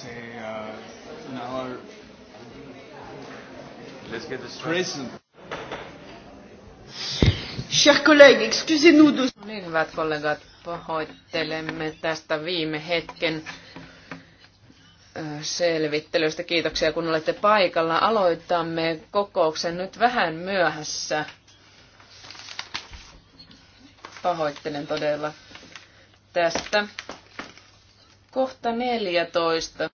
say uh, in our Let's get this prison. Chers collègues, excusez-nous de... Niin, hyvät kollegat, pahoittelemme tästä viime hetken selvittelystä. Kiitoksia, kun olette paikalla. Aloitamme kokouksen nyt vähän myöhässä. Pahoittelen todella tästä. Kohta 14.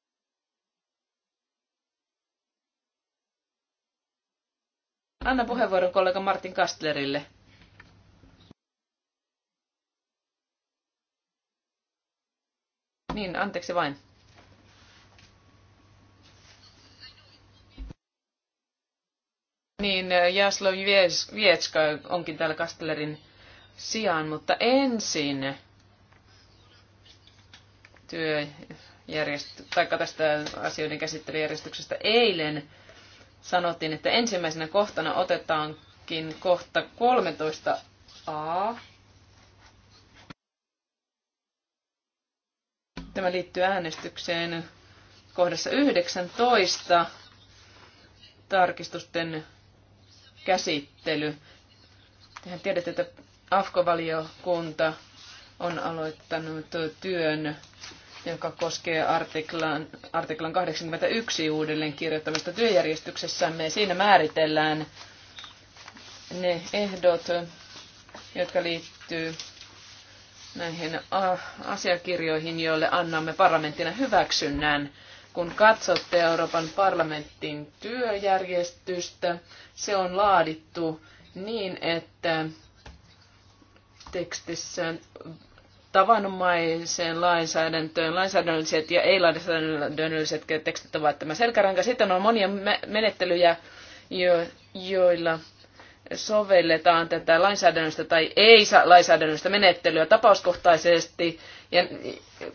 Anna puheenvuoron kollega Martin Kastlerille. Niin, anteeksi vain. Niin, äh, Jaslo Vietska onkin täällä Kastlerin sijaan, mutta ensin työjärjest- tästä asioiden käsittelyjärjestyksestä eilen sanottiin, että ensimmäisenä kohtana otetaankin kohta 13a. Tämä liittyy äänestykseen kohdassa 19 tarkistusten käsittely. Tehän tiedätte, että AFKO-valiokunta on aloittanut työn joka koskee artiklan, artiklan 81 uudelleen kirjoittamista työjärjestyksessämme. Siinä määritellään ne ehdot, jotka liittyy näihin asiakirjoihin, joille annamme parlamenttina hyväksynnän. Kun katsotte Euroopan parlamentin työjärjestystä, se on laadittu niin, että tekstissä tavanomaiseen lainsäädäntöön. Lainsäädännölliset ja ei-lainsäädännölliset tekstit ovat tämä selkäranka. Sitten on monia menettelyjä, joilla sovelletaan tätä lainsäädännöstä tai ei-lainsäädännöstä menettelyä tapauskohtaisesti, ja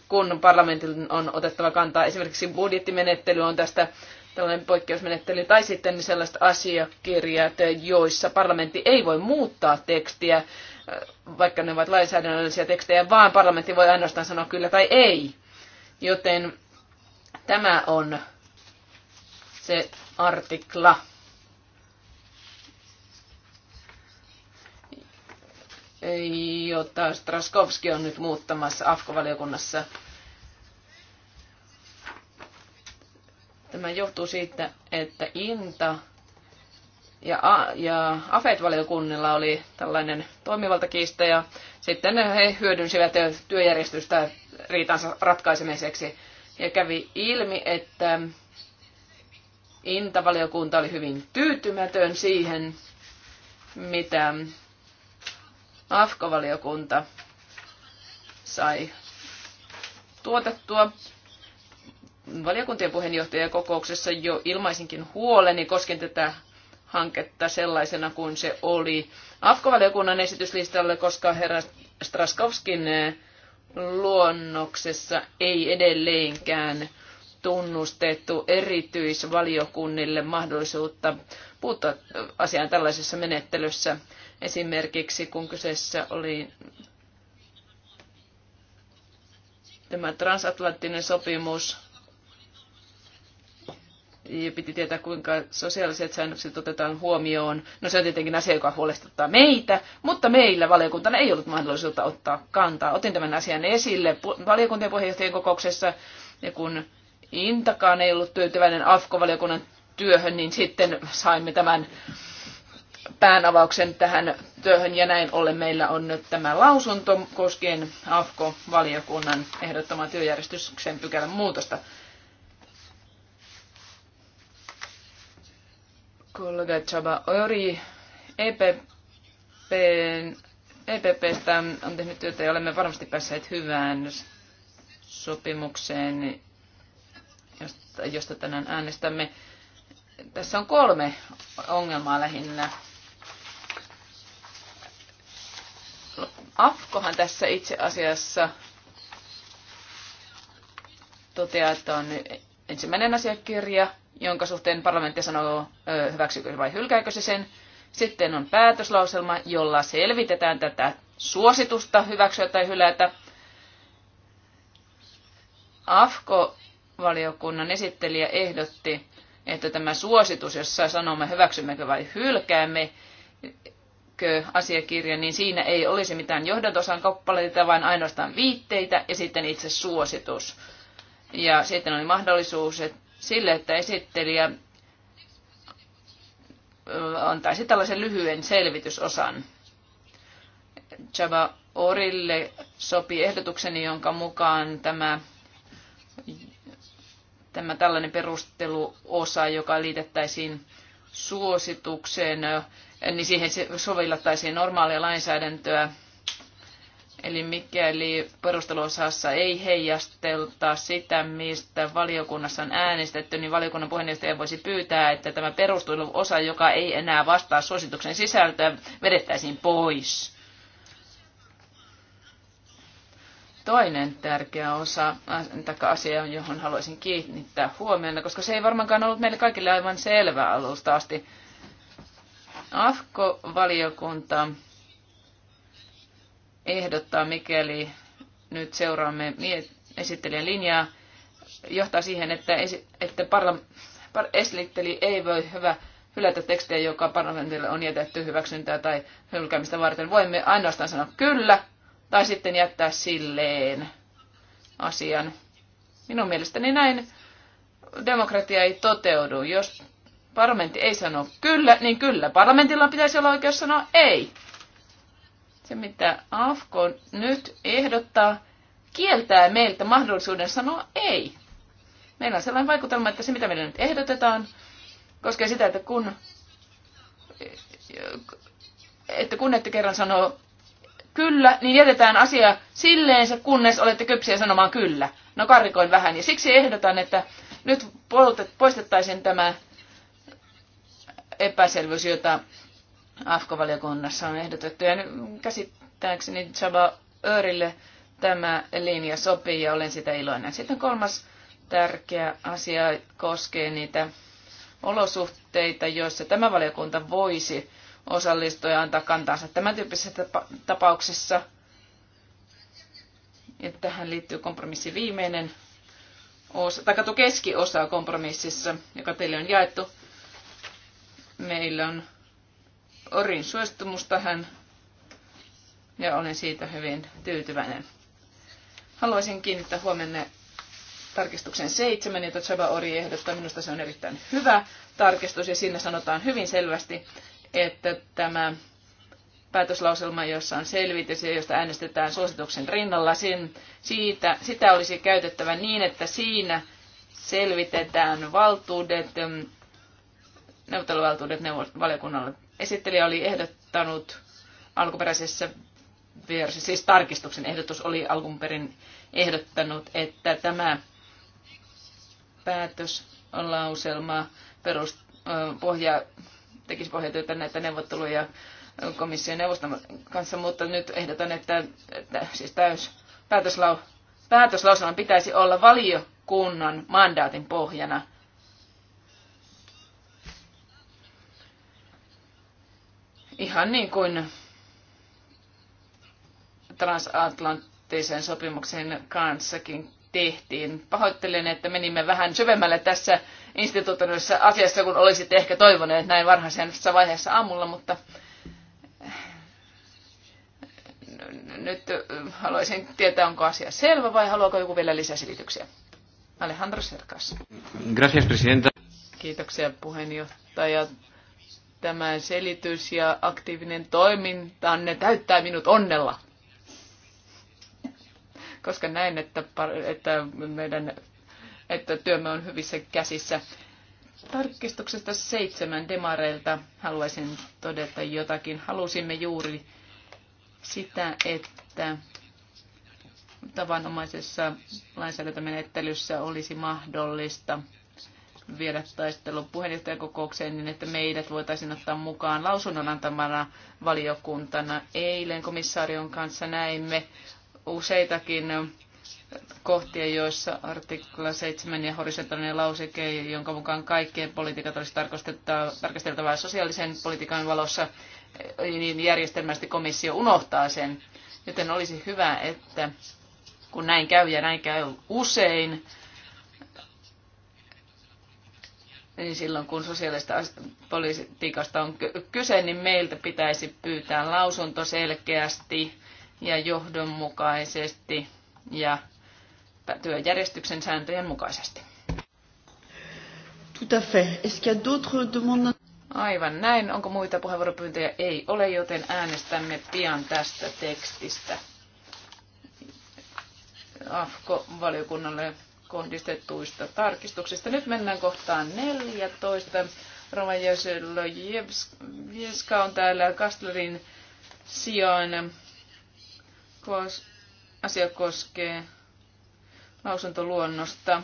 kun parlamentin on otettava kantaa. Esimerkiksi budjettimenettely on tästä tällainen poikkeusmenettely, tai sitten sellaiset asiakirjat, joissa parlamentti ei voi muuttaa tekstiä vaikka ne ovat lainsäädännöllisiä tekstejä, vaan parlamentti voi ainoastaan sanoa kyllä tai ei. Joten tämä on se artikla. jota Straskovski on nyt muuttamassa AFKO-valiokunnassa. Tämä johtuu siitä, että Inta ja, ja AFET-valiokunnilla oli tällainen toimivaltakiiste ja sitten he hyödynsivät työjärjestystä riitansa ratkaisemiseksi. Ja kävi ilmi, että Intavaliokunta oli hyvin tyytymätön siihen, mitä AFKO-valiokunta sai tuotettua valiokuntien puheenjohtajakokouksessa kokouksessa jo ilmaisinkin huoleni koskien tätä hanketta sellaisena kuin se oli AFKO-valiokunnan esityslistalle, koska herra Straskovskin eh, luonnoksessa ei edelleenkään tunnustettu erityisvaliokunnille mahdollisuutta puuttua eh, asiaan tällaisessa menettelyssä. Esimerkiksi kun kyseessä oli tämä transatlanttinen sopimus piti tietää, kuinka sosiaaliset säännökset otetaan huomioon. No se on tietenkin asia, joka huolestuttaa meitä, mutta meillä valiokuntana ei ollut mahdollisuutta ottaa kantaa. Otin tämän asian esille valiokuntien puheenjohtajien kokouksessa, ja kun Intakaan ei ollut tyytyväinen AFKO-valiokunnan työhön, niin sitten saimme tämän päänavauksen tähän työhön ja näin ollen meillä on nyt tämä lausunto koskien AFKO-valiokunnan ehdottamaa työjärjestyksen pykälän muutosta. Kollega Chaba Ori EPP EPPstä on tehnyt työtä ja olemme varmasti päässeet hyvään sopimukseen, josta, josta tänään äänestämme. Tässä on kolme ongelmaa lähinnä. Afkohan tässä itse asiassa toteaa, että on ensimmäinen asiakirja, jonka suhteen parlamentti sanoo, hyväksykö vai hylkääkö se sen. Sitten on päätöslauselma, jolla selvitetään tätä suositusta hyväksyä tai hylätä. AFKO-valiokunnan esittelijä ehdotti, että tämä suositus, jossa sanomme hyväksymmekö vai hylkäämme asiakirja, niin siinä ei olisi mitään johdantosan kappaleita, vaan ainoastaan viitteitä ja sitten itse suositus. Ja sitten oli mahdollisuus että sille, että esittelijä antaisi tällaisen lyhyen selvitysosan. Java Orille sopi ehdotukseni, jonka mukaan tämä, tämä tällainen perusteluosa, joka liitettäisiin suositukseen, niin siihen sovellettaisiin normaalia lainsäädäntöä Eli mikäli perusteluosassa ei heijastelta sitä, mistä valiokunnassa on äänestetty, niin valiokunnan puheenjohtaja voisi pyytää, että tämä perusteluosa, joka ei enää vastaa suosituksen sisältöä, vedettäisiin pois. Toinen tärkeä osa, taikka asia, johon haluaisin kiinnittää huomiota, koska se ei varmaankaan ollut meille kaikille aivan selvä alusta asti. AFKO-valiokunta ehdottaa, mikäli nyt seuraamme esittelijän linjaa, johtaa siihen, että, esi- että parla- par- esitteli ei voi hyvä hylätä tekstejä, joka parlamentille on jätetty hyväksyntää tai hylkäämistä varten. Voimme ainoastaan sanoa kyllä tai sitten jättää silleen asian. Minun mielestäni näin demokratia ei toteudu. Jos parlamentti ei sano kyllä, niin kyllä parlamentilla pitäisi olla oikeus sanoa ei. Se, mitä AFKO nyt ehdottaa, kieltää meiltä mahdollisuuden sanoa ei. Meillä on sellainen vaikutelma, että se, mitä meille nyt ehdotetaan, koskee sitä, että kun, että kun ette kerran sanoo kyllä, niin jätetään asia silleensä, kunnes olette kypsiä sanomaan kyllä. No karikoin vähän, ja siksi ehdotan, että nyt poistettaisiin tämä epäselvyys, jota afk valiokunnassa on ehdotettu. Ja käsittääkseni Chaba Örille tämä linja sopii ja olen sitä iloinen. Sitten kolmas tärkeä asia koskee niitä olosuhteita, joissa tämä valiokunta voisi osallistua ja antaa kantaansa tämän tyyppisessä tapauksessa. Ja tähän liittyy kompromissi viimeinen osa, tai kato keskiosa kompromississa, joka teille on jaettu. Meillä on Orin suostumus tähän ja olen siitä hyvin tyytyväinen. Haluaisin kiinnittää huomenna tarkistuksen seitsemän, jota Chaba Ori ehdottaa. Minusta se on erittäin hyvä tarkistus ja siinä sanotaan hyvin selvästi, että tämä päätöslauselma, jossa on selvitys ja josta äänestetään suosituksen rinnalla, sen, siitä, sitä olisi käytettävä niin, että siinä selvitetään valtuudet, mm, neuvotteluvaltuudet valiokunnalle esittelijä oli ehdottanut alkuperäisessä versiossa, siis tarkistuksen ehdotus oli alun perin ehdottanut, että tämä päätös on lauselma perust, pohja, tekisi pohjatyötä näitä neuvotteluja komission neuvoston kanssa, mutta nyt ehdotan, että, että siis täys, päätöslau, päätöslauselman pitäisi olla valiokunnan mandaatin pohjana – Ihan niin kuin transatlanttisen sopimuksen kanssakin tehtiin. Pahoittelen, että menimme vähän syvemmälle tässä instituutioissa asiassa, kun olisitte ehkä toivoneet näin varhaisessa vaiheessa aamulla, mutta eh, nyt eh, haluaisin tietää, onko asia selvä vai haluaako joku vielä lisäselityksiä? Alejandro Serkas. Gracias, presidenta. Kiitoksia puheenjohtaja. Tämä selitys ja aktiivinen ne täyttää minut onnella. Koska näen, että, että meidän että työmme on hyvissä käsissä. Tarkistuksesta seitsemän demareilta haluaisin todeta jotakin. Halusimme juuri sitä, että tavanomaisessa lainsäädäntömenettelyssä olisi mahdollista viedä taistelun puheenjohtajakokoukseen niin, että meidät voitaisiin ottaa mukaan lausunnon antamana valiokuntana. Eilen komissaarion kanssa näimme useitakin kohtia, joissa artikla 7 ja horisontaalinen lauseke, jonka mukaan kaikkien politiikat olisi tarkasteltavaa sosiaalisen politiikan valossa, niin järjestelmästi komissio unohtaa sen. Joten olisi hyvä, että kun näin käy ja näin käy usein, niin silloin kun sosiaalista politiikasta on kyse, niin meiltä pitäisi pyytää lausunto selkeästi ja johdonmukaisesti ja työjärjestyksen sääntöjen mukaisesti. Tout à fait. d'autres demandes Aivan näin. Onko muita puheenvuoropyyntöjä? Ei ole, joten äänestämme pian tästä tekstistä. AFKO-valiokunnalle kohdistetuista tarkistuksista. Nyt mennään kohtaan 14. Roma Jeska on täällä Kastlerin sijaan. Kos, asia koskee lausuntoluonnosta,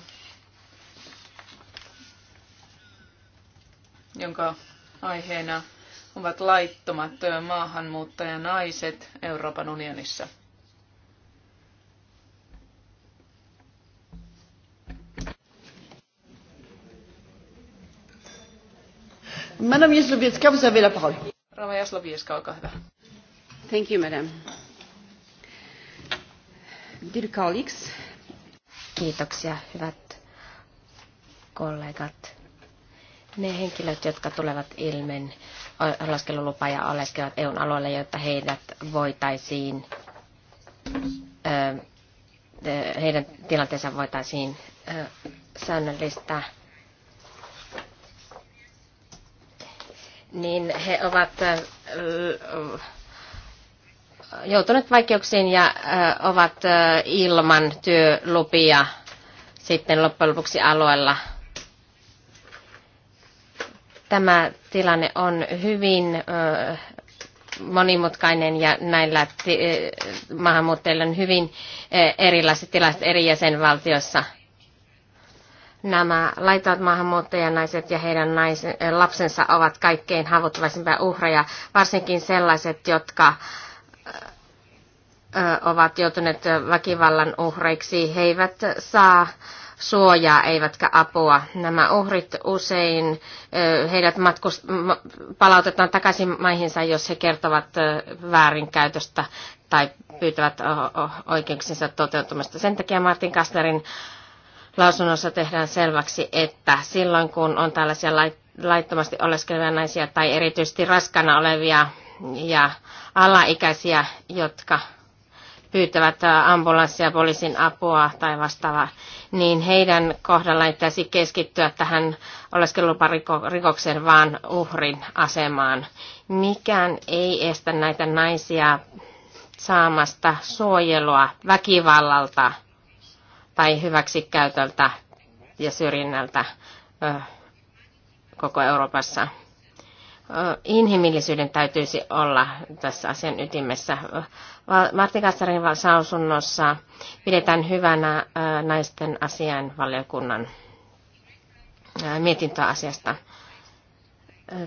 jonka aiheena ovat laittomat maahanmuuttajanaiset Euroopan unionissa. Madame Jaslowiecka, vous avez la parole. Rova Jaslowiecka, olkaa hyvä. Thank you, madam. Dear colleagues. Kiitoksia, hyvät kollegat. Ne henkilöt, jotka tulevat ilmen oleskelulupa ja oleskelevat EUn alueelle, jotta heidät voitaisiin, heidän tilanteensa voitaisiin säännöllistää niin he ovat äh, äh, joutuneet vaikeuksiin ja äh, ovat ilman työlupia sitten loppujen lopuksi alueella. Tämä tilanne on hyvin monimutkainen ja näillä maahanmuuttajilla on hyvin erilaiset tilanteet eri jäsenvaltioissa – nämä laitaat maahanmuuttajanaiset ja heidän naisen, lapsensa ovat kaikkein haavoittuvaisimpia uhreja, varsinkin sellaiset, jotka ovat joutuneet väkivallan uhreiksi. He eivät saa suojaa eivätkä apua. Nämä uhrit usein, heidät matkust, palautetaan takaisin maihinsa, jos he kertovat väärinkäytöstä tai pyytävät oikeuksinsa toteutumista. Sen takia Martin Kastnerin lausunnossa tehdään selväksi, että silloin kun on tällaisia laittomasti oleskelevia naisia tai erityisesti raskana olevia ja alaikäisiä, jotka pyytävät ambulanssia, poliisin apua tai vastaavaa, niin heidän kohdallaan pitäisi keskittyä tähän oleskeluluparikokseen vaan uhrin asemaan. Mikään ei estä näitä naisia saamasta suojelua väkivallalta – tai hyväksikäytöltä ja syrjinnältä koko Euroopassa. Inhimillisyyden täytyisi olla tässä asian ytimessä. Martin Kassarin sausunnossa pidetään hyvänä naisten asian valiokunnan mietintöasiasta.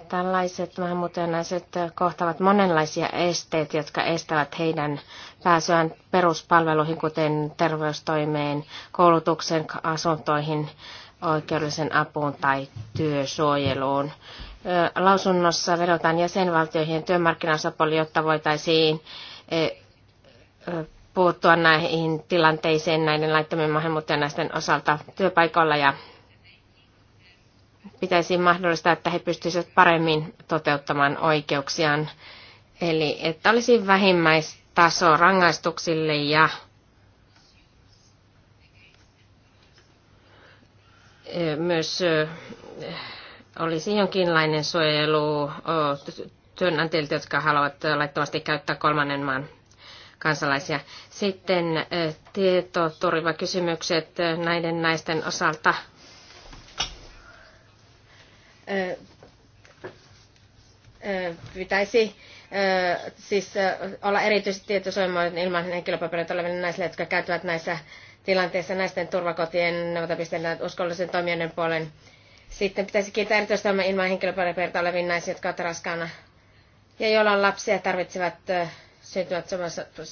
Tällaiset maahanmuuttajanaiset kohtavat monenlaisia esteitä, jotka estävät heidän pääsyään peruspalveluihin, kuten terveystoimeen, koulutuksen, asuntoihin, oikeudellisen apuun tai työsuojeluun. Lausunnossa vedotaan jäsenvaltioihin ja työmarkkinaosapuoli, jotta voitaisiin e, puuttua näihin tilanteisiin näiden laittomien maahanmuuttajanaisten osalta työpaikoilla ja pitäisi mahdollistaa, että he pystyisivät paremmin toteuttamaan oikeuksiaan. Eli että olisi vähimmäistaso rangaistuksille ja e, myös e, olisi jonkinlainen suojelu työnantajilta, jotka haluavat laittomasti käyttää kolmannen maan kansalaisia. Sitten e, tietoturvakysymykset näiden naisten osalta – pitäisi siis olla erityisesti tietosuojelmaa ilman henkilöpapereita oleville naisille, jotka käyttävät näissä tilanteissa naisten turvakotien, neuvotapisteiden, uskollisen toimijoiden puolen. Sitten pitäisi kiittää erityisesti ilman henkilöpapereita oleviin naisiin, jotka ovat raskaana ja joilla on lapsia tarvitsevat syntyvät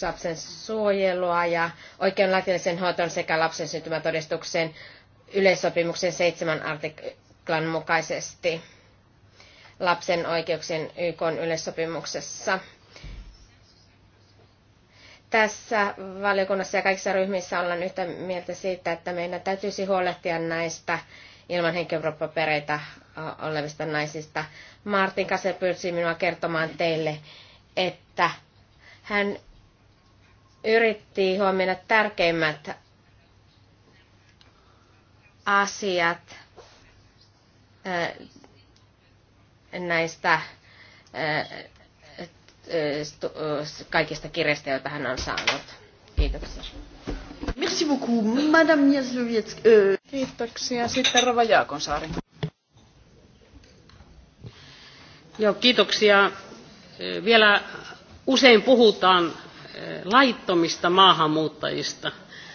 lapsen suojelua ja oikean laillisen hoitoon sekä lapsen syntymätodistukseen yleissopimuksen 7 artik- artiklan mukaisesti lapsen oikeuksien YK yleissopimuksessa. Tässä valiokunnassa ja kaikissa ryhmissä ollaan yhtä mieltä siitä, että meidän täytyisi huolehtia näistä ilman henkilöproppapereitä olevista naisista. Martin Kase pyysi minua kertomaan teille, että hän yritti huomioida tärkeimmät asiat näistä kaikista kirjasta, joita hän on saanut. Kiitoksia. Merci beaucoup, Madame Jazlowiecka. Kiitoksia. Sitten Rava Jaakonsaari. Joo, kiitoksia. Vielä usein puhutaan laittomista maahanmuuttajista,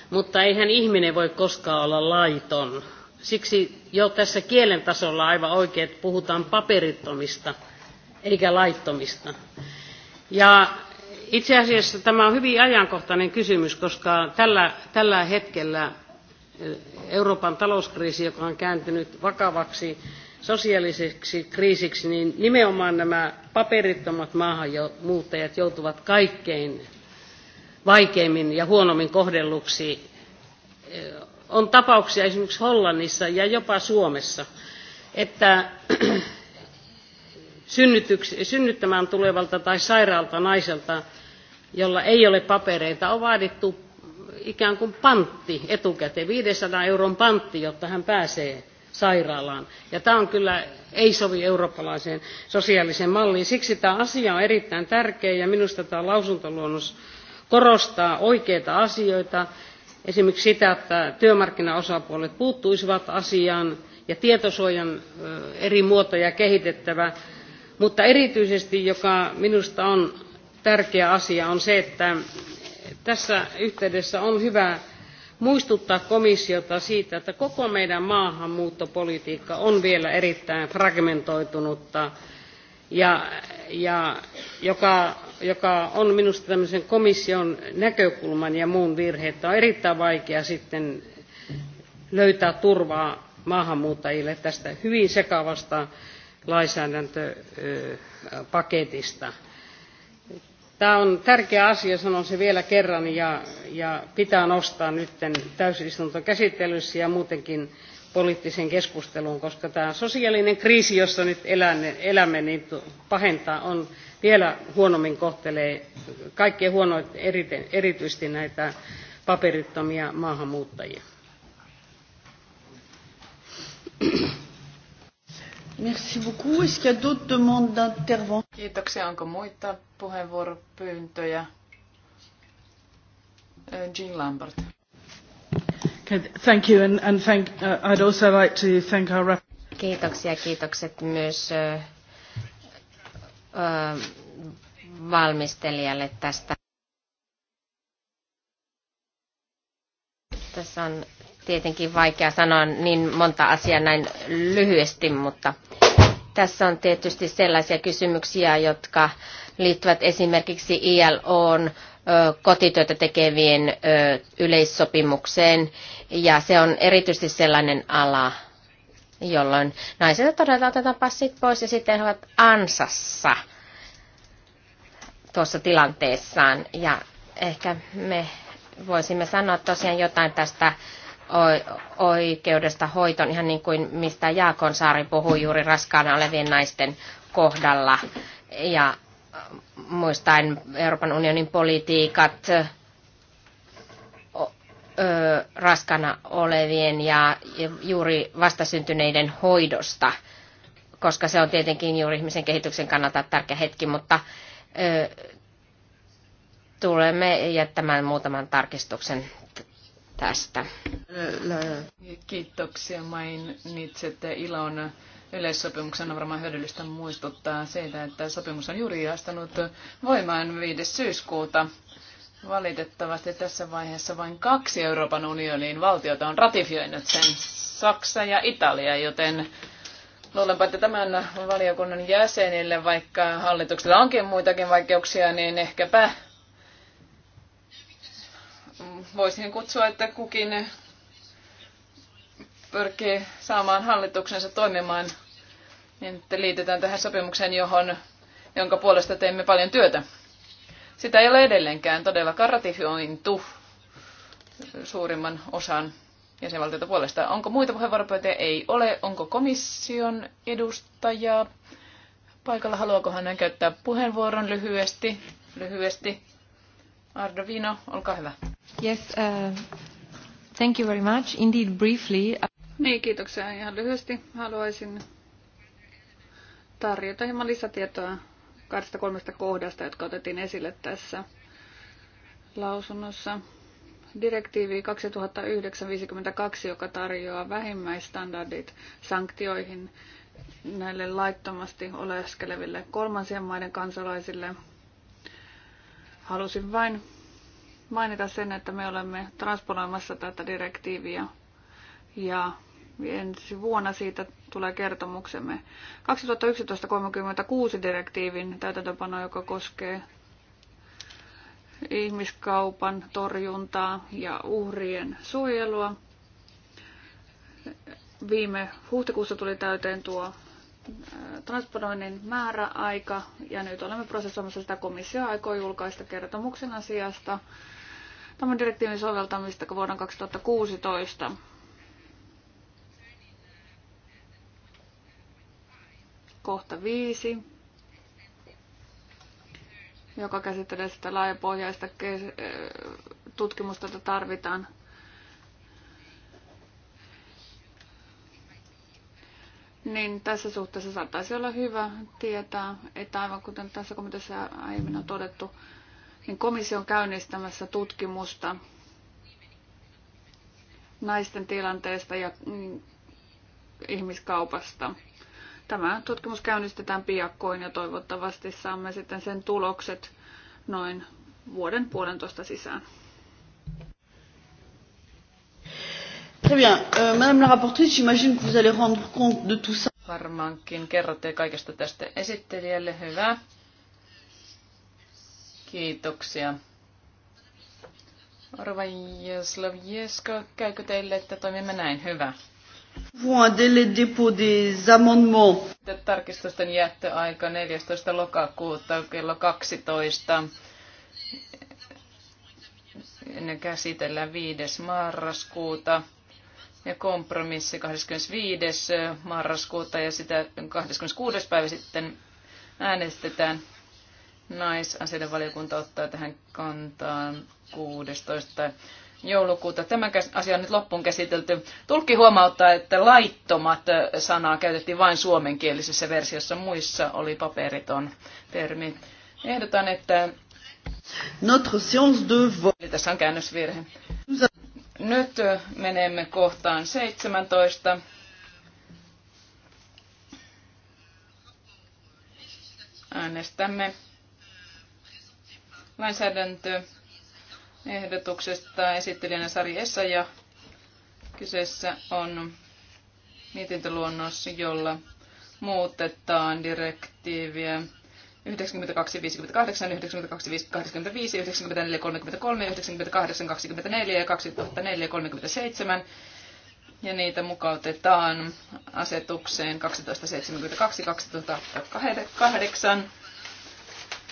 mutta eihän ihminen voi koskaan olla laiton Siksi jo tässä kielen tasolla aivan oikein, että puhutaan paperittomista eikä laittomista. Ja itse asiassa tämä on hyvin ajankohtainen kysymys, koska tällä, tällä hetkellä eh, Euroopan talouskriisi, joka on kääntynyt vakavaksi sosiaaliseksi kriisiksi, niin nimenomaan nämä paperittomat maahanmuuttajat joutuvat kaikkein vaikeimmin ja huonommin kohdelluksi eh, on tapauksia esimerkiksi Hollannissa ja jopa Suomessa, että synnyttämään tulevalta tai sairaalta naiselta, jolla ei ole papereita, on vaadittu ikään kuin pantti etukäteen, 500 euron pantti, jotta hän pääsee sairaalaan. Ja tämä on kyllä, ei sovi eurooppalaiseen sosiaaliseen malliin. Siksi tämä asia on erittäin tärkeä ja minusta tämä lausuntoluonnos korostaa oikeita asioita esimerkiksi sitä, että työmarkkinaosapuolet puuttuisivat asiaan ja tietosuojan eri muotoja kehitettävä. Mutta erityisesti, joka minusta on tärkeä asia, on se, että tässä yhteydessä on hyvä muistuttaa komissiota siitä, että koko meidän maahanmuuttopolitiikka on vielä erittäin fragmentoitunutta ja, ja joka, joka, on minusta tämmöisen komission näkökulman ja muun virhe, että on erittäin vaikea sitten löytää turvaa maahanmuuttajille tästä hyvin sekavasta lainsäädäntöpaketista. Tämä on tärkeä asia, sanon se vielä kerran, ja, ja pitää nostaa nyt täysistuntokäsittelyssä ja muutenkin poliittiseen keskusteluun, koska tämä sosiaalinen kriisi, jossa nyt elämme, niin pahentaa on vielä huonommin kohtelee kaikkein huonoit erityisesti näitä paperittomia maahanmuuttajia. Merci beaucoup. Est-ce qu'il y a d'autres demandes d'intervention? Kiitoksia. Onko muita puheenvuoropyyntöjä? Jean Lambert. Thank you and, and thank, uh, I'd also like to thank our... Kiitoksia, kiitokset myös uh, uh, valmistelijalle tästä. Tässä on tietenkin vaikea sanoa niin monta asiaa näin lyhyesti, mutta tässä on tietysti sellaisia kysymyksiä, jotka liittyvät esimerkiksi ILOn kotityötä tekevien yleissopimukseen. Ja se on erityisesti sellainen ala, jolloin naisilta todella otetaan passit pois ja sitten he ovat ansassa tuossa tilanteessaan. Ja ehkä me voisimme sanoa tosiaan jotain tästä oikeudesta hoitoon, ihan niin kuin mistä Jaakon Saari puhui juuri raskaana olevien naisten kohdalla. Ja muistaen Euroopan unionin politiikat raskana olevien ja juuri vastasyntyneiden hoidosta, koska se on tietenkin juuri ihmisen kehityksen kannalta tärkeä hetki, mutta tulemme jättämään muutaman tarkistuksen tästä. Kiitoksia. Mainitsette Ilona yleissopimuksen on varmaan hyödyllistä muistuttaa siitä, että sopimus on juuri astunut voimaan 5. syyskuuta. Valitettavasti tässä vaiheessa vain kaksi Euroopan unionin valtiota on ratifioinut sen, Saksa ja Italia, joten luulenpa, että tämän valiokunnan jäsenille, vaikka hallituksella onkin muitakin vaikeuksia, niin ehkäpä voisin kutsua, että kukin pyrkii saamaan hallituksensa toimimaan niin että liitetään tähän sopimukseen, johon, jonka puolesta teimme paljon työtä. Sitä ei ole edelleenkään todellakaan ratifiointu suurimman osan jäsenvaltioita puolesta. Onko muita puheenvuoropöytäjä? Ei ole. Onko komission edustaja paikalla? Haluaako hän käyttää puheenvuoron lyhyesti? lyhyesti? Ardo Vino, olkaa hyvä. Yes, uh, thank you very much. Indeed, briefly. Uh, niin, kiitoksia. Ihan lyhyesti haluaisin tarjota hieman lisätietoa kahdesta kolmesta kohdasta, jotka otettiin esille tässä lausunnossa. Direktiivi 2009-52, joka tarjoaa vähimmäistandardit sanktioihin näille laittomasti oleskeleville kolmansien maiden kansalaisille. Halusin vain mainita sen, että me olemme transponoimassa tätä direktiiviä ja ensi vuonna siitä tulee kertomuksemme. 2011-36 direktiivin täytäntöpano, joka koskee ihmiskaupan torjuntaa ja uhrien suojelua. Viime huhtikuussa tuli täyteen tuo äh, transponoinnin määräaika ja nyt olemme prosessoimassa sitä komissio aikoo julkaista kertomuksen asiasta tämän direktiivin soveltamista vuonna 2016. kohta 5, joka käsittelee sitä laajapohjaista tutkimusta, jota tarvitaan Niin tässä suhteessa saattaisi olla hyvä tietää, että aivan kuten tässä komiteassa aiemmin on todettu, niin komissio on käynnistämässä tutkimusta naisten tilanteesta ja mm, ihmiskaupasta. Tämä tutkimus käynnistetään piakkoin ja toivottavasti saamme sitten sen tulokset noin vuoden puolentoista sisään. Très bien. Euh, Madame la rapporteuse, j'imagine que vous allez rendre compte de tout ça. Varmaankin kerrotte kaikesta tästä esittelijälle. Hyvä. Kiitoksia. Arva Slavjeska, käykö teille, että toimimme näin? Hyvä. Tarkistusten jättöaika 14. lokakuuta kello 12. Ne käsitellään 5. marraskuuta ja kompromissi 25. marraskuuta ja sitä 26. päivä sitten äänestetään. Naisasioiden valiokunta ottaa tähän kantaan 16 joulukuuta. Tämä asia on nyt loppuun käsitelty. Tulkki huomauttaa, että laittomat sanaa käytettiin vain suomenkielisessä versiossa. Muissa oli paperiton termi. Ehdotan, että... Notre science de vote. Tässä on käännösvirhe. Nyt menemme kohtaan 17. Äänestämme lainsäädäntö ehdotuksesta esittelijänä Sari Essa ja kyseessä on mietintöluonnos, jolla muutetaan direktiiviä 9258, 9285, 9433, 9824 ja 2437 ja niitä mukautetaan asetukseen 1272-2008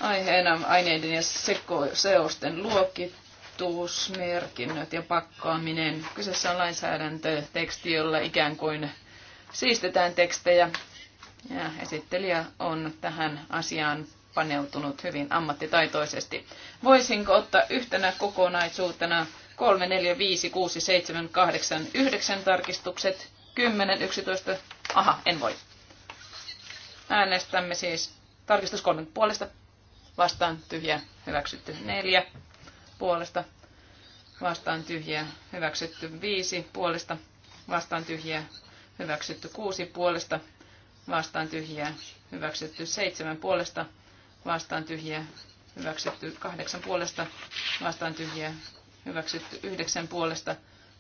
aiheena aineiden ja seko- seosten luokittelu pakkausmerkinnöt ja pakkaaminen. Kyseessä on lainsäädäntöteksti, jolla ikään kuin siistetään tekstejä. Ja esittelijä on tähän asiaan paneutunut hyvin ammattitaitoisesti. Voisinko ottaa yhtenä kokonaisuutena 3, 4, 5, 6, 7, 8, 9 tarkistukset, 10, 11, aha, en voi. Äänestämme siis tarkistus kolmen puolesta, vastaan tyhjä, hyväksytty neljä puolesta vastaan tyhjiä hyväksytty viisi puolesta vastaan tyhjiä hyväksytty kuusi puolesta vastaan tyhjiä hyväksytty seitsemän puolesta vastaan tyhjiä hyväksytty kahdeksan puolesta vastaan tyhjiä hyväksytty yhdeksän puolesta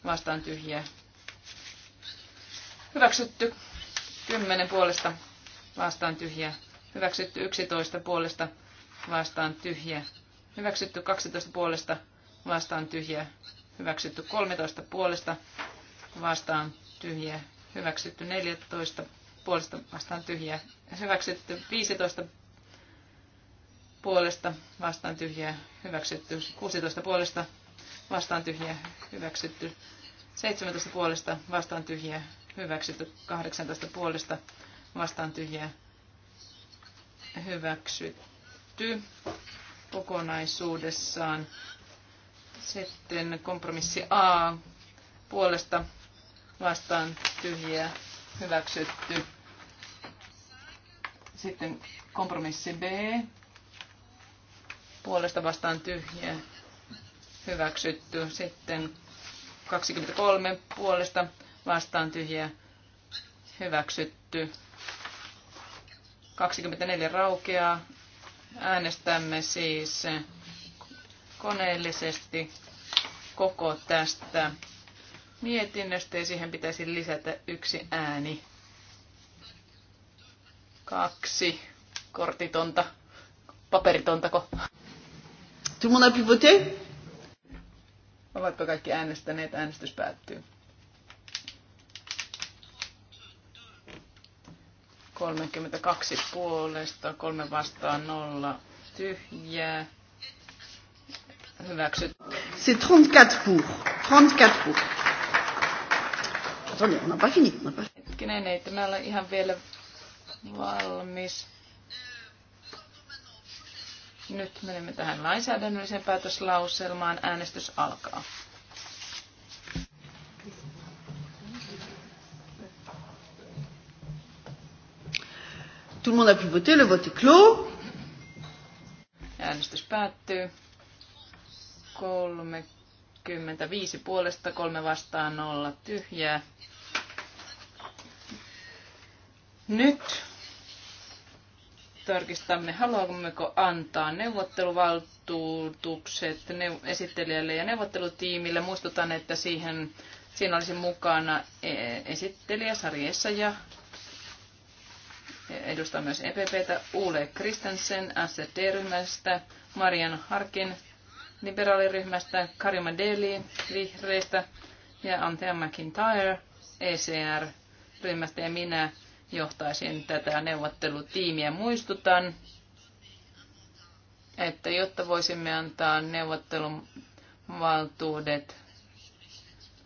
vastaan tyhjiä hyväksytty kymmenen puolesta vastaan tyhjiä hyväksytty yksitoista puolesta vastaan tyhjiä Hyväksytty 12 puolesta vastaan tyhjä. Hyväksytty 13 puolesta vastaan tyhjä. Hyväksytty 14 puolesta vastaan tyhjä. Hyväksytty 15 puolesta vastaan tyhjä. Hyväksytty 16 puolesta vastaan tyhjä. Hyväksytty 17 puolesta vastaan tyhjä. Hyväksytty 18 puolesta vastaan tyhjä. Hyväksytty kokonaisuudessaan. Sitten kompromissi A puolesta vastaan tyhjiä hyväksytty. Sitten kompromissi B puolesta vastaan tyhjiä hyväksytty. Sitten 23 puolesta vastaan tyhjiä hyväksytty. 24 raukeaa, Äänestämme siis koneellisesti koko tästä mietinnöstä ja siihen pitäisi lisätä yksi ääni. Kaksi kortitonta, paperitontako. Tout le monde a pu voter? Ovatko kaikki äänestäneet? Äänestys päättyy. 32 puolesta, kolme vastaan, nolla tyhjää. Hyväksyt. C'est 34 pour. 34 pour. Attendez, on n'a pas fini. On pas... Hetkinen, ei tämä ole ihan vielä valmis. Nyt menemme tähän lainsäädännölliseen päätöslauselmaan. Äänestys alkaa. Tout le monde a pu voter, le vote est clos. Äänestys päättyy. 35 puolesta, 3 vastaan, 0 tyhjää. Nyt tarkistamme, haluammeko antaa neuvotteluvaltuutukset esittelijälle ja neuvottelutiimille. Muistutan, että siihen, siinä olisi mukana e- esittelijä Sarjessa ja edustaa myös EPPtä, Ule Kristensen SSD-ryhmästä, Marian Harkin liberaaliryhmästä, Karima Deli vihreistä ja Anthea McIntyre ECR-ryhmästä ja minä johtaisin tätä neuvottelutiimiä. Muistutan, että jotta voisimme antaa neuvottelun valtuudet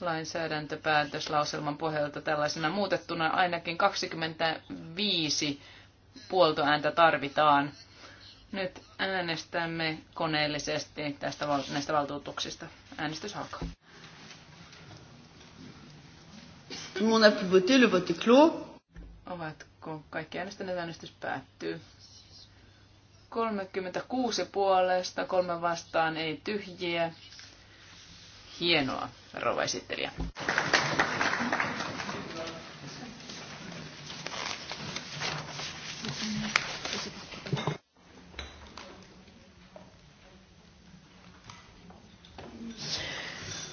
lainsäädäntöpäätöslauselman pohjalta tällaisena muutettuna ainakin 25 puoltoääntä tarvitaan. Nyt äänestämme koneellisesti tästä, näistä valtuutuksista. Äänestys alkaa. Ovatko kaikki äänestäneet? Äänestys päättyy. 36 puolesta, kolme vastaan, ei tyhjiä. Hienoa rouva esittelijä.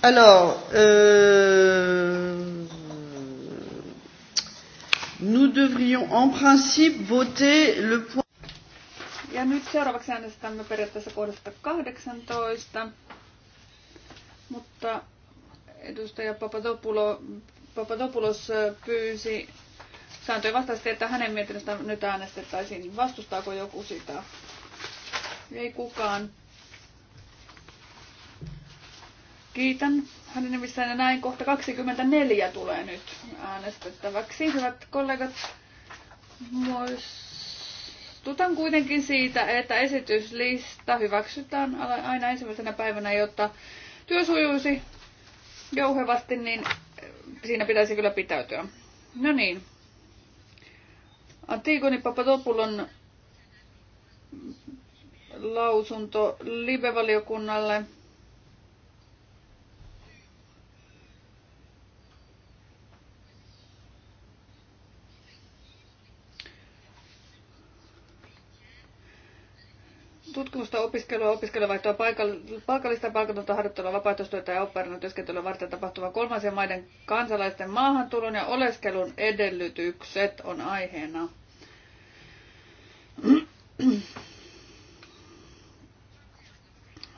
Alors, euh, nous devrions en principe voter le point. Ja nyt seuraavaksi äänestämme periaatteessa kohdasta 18, mutta Edustaja Papadopulo, Papadopoulos äh, pyysi sääntöjen vastaisesti, että hänen mietinnöstä nyt äänestettäisiin. Vastustaako joku sitä? Ei kukaan. Kiitän hänen nimissään ja näin kohta 24 tulee nyt äänestettäväksi. Hyvät kollegat, muistutan kuitenkin siitä, että esityslista hyväksytään aina ensimmäisenä päivänä, jotta työ sujuisi jouhevasti, niin siinä pitäisi kyllä pitäytyä. No niin. Antigoni Papadopoulon lausunto live-valiokunnalle tutkimusta, opiskelua, opiskelijavaihtoa, paikallista ja palkatonta harjoittelua, vapaaehtoistyötä ja opperina työskentelyä varten tapahtuvan kolmansien maiden kansalaisten maahantulon ja oleskelun edellytykset on aiheena.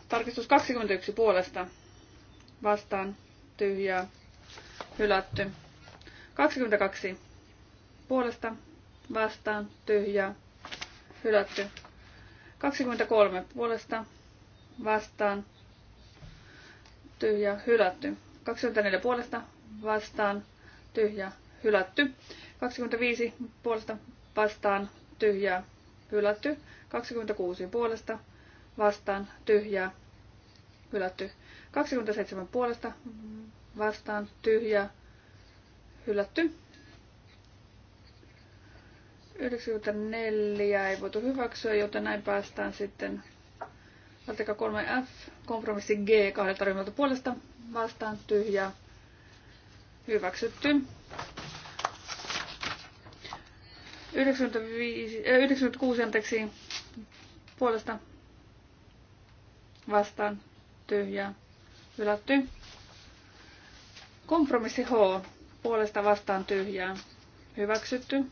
Tarkistus 21 puolesta vastaan tyhjää hylätty. 22 puolesta vastaan tyhjää hylätty. 23 puolesta vastaan tyhjä hylätty. 24 puolesta vastaan tyhjä hylätty. 25 puolesta vastaan tyhjä hylätty. 26 puolesta vastaan tyhjä hylätty. 27 puolesta vastaan tyhjä hylätty. 94 ei voitu hyväksyä, joten näin päästään sitten Valtika 3F, kompromissi G kahdelta ryhmältä puolesta vastaan tyhjä hyväksytty. 95, 96 äh, anteeksi, puolesta vastaan tyhjä hylätty. Kompromissi H puolesta vastaan tyhjää hyväksytty.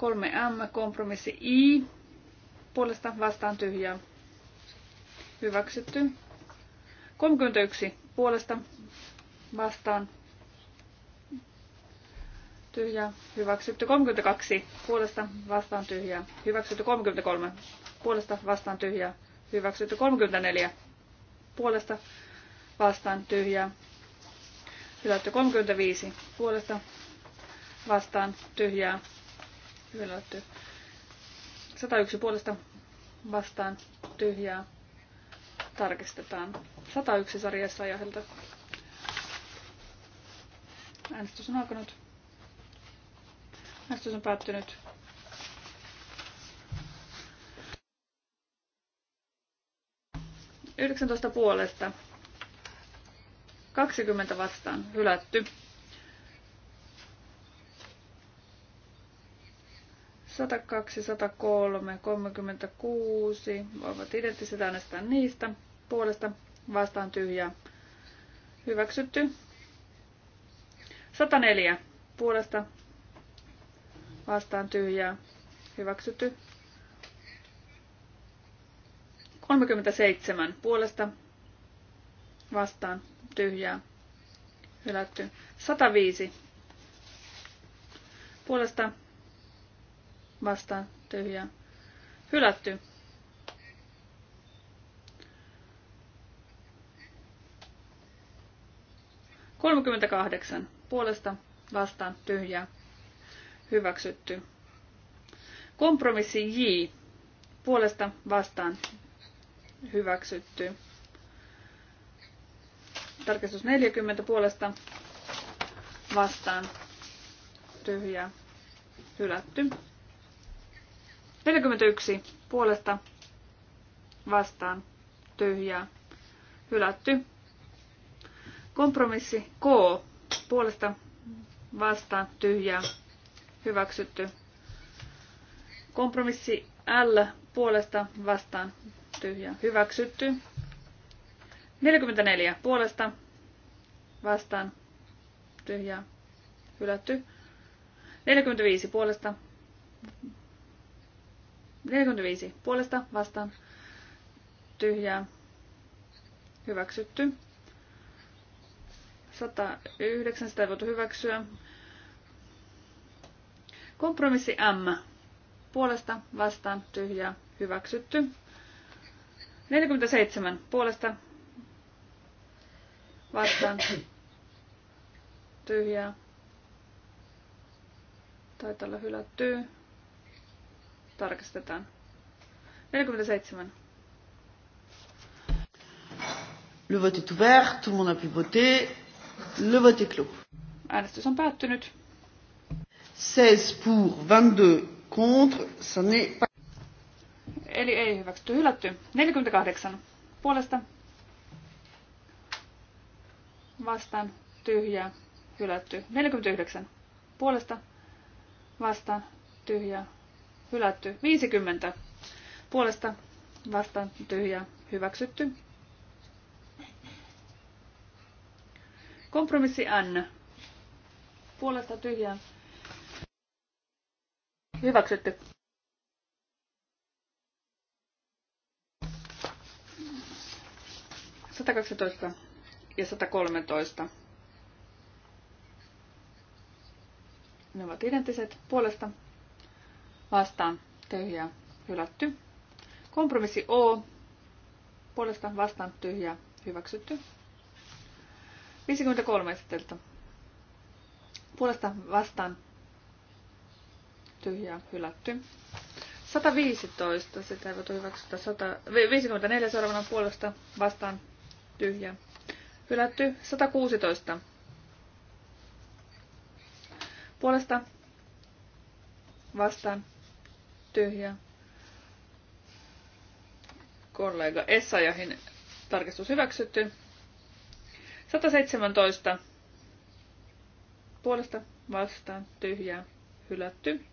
3M, kompromissi I, puolesta vastaan tyhjää. Hyväksytty. 31 puolesta vastaan tyhjää. Hyväksytty. 32 puolesta vastaan tyhjää. Hyväksytty. 33 puolesta vastaan tyhjää. Hyväksytty. 34 puolesta vastaan tyhjää. Hylätty 35 puolesta vastaan tyhjää hylätty. 101 puolesta vastaan tyhjää tarkistetaan. 101 sarjassa ajahelta. Äänestys on alkanut. Äänestys on päättynyt. Yhdeksäntoista puolesta. 20 vastaan. Hylätty. 102, 103, 36 Voivat identtiset äänestää niistä puolesta vastaan tyhjää. Hyväksytty. 104 puolesta vastaan tyhjää. Hyväksytty. 37 puolesta vastaan tyhjää. Hylätty. 105 puolesta vastaan tyhjää hylätty. kahdeksan. puolesta vastaan tyhjää hyväksytty. Kompromissi J puolesta vastaan hyväksytty. Tarkistus 40 puolesta vastaan tyhjä hylätty. 41 puolesta vastaan tyhjää hylätty. Kompromissi K puolesta vastaan tyhjää hyväksytty. Kompromissi L puolesta vastaan tyhjää hyväksytty. 44 puolesta vastaan tyhjää hylätty. 45 puolesta 45 puolesta vastaan tyhjää hyväksytty. 109 sitä ei voitu hyväksyä. Kompromissi M. Puolesta vastaan tyhjää hyväksytty. 47 puolesta vastaan tyhjää. Taitaa olla hylättyä tarkastetaan. 47. Le vote est ouvert, tout le monde a pu voter. Le vote est clos. Äänestys on päättynyt. 16 pour, 22 contre, ça n'est pas... Eli ei hyväksytty, hylätty. 48 puolesta. Vastaan, tyhjää, hylätty. 49 puolesta. Vastaan, tyhjää, hylätty. 50 puolesta vastaan tyhjää hyväksytty. Kompromissi N. Puolesta tyhjää hyväksytty. Satakaksitoista ja 113. Ne ovat identtiset puolesta vastaan tyhjä hylätty. Kompromissi O puolesta vastaan tyhjä hyväksytty. 53 esiteltä. Puolesta vastaan tyhjä, hylätty. 115, sitä ei voitu hyväksyä. 54 seuraavana puolesta vastaan tyhjä, hylätty. 116 puolesta vastaan tyhjää. Kollega Essayahin tarkistus hyväksytty. 117 puolesta vastaan tyhjää hylätty.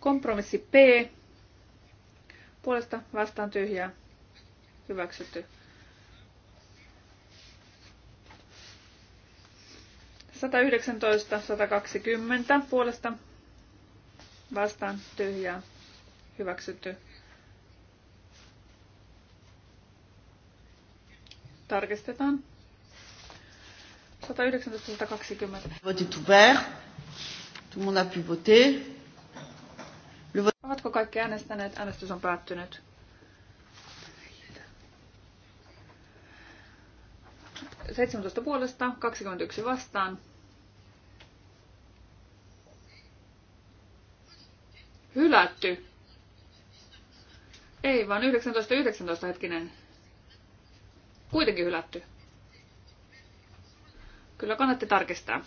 Kompromissi P puolesta vastaan tyhjää hyväksytty. 119, 120 puolesta vastaan tyhjää Hyväksytty. Tarkistetaan. 119 Ovatko kaikki äänestäneet? Äänestys on päättynyt. Seitsemäntoista puolesta, 21 vastaan. Hylätty. Ei, vaan 19.19 hetkinen. Kuitenkin hylätty. Kyllä kannatti tarkistaa.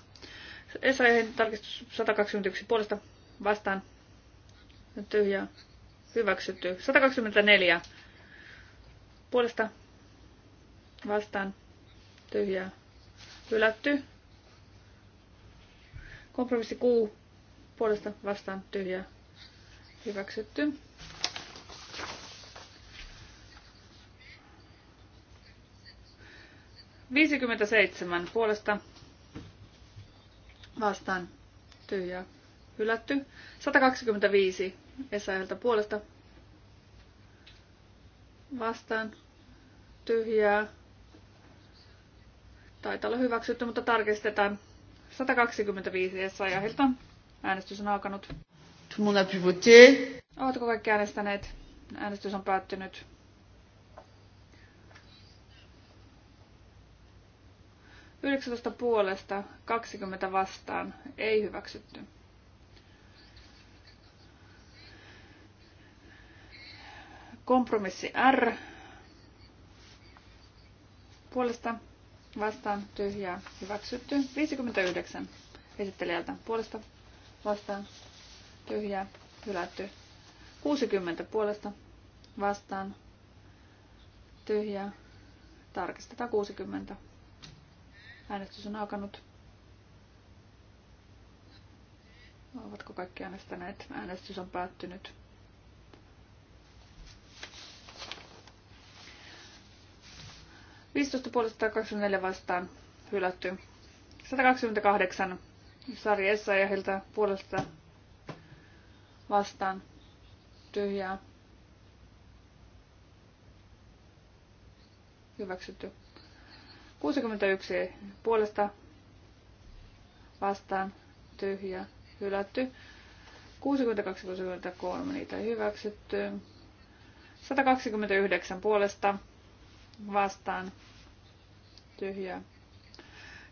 Esaihin tarkistus 121 puolesta vastaan. Tyhjää. Hyväksytty. 124 puolesta vastaan. Tyhjää. Hylätty. Kompromissi Q puolesta vastaan. Tyhjää. Hyväksytty. 57 puolesta vastaan tyhjää hylätty. 125 Esaelta puolesta vastaan tyhjää. Taitaa olla hyväksytty, mutta tarkistetaan. 125 Esaiahilta. Äänestys on alkanut. Tout le monde a pu voter. Oletko kaikki äänestäneet? Äänestys on päättynyt. 19 puolesta, 20 vastaan, ei hyväksytty. Kompromissi R. Puolesta, vastaan, tyhjää, hyväksytty. 59 esittelijältä. Puolesta, vastaan, tyhjää, hylätty. 60 puolesta, vastaan, tyhjää, tarkistetaan 60. Äänestys on alkanut. Ovatko kaikki äänestäneet? Äänestys on päättynyt. Viisitoista puolesta 24 vastaan hylätty. 128 Sari Essayahilta puolesta vastaan tyhjää. Hyväksytty. 61 puolesta vastaan tyhjä hylätty. 62-63 niitä hyväksytty. 129 puolesta vastaan tyhjä.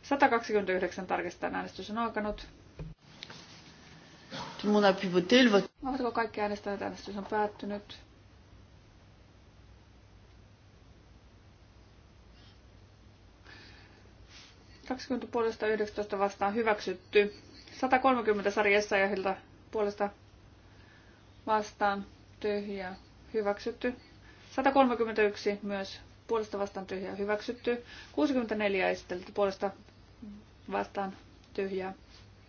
129 tarkistetaan äänestys on alkanut. Ovatko kaikki äänestäneet? Äänestys on päättynyt. 20 puolesta 19 vastaan hyväksytty. 130 ja Essayahilta puolesta vastaan tyhjä hyväksytty. 131 myös puolesta vastaan tyhjä hyväksytty. 64 esitelty puolesta vastaan tyhjä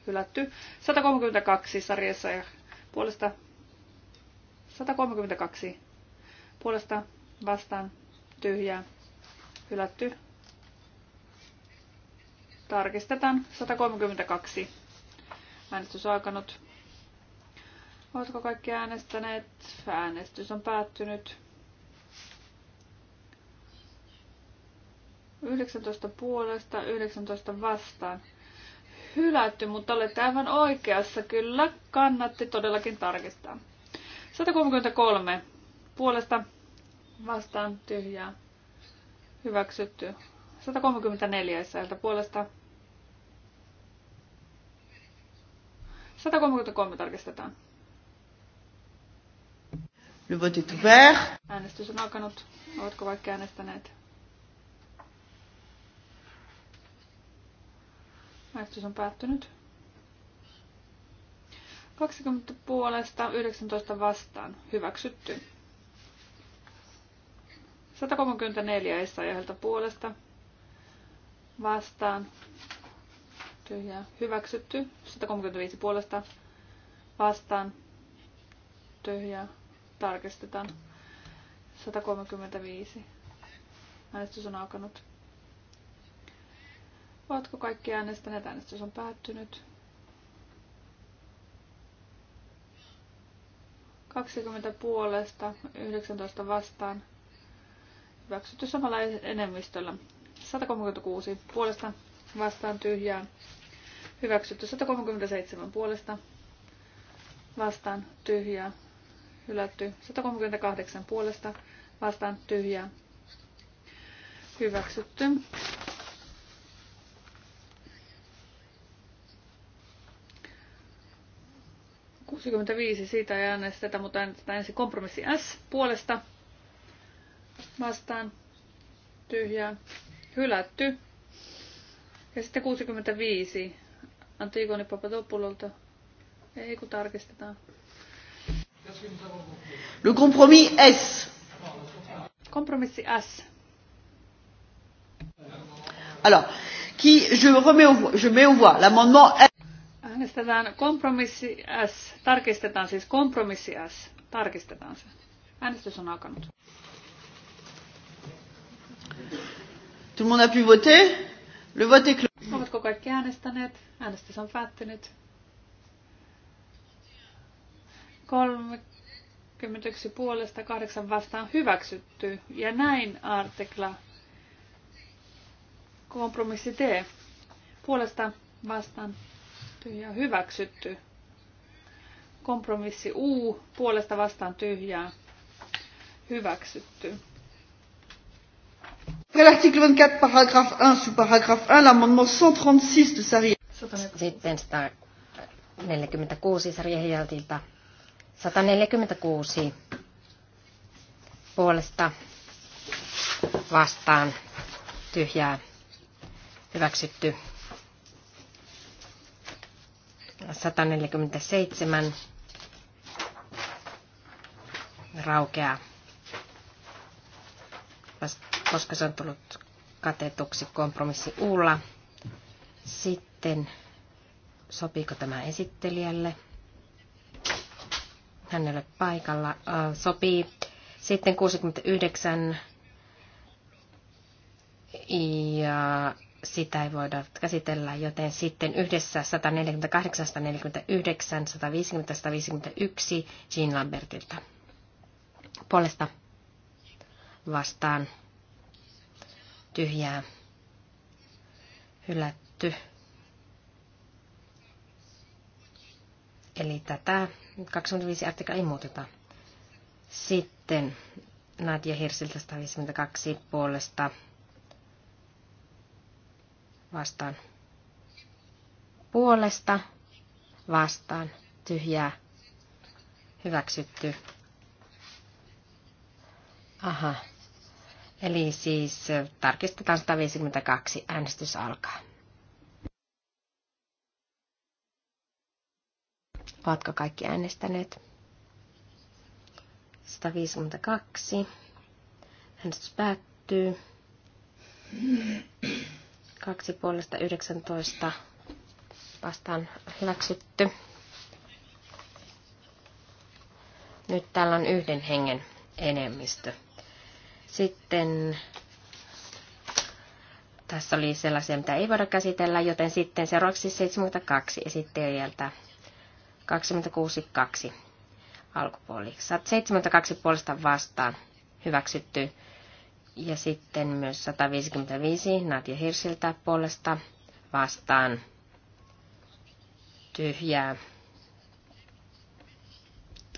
hylätty. 132 sarjassa ja puolesta 132 puolesta vastaan tyhjä hylätty. Tarkistetaan. 132. Äänestys alkanut. Oletko kaikki äänestäneet? Äänestys on päättynyt. 19 puolesta, 19 vastaan. Hylätty, mutta olette aivan oikeassa. Kyllä, kannatti todellakin tarkistaa. 133 puolesta vastaan tyhjää. Hyväksytty. 134 sieltä puolesta. 133 tarkistetaan. Le vote est ouvert. Äänestys on alkanut. Ovatko vaikka äänestäneet? Äänestys on päättynyt. 20 puolesta, 19 vastaan. Hyväksytty. 134 Essayahelta puolesta, vastaan, Tyhjä hyväksytty. 135 puolesta vastaan, Tyhjä tarkistetaan. 135. Äänestys on alkanut. Ovatko kaikki äänestäneet? Äänestys on päättynyt. 20 puolesta, 19 vastaan. Hyväksytty samalla enemmistöllä. 136 puolesta vastaan tyhjää. Hyväksytty 137 puolesta vastaan tyhjää. Hylätty 138 puolesta vastaan tyhjää. Hyväksytty. siitä ei äänestetä, mutta äänestetään ensin kompromissi S puolesta vastaan tyhjää hylätty. Ja sitten 65 Antigoni Papadopoulolta. Ei kun tarkistetaan. Le compromis S. Kompromissi S. Alors, qui, je, remets au, je mets au voie l'amendement S. Äänestetään kompromissi S. Tarkistetaan siis kompromissi S. Tarkistetaan se. Äänestys on alkanut. Tout le monde a pu voter? Le vote est clos. Ovatko kaikki äänestäneet? Äänestys on päättynyt. 31 puolesta 8 vastaan hyväksytty. Ja näin artikla kompromissi D. Puolesta vastaan tyhjää hyväksytty. Kompromissi U. Puolesta vastaan tyhjää hyväksytty. Après l'article 24, paragraphe 1, sous paragraphe 1, l'amendement 136 de Sari. Sitten 146 Sari Heijaltilta. 146 puolesta vastaan tyhjää hyväksytty. 147 raukeaa. Vasta koska se on tullut katetuksi kompromissi Ulla. Sitten sopiiko tämä esittelijälle? ole paikalla äh, sopii. Sitten 69 ja sitä ei voida käsitellä, joten sitten yhdessä 148, 149, 150, 151 Jean Lambertilta. Puolesta vastaan tyhjää hylätty. Eli tätä 25 artikla ei muuteta. Sitten Nadia Hirsiltä 152 puolesta vastaan. Puolesta vastaan tyhjää hyväksytty. Aha. Eli siis tarkistetaan 152. Äänestys alkaa. Ovatko kaikki äänestäneet? 152. Äänestys päättyy. Kaksi puolesta 19 vastaan hyväksytty. Nyt täällä on yhden hengen enemmistö. Sitten tässä oli sellaisia, mitä ei voida käsitellä, joten sitten seuraavaksi 72 esittelijältä 26.2 alkupuoli. 72 puolesta vastaan hyväksytty. Ja sitten myös 155 Nadia Hirsiltä puolesta vastaan tyhjää.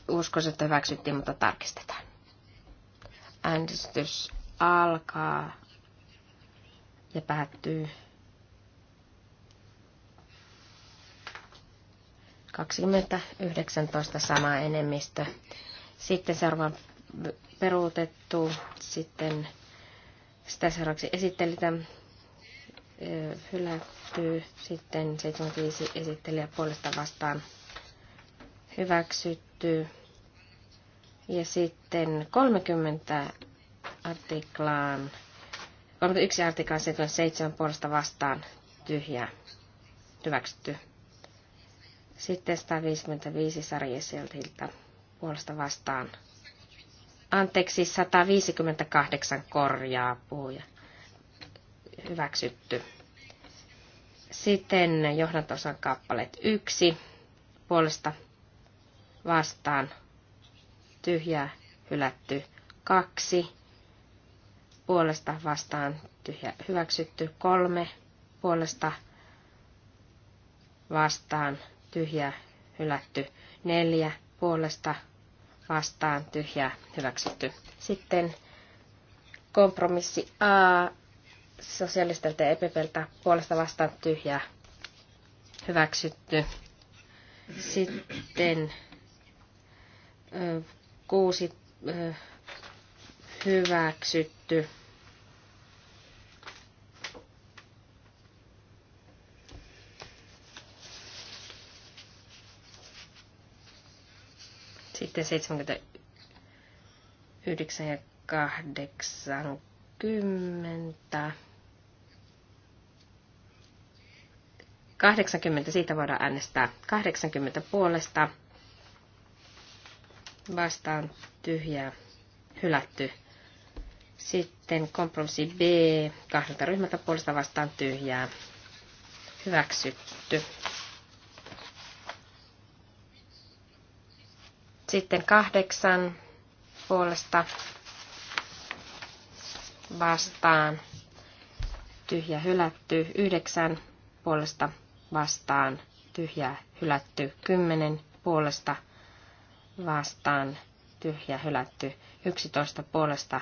Uskoisin, että hyväksyttiin, mutta tarkistetaan. Äänestys alkaa ja päättyy 2019 sama enemmistö. Sitten seuraava peruutettu, sitten sitä seuraavaksi esittelijä hylättyy, sitten 75 esittelijä puolesta vastaan hyväksytty. Ja sitten 30 artiklaan, 31 artiklaan 7 puolesta vastaan tyhjä, hyväksytty. Sitten 155 sarjeseltiltä puolesta vastaan. Anteeksi, 158 korjaa puhuja. Hyväksytty. Sitten johdantosan kappaleet 1 puolesta vastaan tyhjää hylätty. Kaksi puolesta vastaan tyhjä hyväksytty. Kolme puolesta vastaan tyhjä hylätty. Neljä puolesta vastaan tyhjä hyväksytty. Sitten kompromissi A sosiaalistelta ja e puolesta vastaan tyhjä hyväksytty. Sitten kuusi hyväksytty. Sitten 79 ja 80. 80, siitä voidaan äänestää 80 puolesta vastaan tyhjää hylätty. Sitten kompromissi B kahdelta ryhmältä puolesta vastaan tyhjää hyväksytty. Sitten kahdeksan puolesta vastaan tyhjä hylätty. Yhdeksän puolesta vastaan tyhjä hylätty. Kymmenen puolesta vastaan vastaan tyhjä hylätty. 11 puolesta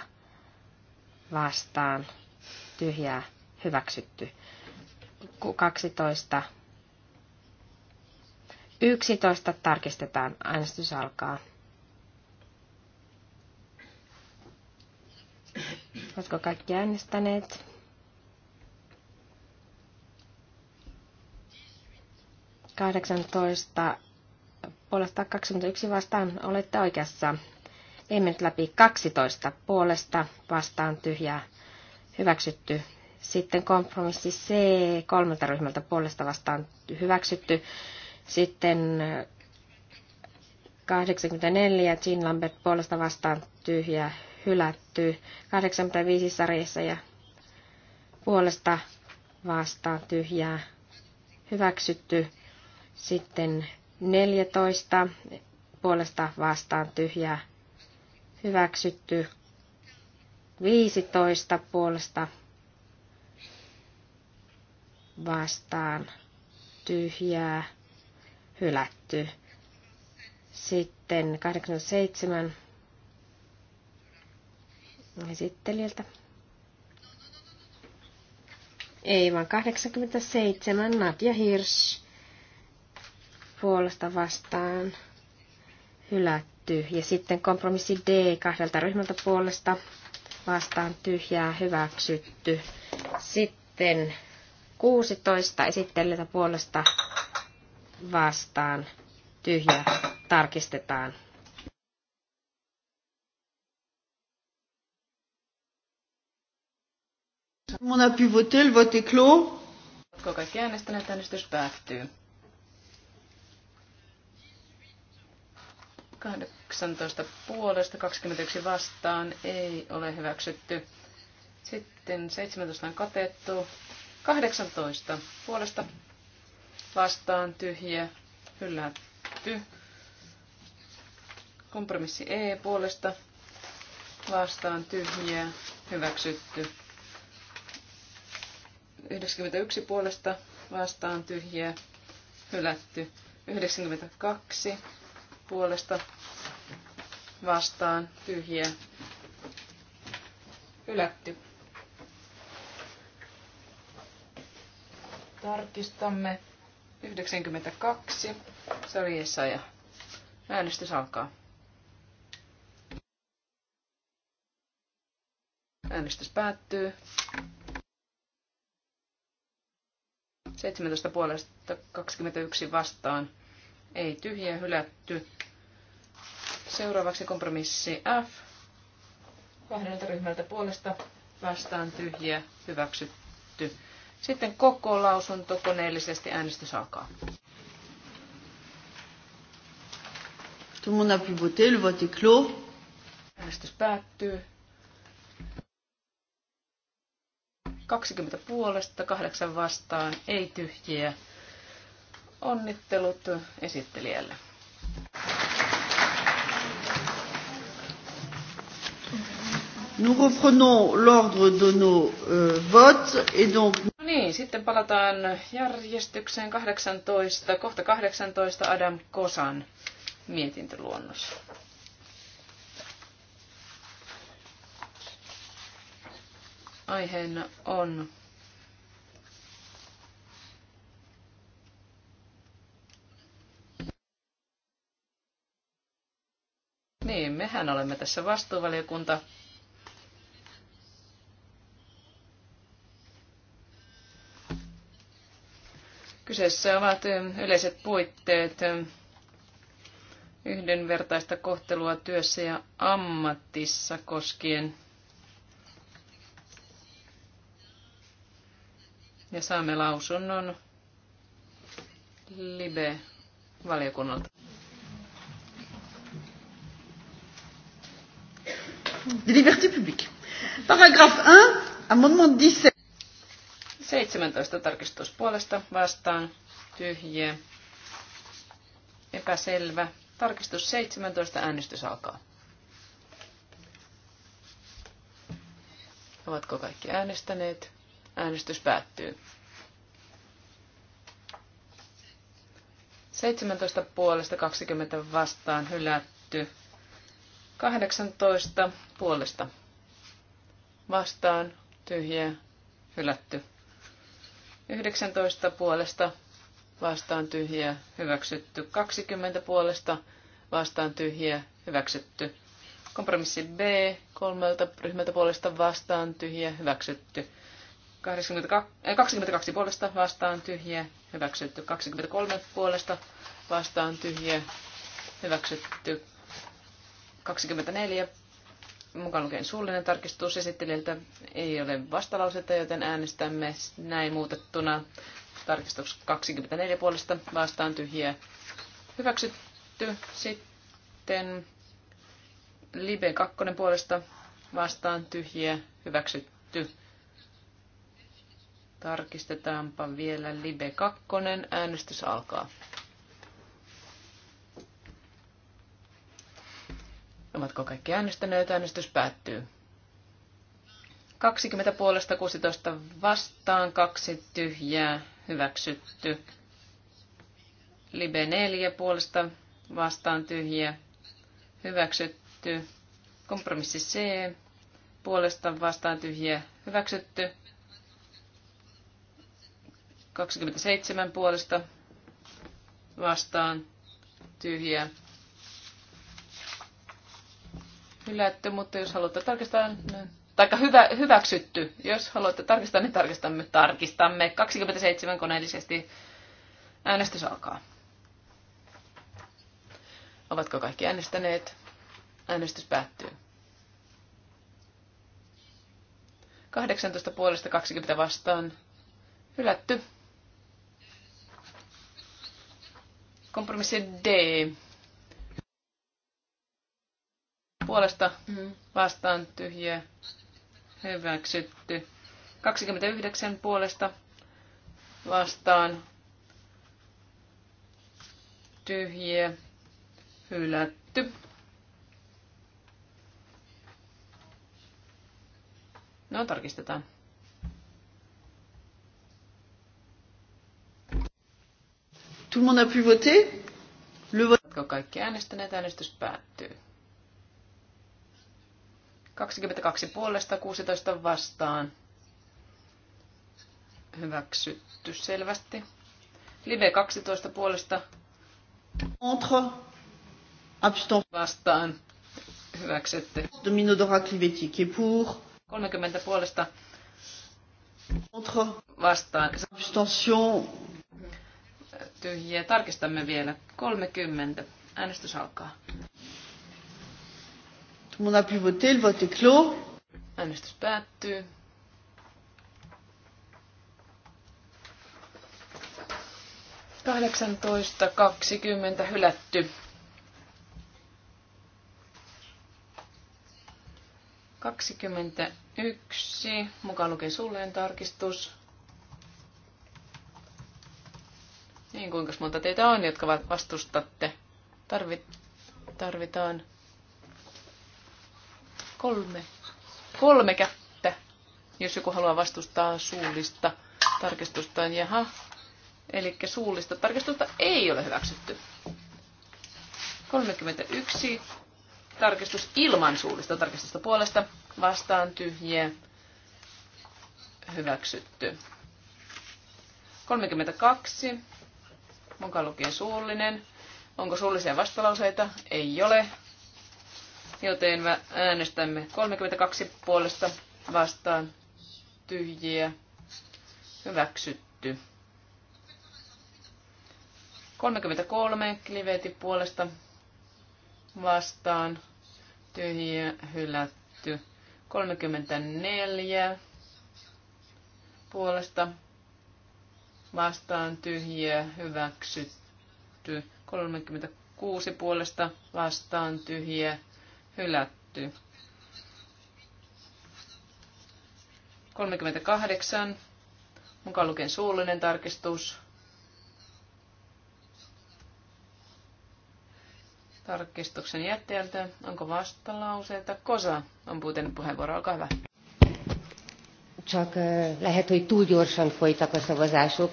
vastaan tyhjää hyväksytty. 12. 11 tarkistetaan. Äänestys alkaa. Oletko kaikki äänestäneet? Kahdeksantoista puolesta 21 vastaan olette oikeassa. Ei mennyt läpi 12 puolesta vastaan tyhjää hyväksytty. Sitten kompromissi C kolmelta ryhmältä puolesta vastaan hyväksytty. Sitten 84 Jean Lambert puolesta vastaan tyhjä hylätty. 85 sarjassa ja puolesta vastaan tyhjää hyväksytty. Sitten 14 puolesta vastaan tyhjää hyväksytty 15 puolesta vastaan tyhjää hylätty. Sitten 87 esittelijältä. Ei vaan 87 Nadja Hirsch puolesta vastaan hylätty. Ja sitten kompromissi D kahdelta ryhmältä puolesta vastaan tyhjää hyväksytty. Sitten 16 esittelijältä puolesta vastaan tyhjä tarkistetaan. On a pu voter, le vote est clos. Kaikki äänestäneet äänestys päättyy. 18 puolesta, 21 vastaan, ei ole hyväksytty. Sitten 17 on katettu. 18 puolesta vastaan, tyhjä, hylätty. Kompromissi E puolesta vastaan, tyhjä, hyväksytty. 91 puolesta vastaan, tyhjä, hylätty. 92 puolesta vastaan tyhjiä hylätty. Tarkistamme 92. Se oli ja Äänestys alkaa. Äänestys päättyy. 17 puolesta 21 vastaan ei tyhjä hylätty. Seuraavaksi kompromissi F. Kahdelta ryhmältä puolesta vastaan tyhjä hyväksytty. Sitten koko lausunto koneellisesti äänestys alkaa. Tout le monde a pu voter, le vote est clos. Äänestys päättyy. 20 puolesta, 8 vastaan, ei tyhjiä. Onnittelut esittelijälle. Nous reprenons l'ordre de nos euh, votes et donc... No niin, sitten palataan järjestykseen 18, kohta 18 Adam Kosan mietintöluonnos. Aiheena on Niin, mehän olemme tässä vastuuvaliokunta. Kyseessä ovat yleiset puitteet yhdenvertaista kohtelua työssä ja ammattissa koskien. Ja saamme lausunnon Libe-valiokunnalta. des libertés publiques. Paragraphe 1, amendement 17. 17 tarkistus puolesta vastaan tyhjiä. Epäselvä. Tarkistus 17. Äänestys alkaa. Ovatko kaikki äänestäneet? Äänestys päättyy. 17 puolesta 20 vastaan hylätty. 18 puolesta vastaan tyhjä hylätty. 19 puolesta vastaan tyhjä hyväksytty. 20 puolesta vastaan tyhjä hyväksytty. Kompromissi B kolmelta ryhmältä puolesta vastaan tyhjä hyväksytty. 82, 22 eh, puolesta vastaan tyhjä hyväksytty. 23 puolesta vastaan tyhjä hyväksytty. 24 mukaan lukien suullinen tarkistus esittelijältä ei ole vastalausetta, joten äänestämme näin muutettuna tarkistus 24 puolesta vastaan tyhjiä hyväksytty. Sitten Libe 2 puolesta vastaan tyhjiä hyväksytty. Tarkistetaanpa vielä Libe 2. Äänestys alkaa. Ovatko kaikki äänestäneet? Äänestys päättyy. 20 puolesta 16 vastaan, kaksi tyhjää, hyväksytty. Libe 4 puolesta vastaan tyhjä, hyväksytty. Kompromissi C puolesta vastaan tyhjä, hyväksytty. 27 puolesta vastaan tyhjä, hylätty, mutta jos haluatte tarkistaa, niin- taikka hyvä, hyväksytty, jos haluatte tarkistaa, niin tarkistamme, tarkistamme. 27 koneellisesti äänestys alkaa. Ovatko kaikki äänestäneet? Äänestys päättyy. 18 puolesta 20 vastaan. Hylätty. Kompromissi D puolesta mm. vastaan tyhjä hyväksytty. 29 puolesta vastaan tyhjä hylätty. No tarkistetaan. Tout le monde a pu voter? Le vote... kaikki äänestäneet, äänestys päättyy. 22 puolesta 16 vastaan. Hyväksytty selvästi. Live 12 puolesta. Entre. Abstent. Vastaan. Hyväksytty. Domino Dora Clivetti, qui pour. 30 puolesta. Contre. Vastaan. Abstention. Tyhjiä. Tarkistamme vielä. 30. Äänestys alkaa. Tout a pu voter, le vote est clos. Äänestys päättyy. Kahdeksantoista kaksikymmentä hylätty. yksi. mukaan lukee sulleen tarkistus. Niin, kuinka monta teitä on, jotka vastustatte? Tarvit, tarvitaan Kolme. Kolme kättä, jos joku haluaa vastustaa suullista tarkistustaan. Jaha. Eli suullista tarkistusta ei ole hyväksytty. 31. Tarkistus ilman suullista tarkistusta puolesta. Vastaan tyhjiä. Hyväksytty. 32. Mukaan lukien suullinen. Onko suullisia vastalauseita? Ei ole joten äänestämme 32 puolesta vastaan tyhjiä hyväksytty. 33 kliveti puolesta vastaan tyhjiä hylätty. 34 puolesta vastaan tyhjiä hyväksytty. 36 puolesta vastaan tyhjiä hylätty. 38, mukaan lukien suullinen tarkistus. Tarkistuksen jättäjältä, onko vastalauseita? Kosa on puutennut puheenvuoro, olkaa hyvä. Csak eh, lehet, hogy túl gyorsan folytak a szavazások.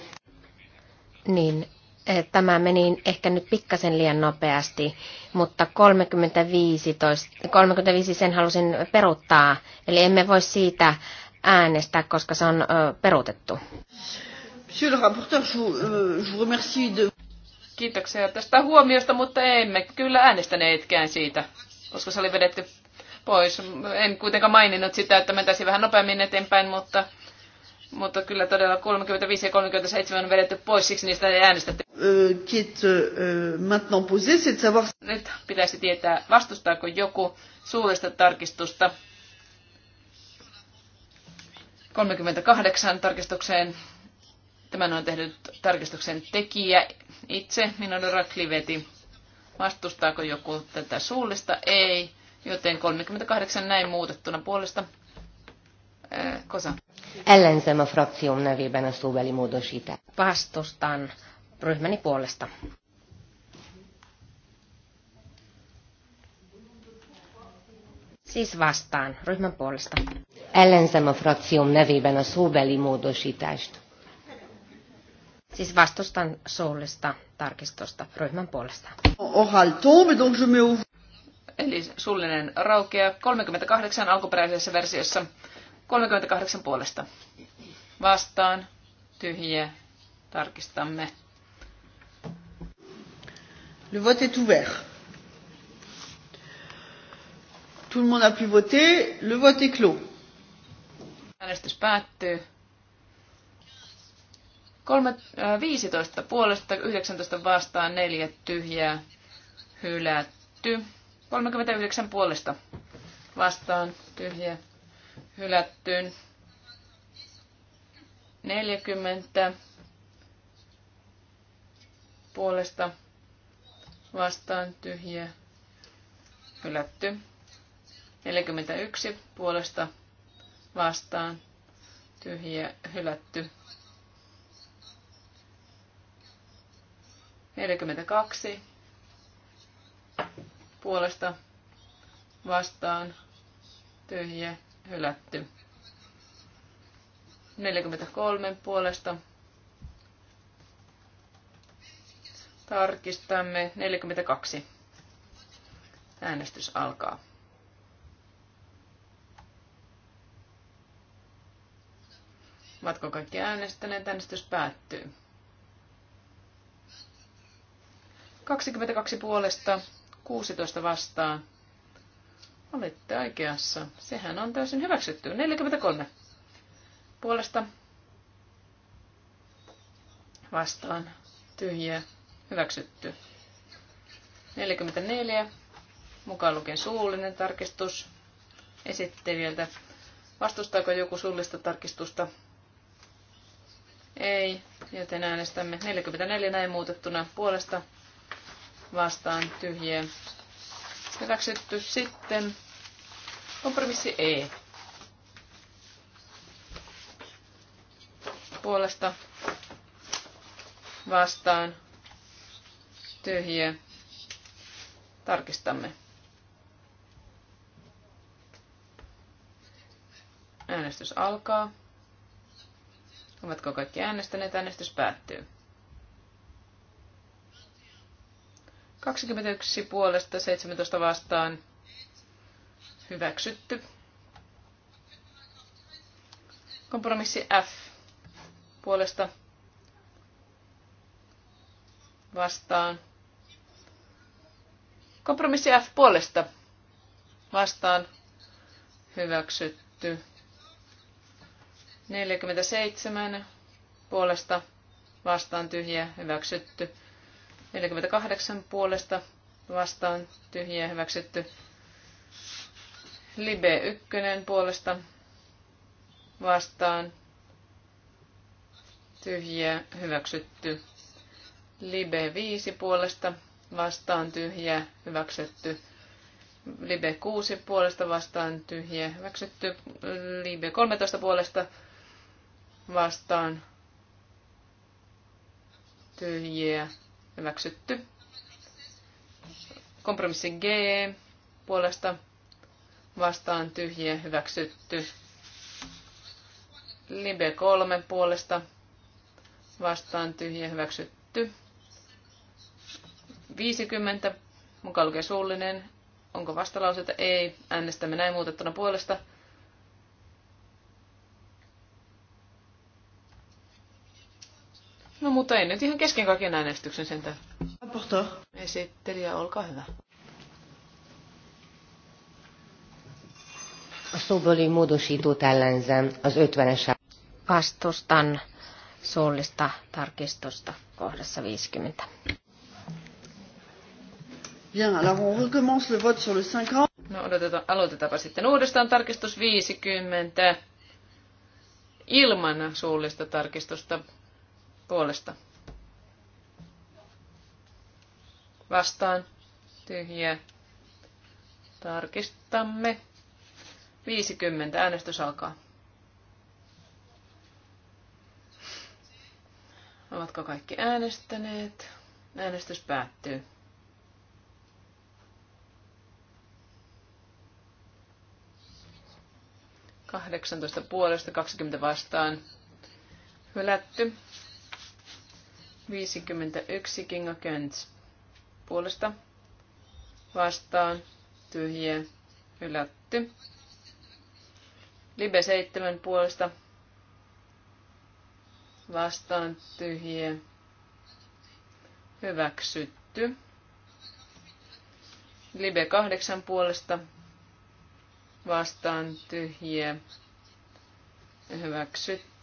Niin, Eh, tämä meni ehkä nyt pikkasen liian nopeasti, mutta 35, 35 sen halusin peruuttaa, eli emme voi siitä äänestää, koska se on peruutettu. Monsieur le rapporteur, je vous, euh, je vous remercie de... Kiitoksia tästä huomiosta, mutta emme kyllä äänestäneetkään siitä, koska se oli vedetty pois. En kuitenkaan maininnut sitä, että mentäisiin vähän nopeammin eteenpäin, mutta mutta kyllä todella 35 ja 37 on vedetty pois, siksi niistä ei äänestetty. Euh, euh, Nyt pitäisi tietää, vastustaako joku suullista tarkistusta 38 tarkistukseen. Tämän on tehnyt tarkistuksen tekijä itse, minun Rakliveti. Vastustaako joku tätä suullista? Ei, joten 38 näin muutettuna puolesta Kosa. Ellenzem a frakcióm nevében a szóbeli módosítást. Vastustan ryhmäni puolesta. Siis vastaan, ryhmän puolesta. Ellenzem a frakcióm nevében a szóbeli módosítást. Siis vastustan suullista tarkistusta ryhmän puolesta. Eli suullinen raukea 38 alkuperäisessä versiossa 38 puolesta. Vastaan. Tyhjiä. Tarkistamme. Le vote est ouvert. Tout le monde a pu voter. Le vote est clos. Äänestys päättyy. Kolme, äh, 15 puolesta, 19 vastaan, 4 tyhjää, hylätty. 39 puolesta vastaan, tyhjää, hylättyyn. 40 puolesta vastaan tyhjä hylätty. 41 puolesta vastaan tyhjä hylätty. 42 puolesta vastaan tyhjä hylätty. 43 puolesta. Tarkistamme 42. Äänestys alkaa. Ovatko kaikki äänestäneet? Äänestys päättyy. 22 puolesta, 16 vastaan, Olette oikeassa. Sehän on täysin hyväksytty. 43. Puolesta vastaan tyhjä hyväksytty. 44. Mukaan lukien suullinen tarkistus esittelijältä. Vastustaako joku suullista tarkistusta? Ei, joten äänestämme 44 näin muutettuna puolesta vastaan tyhjiä Hyväksytty sitten kompromissi E. Puolesta vastaan tyhjiä. Tarkistamme. Äänestys alkaa. Ovatko kaikki äänestäneet? Äänestys päättyy. 21 puolesta 17 vastaan hyväksytty. Kompromissi F puolesta vastaan. Kompromissi F puolesta vastaan hyväksytty. 47 puolesta vastaan tyhjä hyväksytty. 48 puolesta vastaan tyhjiä hyväksytty. Libe 1 puolesta vastaan tyhjiä hyväksytty. Libe 5 puolesta vastaan tyhjiä hyväksytty. Libe 6 puolesta vastaan tyhjiä hyväksytty. Libe 13 puolesta vastaan tyhjiä hyväksytty. Kompromissi G puolesta vastaan tyhjiä hyväksytty. Libe 3 puolesta vastaan tyhjiä hyväksytty. 50 mukaan lukee suullinen. Onko vastalauseita? Ei. Äänestämme näin muutettuna puolesta No mutta ei nyt ihan kesken kaiken äänestyksen sentään. Raporto. Esittelijä, olkaa hyvä. A szóbeli módosítót ellenzem az 50-es Vastustan suullista tarkistusta kohdassa 50. Bien, alors on recommence le vote sur le 50. No odotetaan, aloitetaanpa sitten uudestaan tarkistus 50 ilman suullista tarkistusta puolesta. Vastaan. Tyhjiä. Tarkistamme. 50. Äänestys alkaa. Ovatko kaikki äänestäneet? Äänestys päättyy. Kahdeksantoista puolesta, 20 vastaan. Hylätty. 51 Kinga Kents puolesta vastaan tyhjiä ylätty. Libe 7 puolesta vastaan tyhjiä hyväksytty. Libe 8 puolesta vastaan tyhjiä hyväksytty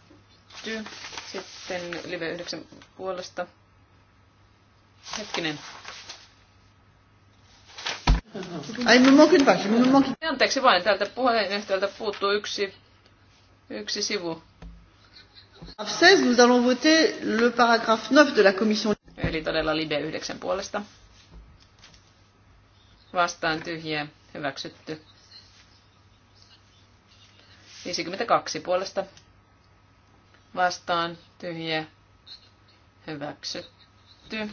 päättyy. Sitten live 9 puolesta. Hetkinen. Ai, mä mokin pääsin, mä mokin. Anteeksi vain, täältä puheenjohtajalta puuttuu yksi, yksi sivu. Paragraphe 16, nous allons voter le paragraphe 9 de la commission. Eli todella live 9 puolesta. Vastaan tyhjiä, hyväksytty. 52 puolesta vastaan tyhjä hyväksytty.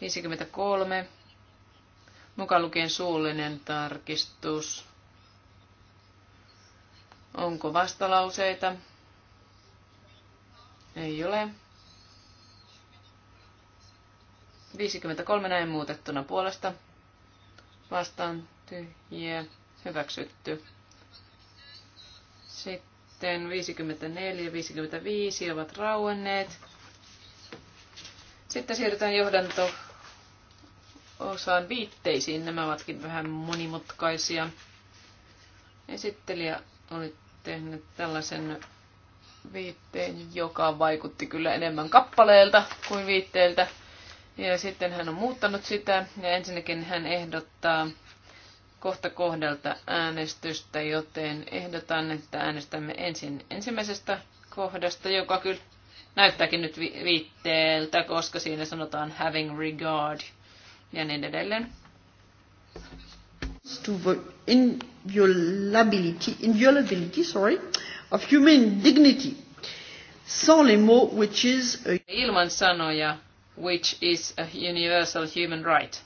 53. Mukaan lukien suullinen tarkistus. Onko vastalauseita? Ei ole. 53 näin muutettuna puolesta. Vastaan tyhjiä. Hyväksytty. Sitten sitten 54 ja 55 ovat rauenneet. Sitten siirrytään johdanto osaan viitteisiin. Nämä ovatkin vähän monimutkaisia. Esittelijä oli tehnyt tällaisen viitteen, joka vaikutti kyllä enemmän kappaleelta kuin viitteeltä. Ja sitten hän on muuttanut sitä. Ja ensinnäkin hän ehdottaa kohta kohdalta äänestystä, joten ehdotan, että äänestämme ensin ensimmäisestä kohdasta, joka kyllä näyttääkin nyt vi- viitteeltä, koska siinä sanotaan having regard ja niin edelleen. To the inviolability, inviolability sorry, of human dignity. Sans which is a... Ilman sanoja, which is a universal human right.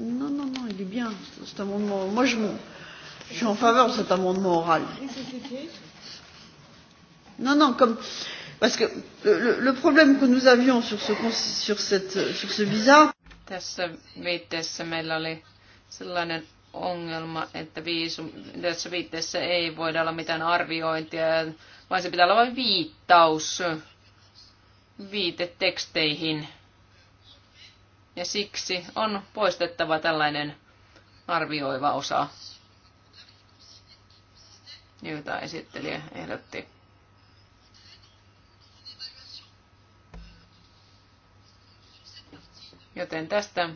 Non, non, non, il est bien, cet amendement. Moi, je, je suis en faveur de cet amendement oral. Non, non, comme, parce que le, le problème que nous avions sur ce, sur cette, sur ce visa... Tässä viitteessä meillä oli sellainen ongelma, että viisum, tässä viitteessä ei voida olla mitään arviointia, vaan se pitää olla vain viittaus viiteteksteihin. teksteihin ja siksi on poistettava tällainen arvioiva osa, jota esittelijä ehdotti. Joten tästä,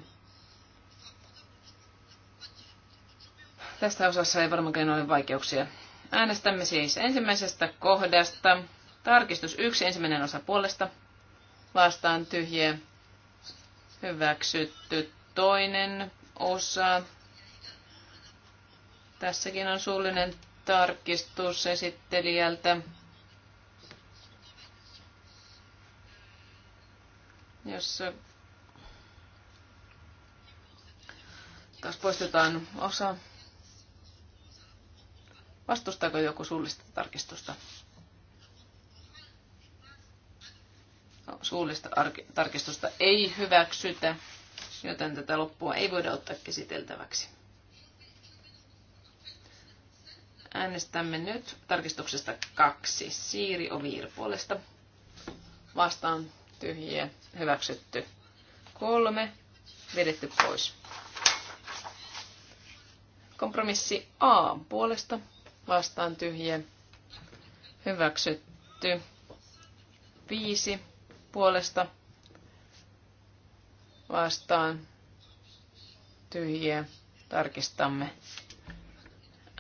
tästä osassa ei varmaankin ole vaikeuksia. Äänestämme siis ensimmäisestä kohdasta. Tarkistus yksi ensimmäinen osa puolesta. Vastaan tyhjä. Hyväksytty toinen osa. Tässäkin on suullinen tarkistus esittelijältä. Jossa taas poistetaan osa. Vastustaako joku suullista tarkistusta? suullista tarkistusta ei hyväksytä, joten tätä loppua ei voida ottaa käsiteltäväksi. Äänestämme nyt tarkistuksesta kaksi. Siiri Oviir puolesta. Vastaan tyhjiä. Hyväksytty. Kolme. Vedetty pois. Kompromissi A puolesta. Vastaan tyhjiä. Hyväksytty. Viisi puolesta vastaan tyhjiä. Tarkistamme.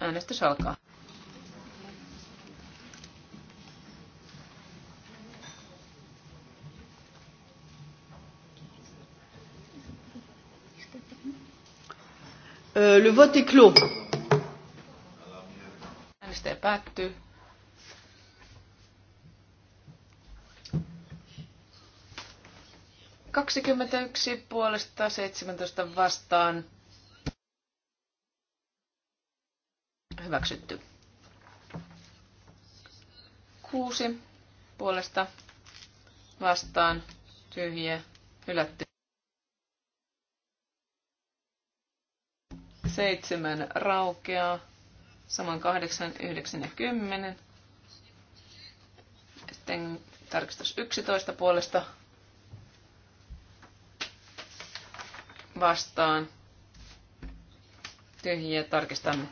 Äänestys alkaa. Euh, le vote est clos. Äänestäjä päättyy. 21 puolesta 17 vastaan. Hyväksytty. 6 puolesta vastaan tyhjiä hylätty. 7 raukeaa. Saman 8, 9 ja 10. Sitten tarkistus 11 puolesta vastaan. Tyhjiä tarkistamme.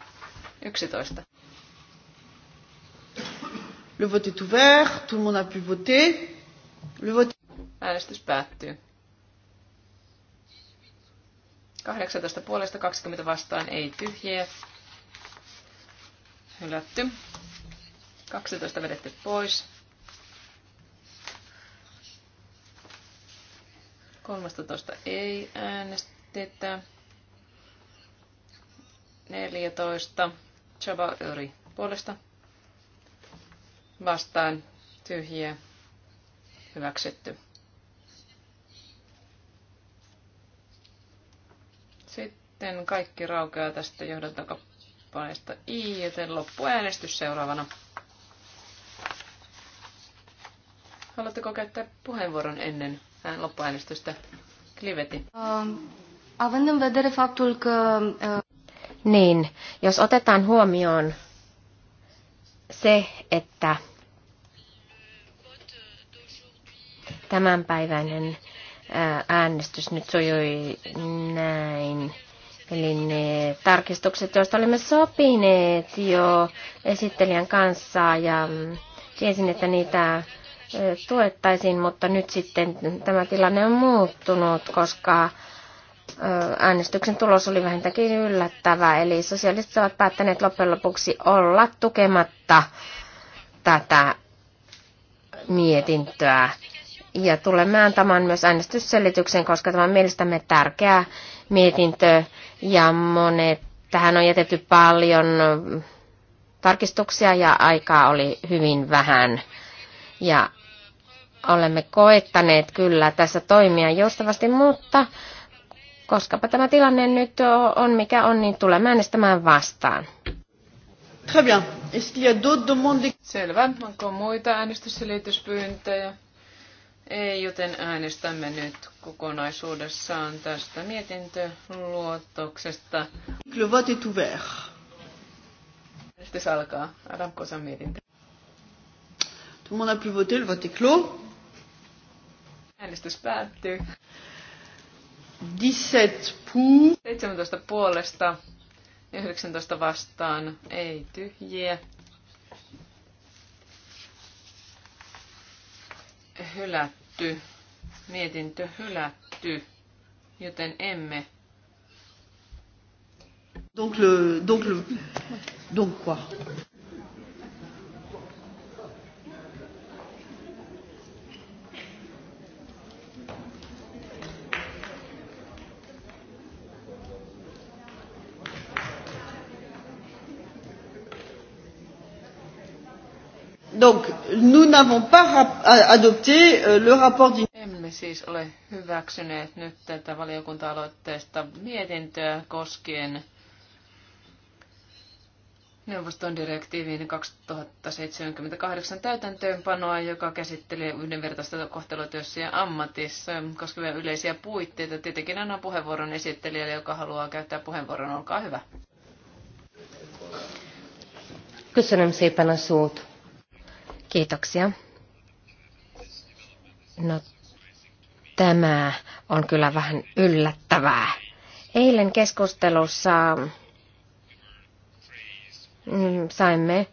11. Le vote est ouvert, tout le monde a pu voter. Le vote... Äänestys päättyy. 18 puolesta 20 vastaan ei tyhjiä. Hylätty. 12 vedetty pois. 13 ei äänestä sitten 14. Chaba Yri puolesta vastaan tyhjiä hyväksytty. Sitten kaikki raukeaa tästä johdantakappaleesta I, joten loppuäänestys seuraavana. Haluatteko käyttää puheenvuoron ennen loppuäänestystä? Kliveti. Um. Având în vedere faptul că... Uh, niin, jos otetaan huomioon se, että tämänpäiväinen äh, äänestys nyt sujui näin. Eli ne tarkistukset, joista olimme sopineet jo esittelijän kanssa ja tiesin, että niitä äh, tuettaisiin, mutta nyt sitten tämä tilanne on muuttunut, koska äänestyksen tulos oli vähintäänkin yllättävä, eli sosiaaliset ovat päättäneet loppujen lopuksi olla tukematta tätä mietintöä. Ja tulemme antamaan myös äänestysselityksen, koska tämä on mielestämme tärkeä mietintö ja monet, tähän on jätetty paljon tarkistuksia ja aikaa oli hyvin vähän. Ja olemme koettaneet kyllä tässä toimia joustavasti, mutta Koskapa tämä tilanne nyt on mikä on, niin tulemme äänestämään vastaan. Très bien. Est-ce qu'il y a d'autres demandes? Selvä. Onko muita äänestysselityspyyntöjä? Ei, joten äänestämme nyt kokonaisuudessaan tästä mietintöluotoksesta. Le vote est ouvert. Äänestys alkaa. Adam Kosan mietintö. Tout le monde a pu voter, le vote est clos. Äänestys päättyy. 17 puu. 17 puolesta, 19 vastaan, ei tyhjiä. Hylätty, mietintö hylätty, joten emme. Donc le, donc le, donc quoi? Donc, nous n'avons pas adopté euh, le rapport Emme siis ole hyväksyneet nyt tätä valiokunta-aloitteesta mietintöä koskien neuvoston direktiivin 2078 täytäntöönpanoa, joka käsittelee yhdenvertaista kohtelua työssä ja ammatissa koskevia yleisiä puitteita. Tietenkin annan puheenvuoron esittelijälle, joka haluaa käyttää puheenvuoron. Olkaa hyvä. Köszönöm szépen a szót. Kiitoksia. No, tämä on kyllä vähän yllättävää. Eilen keskustelussa mm, saimme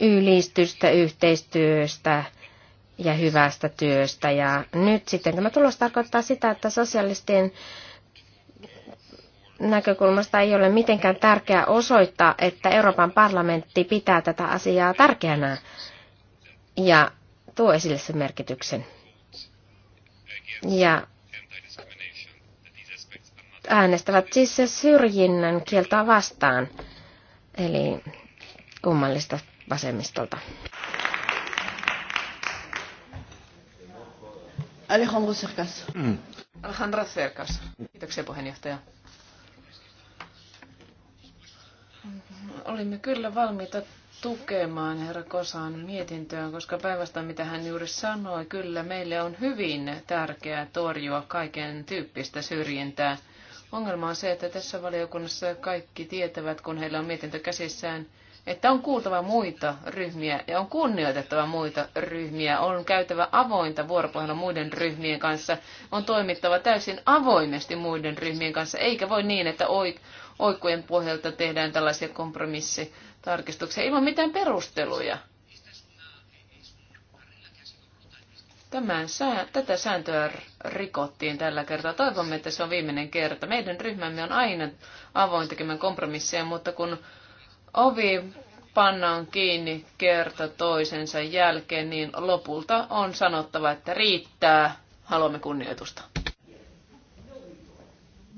ylistystä yhteistyöstä ja hyvästä työstä. Ja nyt sitten tämä tulos tarkoittaa sitä, että sosialistien näkökulmasta ei ole mitenkään tärkeää osoittaa, että Euroopan parlamentti pitää tätä asiaa tärkeänä ja tuo esille sen merkityksen. Ja äänestävät siis se syrjinnän kieltoa vastaan, eli kummallista vasemmistolta. Alejandro Serkas. Mm. Alejandro Serkas. Kiitoksia puheenjohtaja. olimme kyllä valmiita tukemaan herra Kosan mietintöä, koska päivästä mitä hän juuri sanoi, kyllä meille on hyvin tärkeää torjua kaiken tyyppistä syrjintää. Ongelma on se, että tässä valiokunnassa kaikki tietävät, kun heillä on mietintö käsissään, että on kuultava muita ryhmiä ja on kunnioitettava muita ryhmiä, on käytävä avointa vuoropuhelua muiden ryhmien kanssa, on toimittava täysin avoimesti muiden ryhmien kanssa, eikä voi niin, että oikkujen pohjalta tehdään tällaisia kompromissitarkistuksia ilman mitään perusteluja. Tämä sää, tätä sääntöä rikottiin tällä kertaa. Toivomme, että se on viimeinen kerta. Meidän ryhmämme on aina avoin tekemään kompromisseja, mutta kun ovi pannaan kiinni kerta toisensa jälkeen, niin lopulta on sanottava, että riittää. Haluamme kunnioitusta.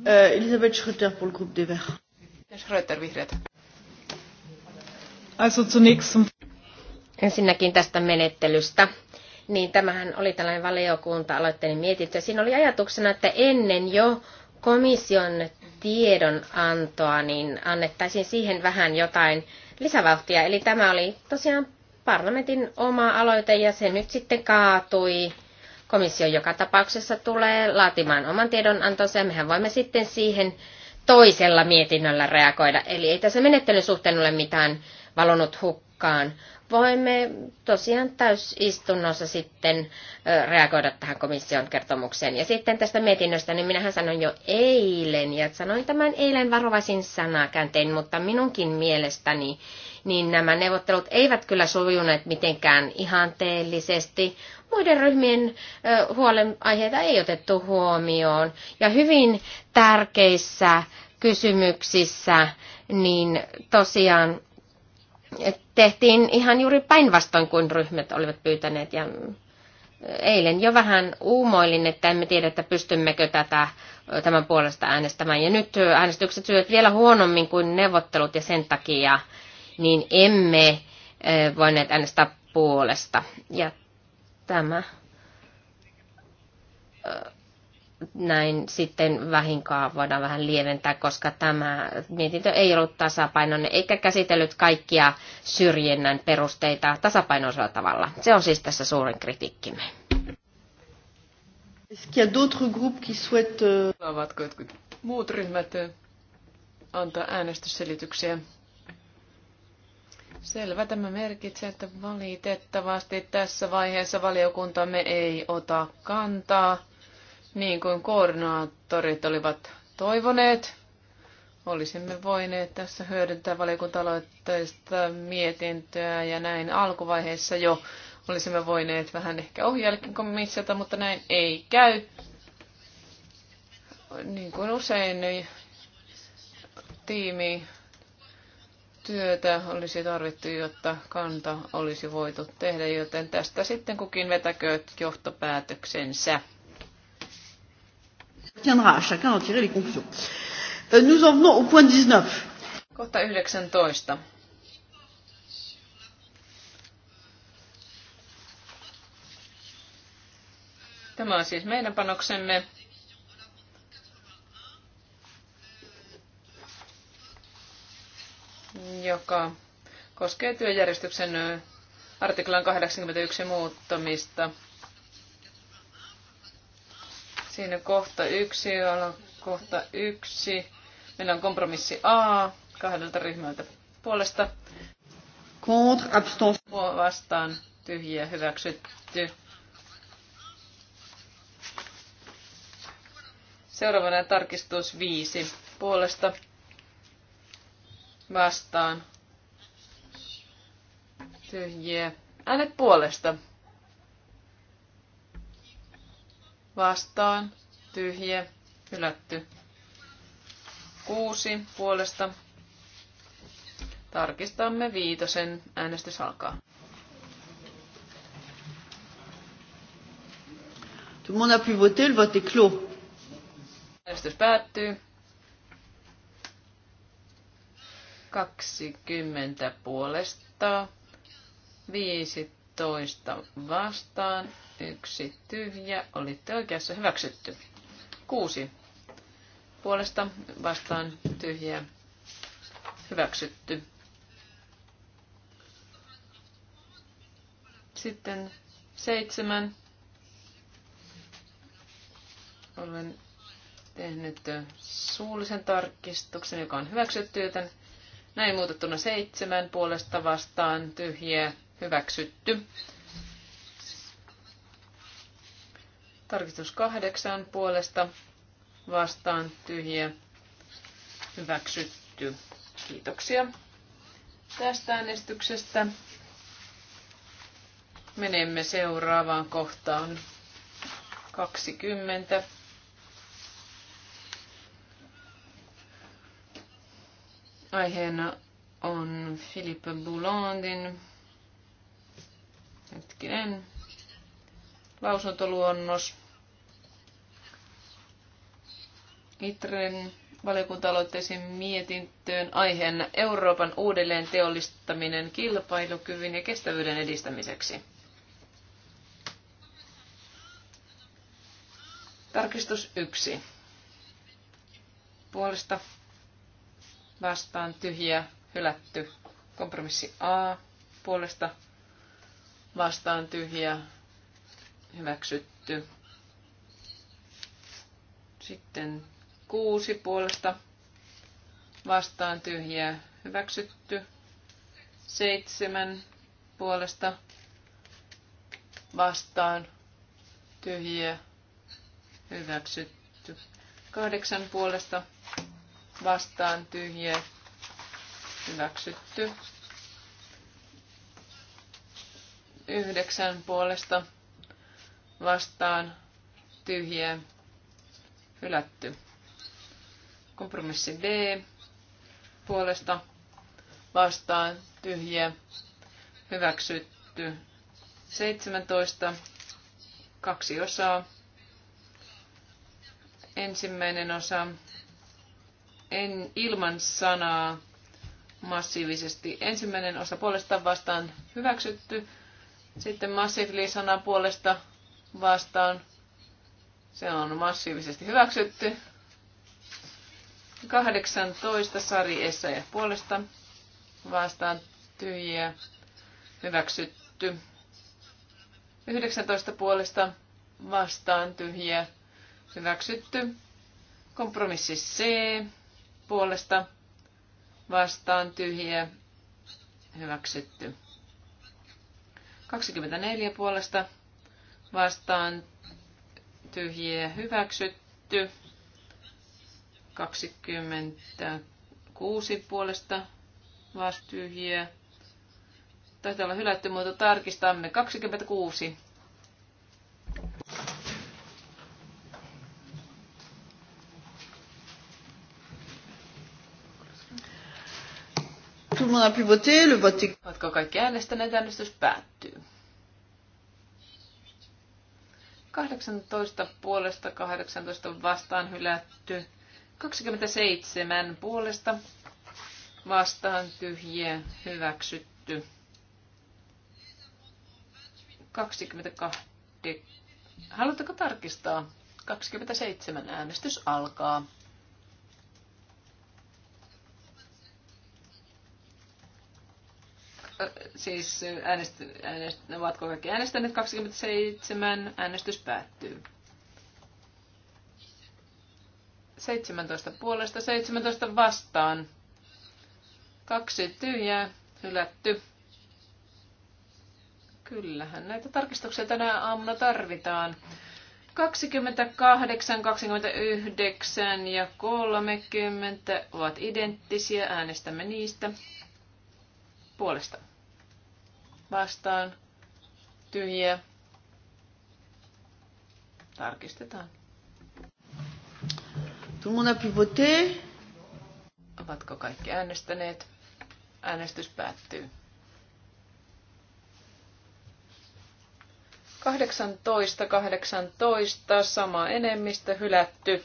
Euh, Elisabeth Schröter pour le groupe des Verts. Schröter, vihreät. Also zunächst zum... Ensinnäkin tästä menettelystä. Niin tämähän oli tällainen valiokunta-aloitteinen mietintö. Siinä oli ajatuksena, että ennen jo komission tiedonantoa, niin annettaisiin siihen vähän jotain lisävauhtia. Eli tämä oli tosiaan parlamentin oma aloite ja se nyt sitten kaatui Komissio joka tapauksessa tulee laatimaan oman tiedonantonsa ja mehän voimme sitten siihen toisella mietinnöllä reagoida. Eli ei tässä menettelyn suhteen ole mitään valonut hukkaan. Voimme tosiaan täysistunnossa sitten reagoida tähän komission kertomukseen. Ja sitten tästä mietinnöstä, niin minähän sanoin jo eilen, ja sanoin tämän eilen varovaisin sanakäänteen, mutta minunkin mielestäni niin nämä neuvottelut eivät kyllä sujuneet mitenkään ihanteellisesti muiden ryhmien huolenaiheita ei otettu huomioon. Ja hyvin tärkeissä kysymyksissä, niin tosiaan tehtiin ihan juuri päinvastoin kuin ryhmät olivat pyytäneet. Ja eilen jo vähän uumoilin, että emme tiedä, että pystymmekö tätä, tämän puolesta äänestämään. Ja nyt äänestykset syövät vielä huonommin kuin neuvottelut ja sen takia niin emme voineet äänestää puolesta. Ja tämä näin sitten vähinkaan voidaan vähän lieventää, koska tämä mietintö ei ollut tasapainoinen eikä käsitellyt kaikkia syrjinnän perusteita tasapainoisella tavalla. Se on siis tässä suurin kritiikkimme. Ovatko euh, jotkut muut ryhmät antaa äänestysselityksiä? Selvä. Tämä merkitsee, että valitettavasti tässä vaiheessa valiokuntamme ei ota kantaa, niin kuin koordinaattorit olivat toivoneet. Olisimme voineet tässä hyödyntää valiokunta-aloitteista mietintöä ja näin alkuvaiheessa jo olisimme voineet vähän ehkä ohjaillakin komissiota, mutta näin ei käy. Niin kuin usein niin tiimi työtä olisi tarvittu, jotta kanta olisi voitu tehdä, joten tästä sitten kukin vetäkö johtopäätöksensä. Chacun en tirer les conclusions. Euh, nous en venons au point 19. Kohta 19. Tämä on siis meidän panoksemme joka koskee työjärjestyksen artiklan 81 muuttamista. Siinä kohta yksi, kohta yksi. Meillä on kompromissi A kahdelta ryhmältä puolesta. Contre, abstention. Vastaan, tyhjiä, hyväksytty. Seuraavana tarkistus viisi puolesta vastaan. Tyhjiä. Äänet puolesta. Vastaan. Tyhjiä. Hylätty. Kuusi puolesta. Tarkistamme viitosen. Äänestys alkaa. Tout le monde a pu voter, le vote est clos. Äänestys päättyy. 20 puolesta, 15 vastaan, yksi tyhjä. Olitte oikeassa hyväksytty. 6 puolesta vastaan tyhjä hyväksytty. Sitten seitsemän. Olen tehnyt suullisen tarkistuksen, joka on hyväksytty, joten näin muutettuna seitsemän puolesta vastaan tyhjiä hyväksytty. Tarkistus kahdeksan puolesta vastaan tyhjiä hyväksytty. Kiitoksia tästä äänestyksestä. Menemme seuraavaan kohtaan 20. Aiheena on Philippe Boulandin hetkinen lausuntoluonnos. Itren valiokunta-aloitteisen mietintöön aiheena Euroopan uudelleen teollistaminen kilpailukyvyn ja kestävyyden edistämiseksi. Tarkistus 1. Puolesta vastaan tyhjä hylätty. Kompromissi A puolesta vastaan tyhjä hyväksytty. Sitten kuusi puolesta vastaan tyhjä hyväksytty. Seitsemän puolesta vastaan tyhjä hyväksytty. Kahdeksan puolesta vastaan tyhjä hyväksytty. Yhdeksän puolesta vastaan tyhjä hylätty. Kompromissi D puolesta vastaan tyhjä hyväksytty. 17 kaksi osaa. Ensimmäinen osa en, ilman sanaa massiivisesti. Ensimmäinen osa puolesta vastaan hyväksytty. Sitten massiivisesti sana puolesta vastaan. Se on massiivisesti hyväksytty. 18 Sari Essayah puolesta vastaan tyhjiä hyväksytty. 19 puolesta vastaan tyhjiä hyväksytty. Kompromissi C puolesta vastaan tyhjiä hyväksytty. 24 puolesta vastaan tyhjiä hyväksytty. 26 puolesta vastaan tyhjiä. Taitaa olla hylätty, mutta tarkistamme. 26 le monde a pu voter, Oletko kaikki äänestäneet? Äänestys päättyy. 18 puolesta, 18 vastaan hylätty. 27 puolesta vastaan tyhjiä hyväksytty. 22 Haluatteko tarkistaa? 27 äänestys alkaa. siis äänest, äänest, ovatko kaikki äänestäneet 27, äänestys päättyy. 17 puolesta, 17 vastaan. Kaksi tyhjää, hylätty. Kyllähän näitä tarkistuksia tänä aamuna tarvitaan. 28, 29 ja 30 ovat identtisiä. Äänestämme niistä puolesta vastaan tyhjiä. Tarkistetaan. Tout le monde a pu voter? Ovatko kaikki äänestäneet? Äänestys päättyy. 18, 18, sama enemmistö, hylätty.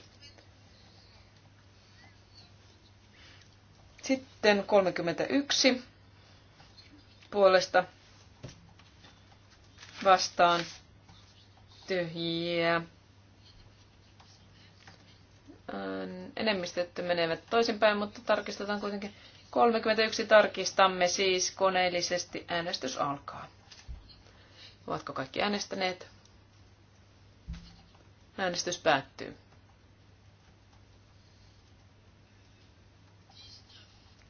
Sitten 31 puolesta vastaan tyhjiä. Enemmistöt menevät toisinpäin, mutta tarkistetaan kuitenkin. 31 tarkistamme siis koneellisesti. Äänestys alkaa. Ovatko kaikki äänestäneet? Äänestys päättyy.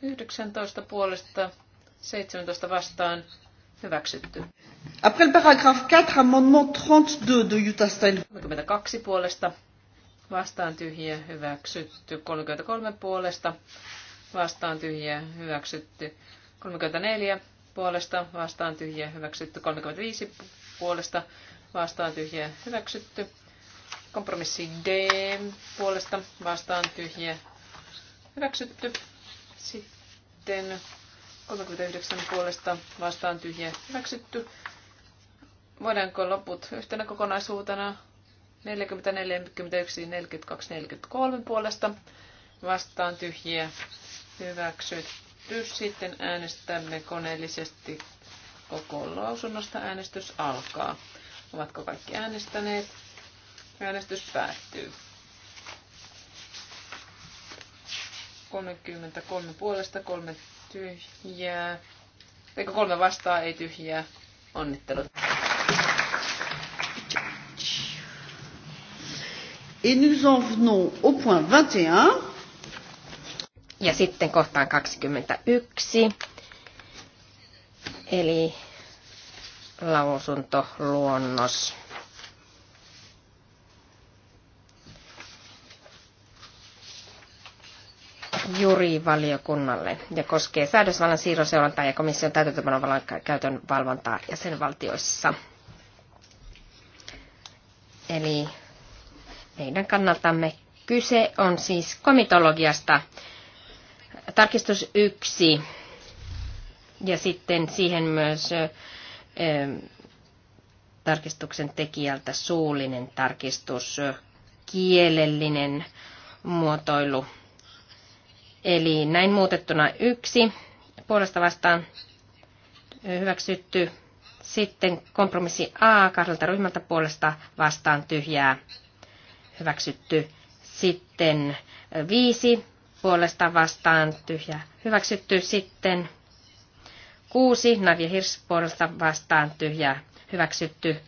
Yhdeksäntoista puolesta, seitsemäntoista vastaan hyväksytty. Après le paragraphe 4, amendement 32 de Jutta Stein. 32 puolesta vastaan tyhjiä hyväksytty. 33 puolesta vastaan tyhjiä hyväksytty. 34 puolesta vastaan tyhjiä hyväksytty. 35 puolesta vastaan tyhjä hyväksytty. Kompromissi D puolesta vastaan tyhjä hyväksytty. Sitten 39 puolesta vastaan tyhjä hyväksytty. Voidaanko loput yhtenä kokonaisuutena? 40, 41, 42, 43 puolesta vastaan tyhjiä hyväksytty. Sitten äänestämme koneellisesti koko lausunnosta. Äänestys alkaa. Ovatko kaikki äänestäneet? Äänestys päättyy. 33 puolesta, kolme tyhjää. Eikö kolme vastaa, ei tyhjää. Onnittelut. Et nous en venons au point 21. Ja sitten kohtaan 21. Eli lausuntoluonnos. jurivaliokunnalle ja koskee säädösvallan siirron seurantaa ja komission täytäntöönpanovallan käytön valvontaa jäsenvaltioissa. Eli meidän kannaltamme. Kyse on siis komitologiasta. Tarkistus yksi ja sitten siihen myös ö, tarkistuksen tekijältä suullinen tarkistus, kielellinen muotoilu. Eli näin muutettuna yksi puolesta vastaan hyväksytty. Sitten kompromissi A kahdelta ryhmältä puolesta vastaan tyhjää hyväksytty. Sitten viisi puolesta vastaan tyhjä hyväksytty. Sitten kuusi Navia Hirs puolesta vastaan tyhjä hyväksytty.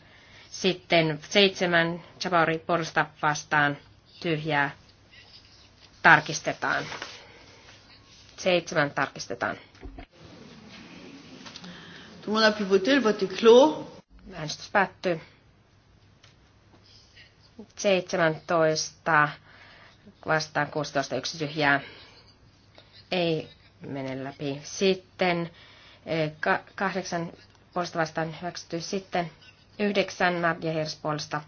Sitten seitsemän Chabauri puolesta vastaan tyhjää tarkistetaan. Seitsemän tarkistetaan. Tout le monde a pu voter, le vote est clos. Äänestys päättyy. 17 vastaan 16 yksi tyhjää ei mene läpi. Sitten 8. Eh, puolesta vastaan hyväksytty. Sitten 9. Nadja ja Hirs puolesta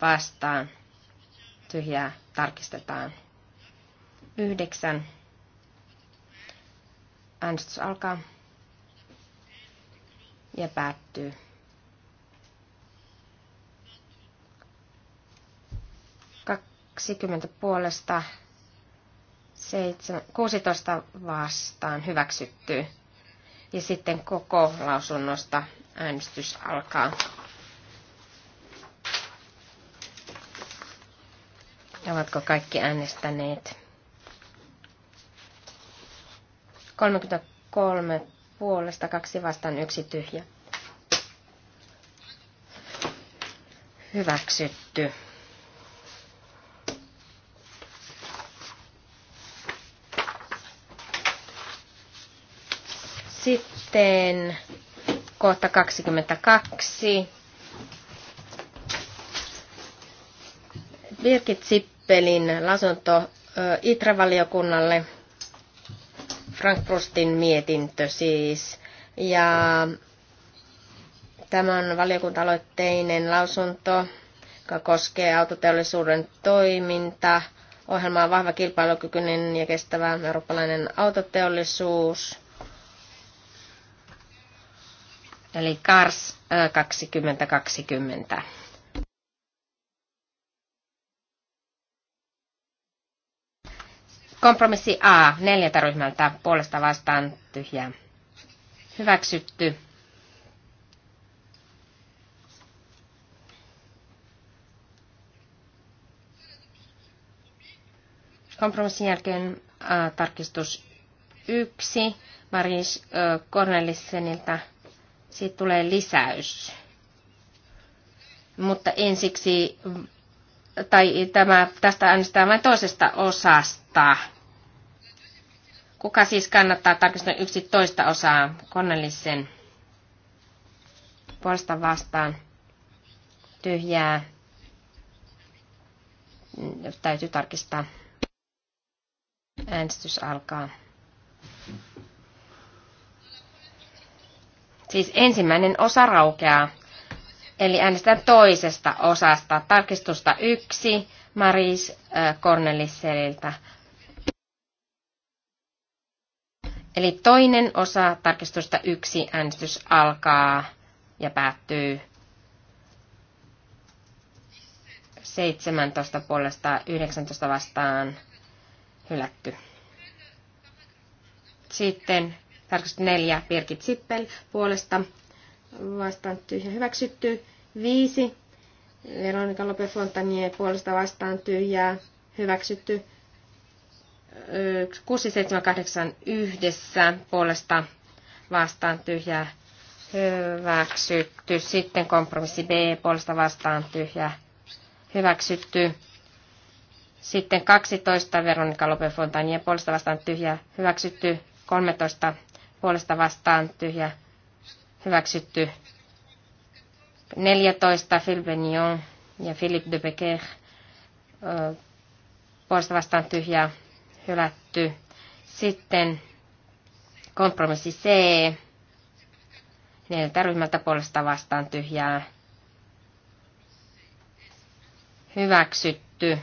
vastaan tyhjää tarkistetaan. 9. Äänestys alkaa ja päättyy. 20 puolesta 7, 16 vastaan hyväksytty. Ja sitten koko lausunnosta äänestys alkaa. Ovatko kaikki äänestäneet? 33 puolesta, kaksi vastaan, yksi tyhjä. Hyväksytty. Sitten kohta 22. Birgit Sippelin lasunto Itravaliokunnalle. Frank Prostin mietintö siis. Ja tämän valiokuntaloitteinen lausunto, joka koskee autoteollisuuden toimintaa. Ohjelma on vahva kilpailukykyinen ja kestävä eurooppalainen autoteollisuus. eli CARS 2020. Kompromissi A, neljältä ryhmältä, puolesta vastaan tyhjää. Hyväksytty. Kompromissin jälkeen äh, tarkistus 1 Maris äh, Cornelissenilta siitä tulee lisäys. Mutta ensiksi, tai tämä, tästä äänestetään vain toisesta osasta. Kuka siis kannattaa tarkistaa yksi toista osaa konnellisen puolesta vastaan? Tyhjää. Täytyy tarkistaa. Äänestys alkaa. Siis ensimmäinen osa raukeaa. Eli äänestetään toisesta osasta. Tarkistusta yksi Maris äh, Cornelisseliltä. Eli toinen osa tarkistusta yksi äänestys alkaa ja päättyy 17 puolesta 19 vastaan hylätty. Sitten 84 Birgit Sippel puolesta vastaan tyhjä hyväksytty. 5 Veronika Lope Fontanier puolesta vastaan tyhjää hyväksytty. 6, 7, 8 yhdessä puolesta vastaan tyhjää hyväksytty. Sitten kompromissi B puolesta vastaan tyhjää hyväksytty. Sitten 12 Veronika Lope Fontanier puolesta vastaan tyhjää hyväksytty. 13 puolesta vastaan tyhjä hyväksytty. 14 Phil Benyon ja Philippe de Becker puolesta vastaan tyhjä hylätty. Sitten kompromissi C. Neljältä ryhmältä puolesta vastaan tyhjää hyväksytty.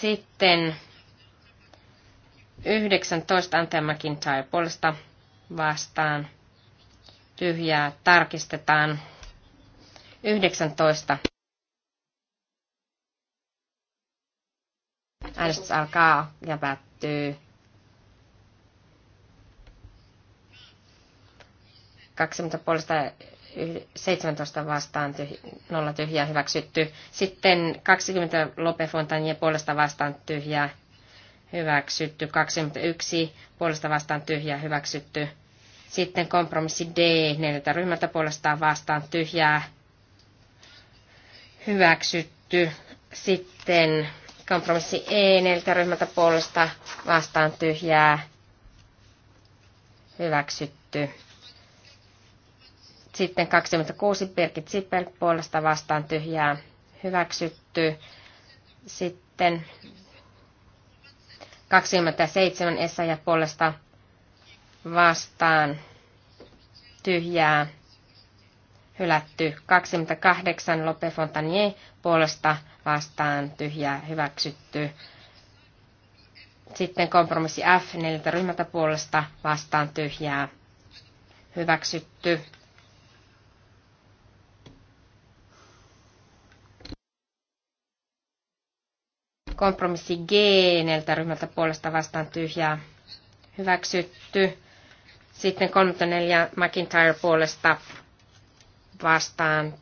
Sitten 19 Antea McIntyre puolesta vastaan. Tyhjää tarkistetaan. 19. Äänestys alkaa ja päättyy. 20 puolesta 17 vastaan, tyhj- nolla tyhjää hyväksytty. Sitten 20 Lope Fontanien puolesta vastaan tyhjää hyväksytty. 21 puolesta vastaan tyhjää hyväksytty. Sitten kompromissi D, neljältä ryhmältä puolestaan vastaan tyhjää hyväksytty. Sitten kompromissi E, neljältä ryhmältä puolesta vastaan tyhjää hyväksytty. Sitten 26 Birgit Zippel puolesta vastaan tyhjää hyväksytty. Sitten 27 ja puolesta vastaan tyhjää hylätty. 28 Lope Fontanier puolesta vastaan tyhjää hyväksytty. Sitten kompromissi F neljältä ryhmältä puolesta vastaan tyhjää hyväksytty. Kompromissi G neljältä ryhmältä puolesta vastaan tyhjää hyväksytty. Sitten 34 McIntyre puolesta vastaan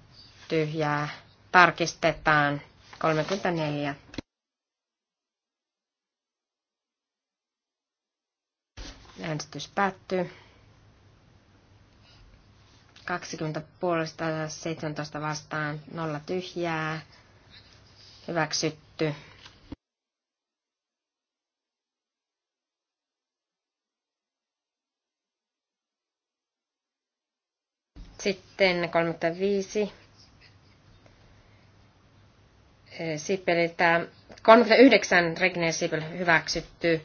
tyhjää tarkistetaan 34. Äänestys päättyy. 20 puolesta 17 vastaan 0 tyhjää. Hyväksytty. Sitten 35. Sipeliltä 39 Regner Sipel hyväksytty,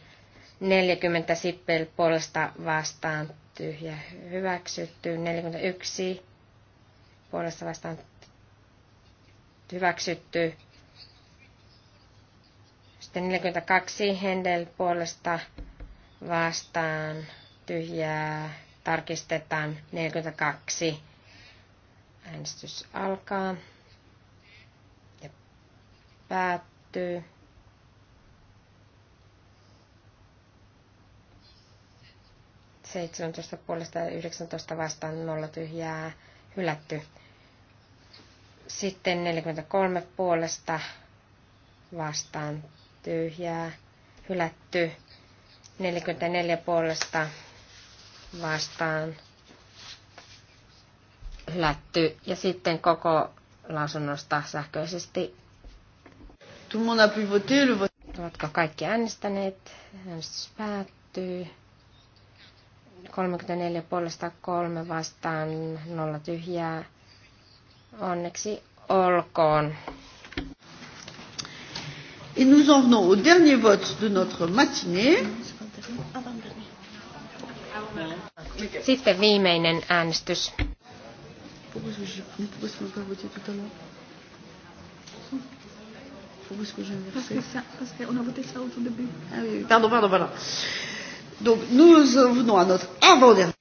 40 Sipel puolesta vastaan tyhjä hyväksytty, 41 puolesta vastaan hyväksytty, sitten 42 Hendel puolesta vastaan tyhjää tarkistetaan 42. Äänestys alkaa ja päättyy. Seitsemäntoista puolesta ja 19 vastaan nolla tyhjää hylätty. Sitten 43 puolesta vastaan tyhjää hylätty. 44 puolesta vastaan lätty Ja sitten koko lausunnosta sähköisesti. Ovatko kaikki äänestäneet? Äänestys päättyy. 34 puolesta kolme vastaan, nolla tyhjää. Onneksi olkoon. Et nous en venons au dernier vote de notre matinée. Sitten viimeinen äänestys. Ah pardon, pardon, pardon. Donc nous venons à notre avant-dernier.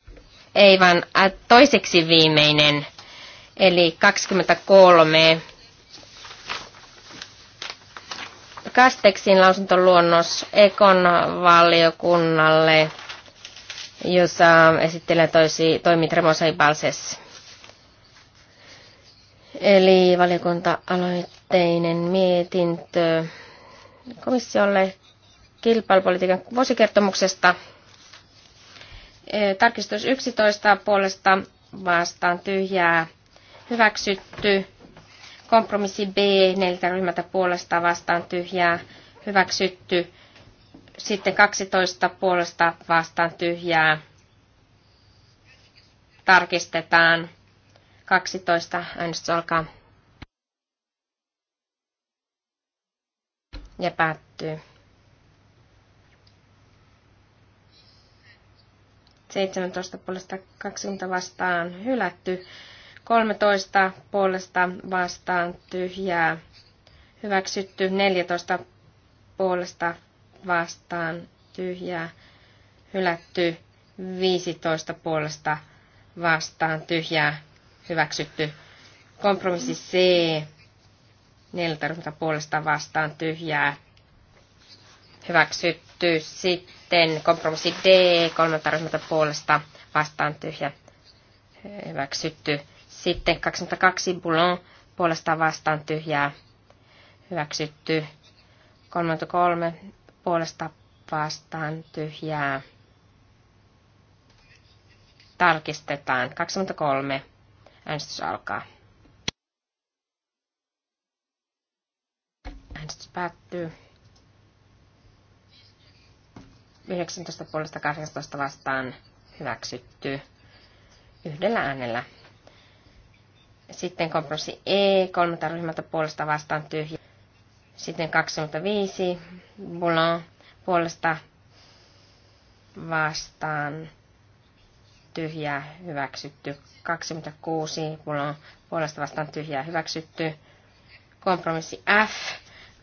Ei vaan äh, toiseksi viimeinen, eli 23. Kasteksin lausuntoluonnos Ekon valiokunnalle jossa esittelen toisi, toimit Tremosai Balses. Eli valiokunta-aloitteinen mietintö komissiolle kilpailupolitiikan vuosikertomuksesta. Tarkistus 11 puolesta vastaan tyhjää hyväksytty. Kompromissi B neljältä ryhmältä puolesta vastaan tyhjää hyväksytty. Sitten 12 puolesta vastaan tyhjää. Tarkistetaan. 12 äänestys alkaa. Ja päättyy. 17 puolesta 20 vastaan hylätty. 13 puolesta vastaan tyhjää hyväksytty. 14 puolesta vastaan tyhjää hylätty. 15 puolesta vastaan tyhjää hyväksytty. Kompromissi C. 14 puolesta vastaan tyhjää hyväksytty. Sitten kompromissi D. 13 puolesta vastaan tyhjä hyväksytty. Sitten 22 Boulon puolesta vastaan tyhjää hyväksytty. 33 puolesta vastaan tyhjää. Tarkistetaan. 23. Äänestys alkaa. Äänestys päättyy. 19 puolesta 18 vastaan hyväksytty yhdellä äänellä. Sitten kompromissi E, kolmelta ryhmältä puolesta vastaan tyhjä. Sitten 25 Boulan puolesta vastaan tyhjää hyväksytty. 26 Boulan puolesta vastaan tyhjää hyväksytty. Kompromissi F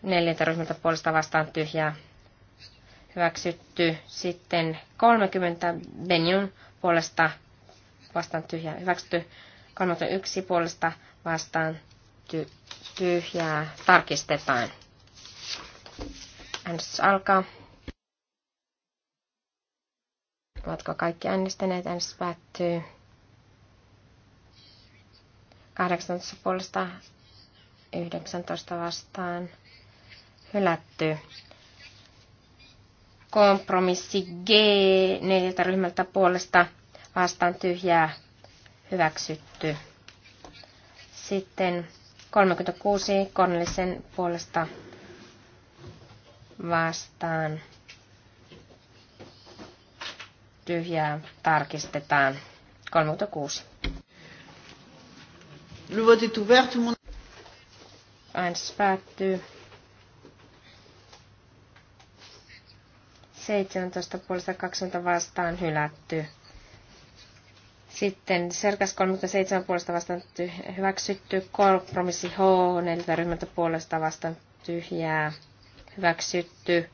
neljäntä ryhmältä puolesta vastaan tyhjää hyväksytty. Sitten 30 Benjun puolesta vastaan tyhjää hyväksytty. 31 puolesta vastaan ty- tyhjää tarkistetaan. Äänestys alkaa. Ovatko kaikki äänestäneet? Äänestys päättyy. 18 puolesta 19 vastaan. Hylätty. Kompromissi G neljältä ryhmältä puolesta vastaan tyhjää hyväksytty. Sitten 36 Kornelisen puolesta vastaan tyhjää tarkistetaan. 36. Le Äänestys päättyy. 17 puolesta 20 vastaan hylätty. Sitten Serkas 37 puolesta vastaan hyväksytty. Kompromissi H 4 ryhmältä puolesta vastaan tyhjää hyväksytty.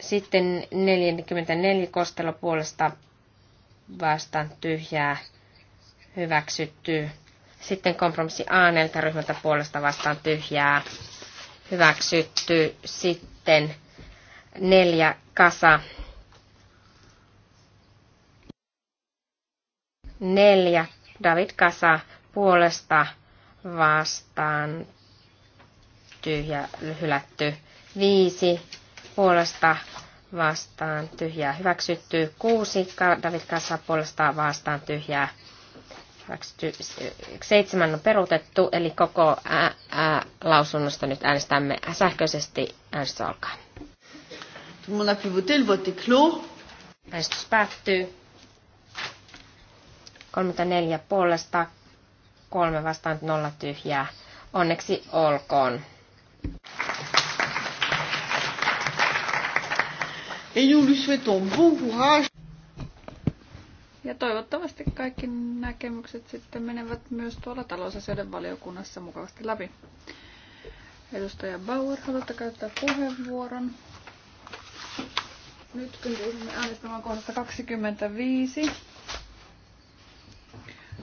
Sitten 44 kostelo puolesta vastaan tyhjää hyväksytty. Sitten kompromissi a ryhmältä puolesta vastaan tyhjää hyväksytty. Sitten neljä kasa. Neljä David Kasa puolesta vastaan ja hylätty. Viisi puolesta vastaan tyhjää hyväksytty. Kuusi David Kassa puolesta vastaan tyhjää hyväksytty. Seitsemän on peruutettu, eli koko ää, ää, lausunnosta nyt äänestämme sähköisesti. Äänestys alkaa. Äänestys päättyy. 34 puolesta, 3 vastaan, 0 tyhjää. Onneksi olkoon. Et nous lui souhaitons bon courage. Ja toivottavasti kaikki näkemykset sitten menevät myös tuolla talousasioiden valiokunnassa mukavasti läpi. Edustaja Bauer, haluatte käyttää puheenvuoron? Nyt kun joudumme äänestämään kohdasta 25.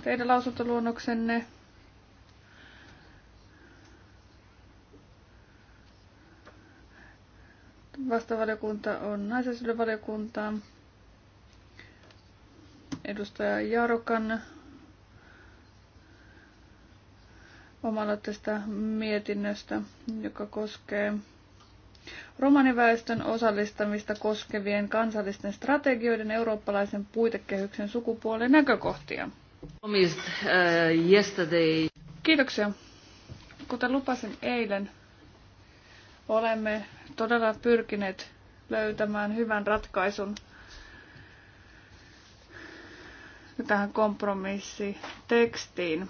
Teidän lausuntoluonnoksenne Vastavaliokunta on naisasioiden valiokuntaa. Edustaja Jarokan omalla tästä mietinnöstä, joka koskee romaniväestön osallistamista koskevien kansallisten strategioiden eurooppalaisen puitekehyksen sukupuolen näkökohtia. Äh, Kiitoksia. Kuten lupasin eilen, Olemme todella pyrkineet löytämään hyvän ratkaisun tähän kompromissitekstiin.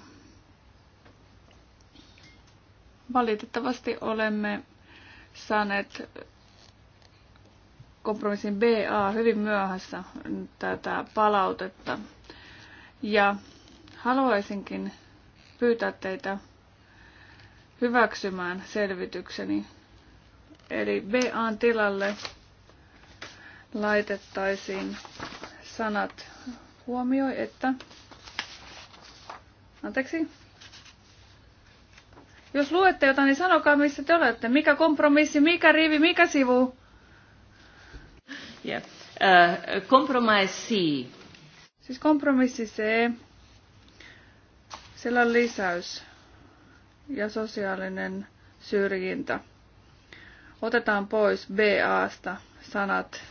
Valitettavasti olemme saaneet kompromissin BA hyvin myöhässä tätä palautetta. Ja haluaisinkin pyytää teitä hyväksymään selvitykseni Eli BAn tilalle laitettaisiin sanat huomioi, että Anteeksi? Jos luette jotain, niin sanokaa, missä te olette. Mikä kompromissi, mikä rivi, mikä sivu? Yeah. Uh, kompromissi Siis kompromissi C. Siellä on lisäys ja sosiaalinen syrjintä. Otetaan pois BAsta sanat,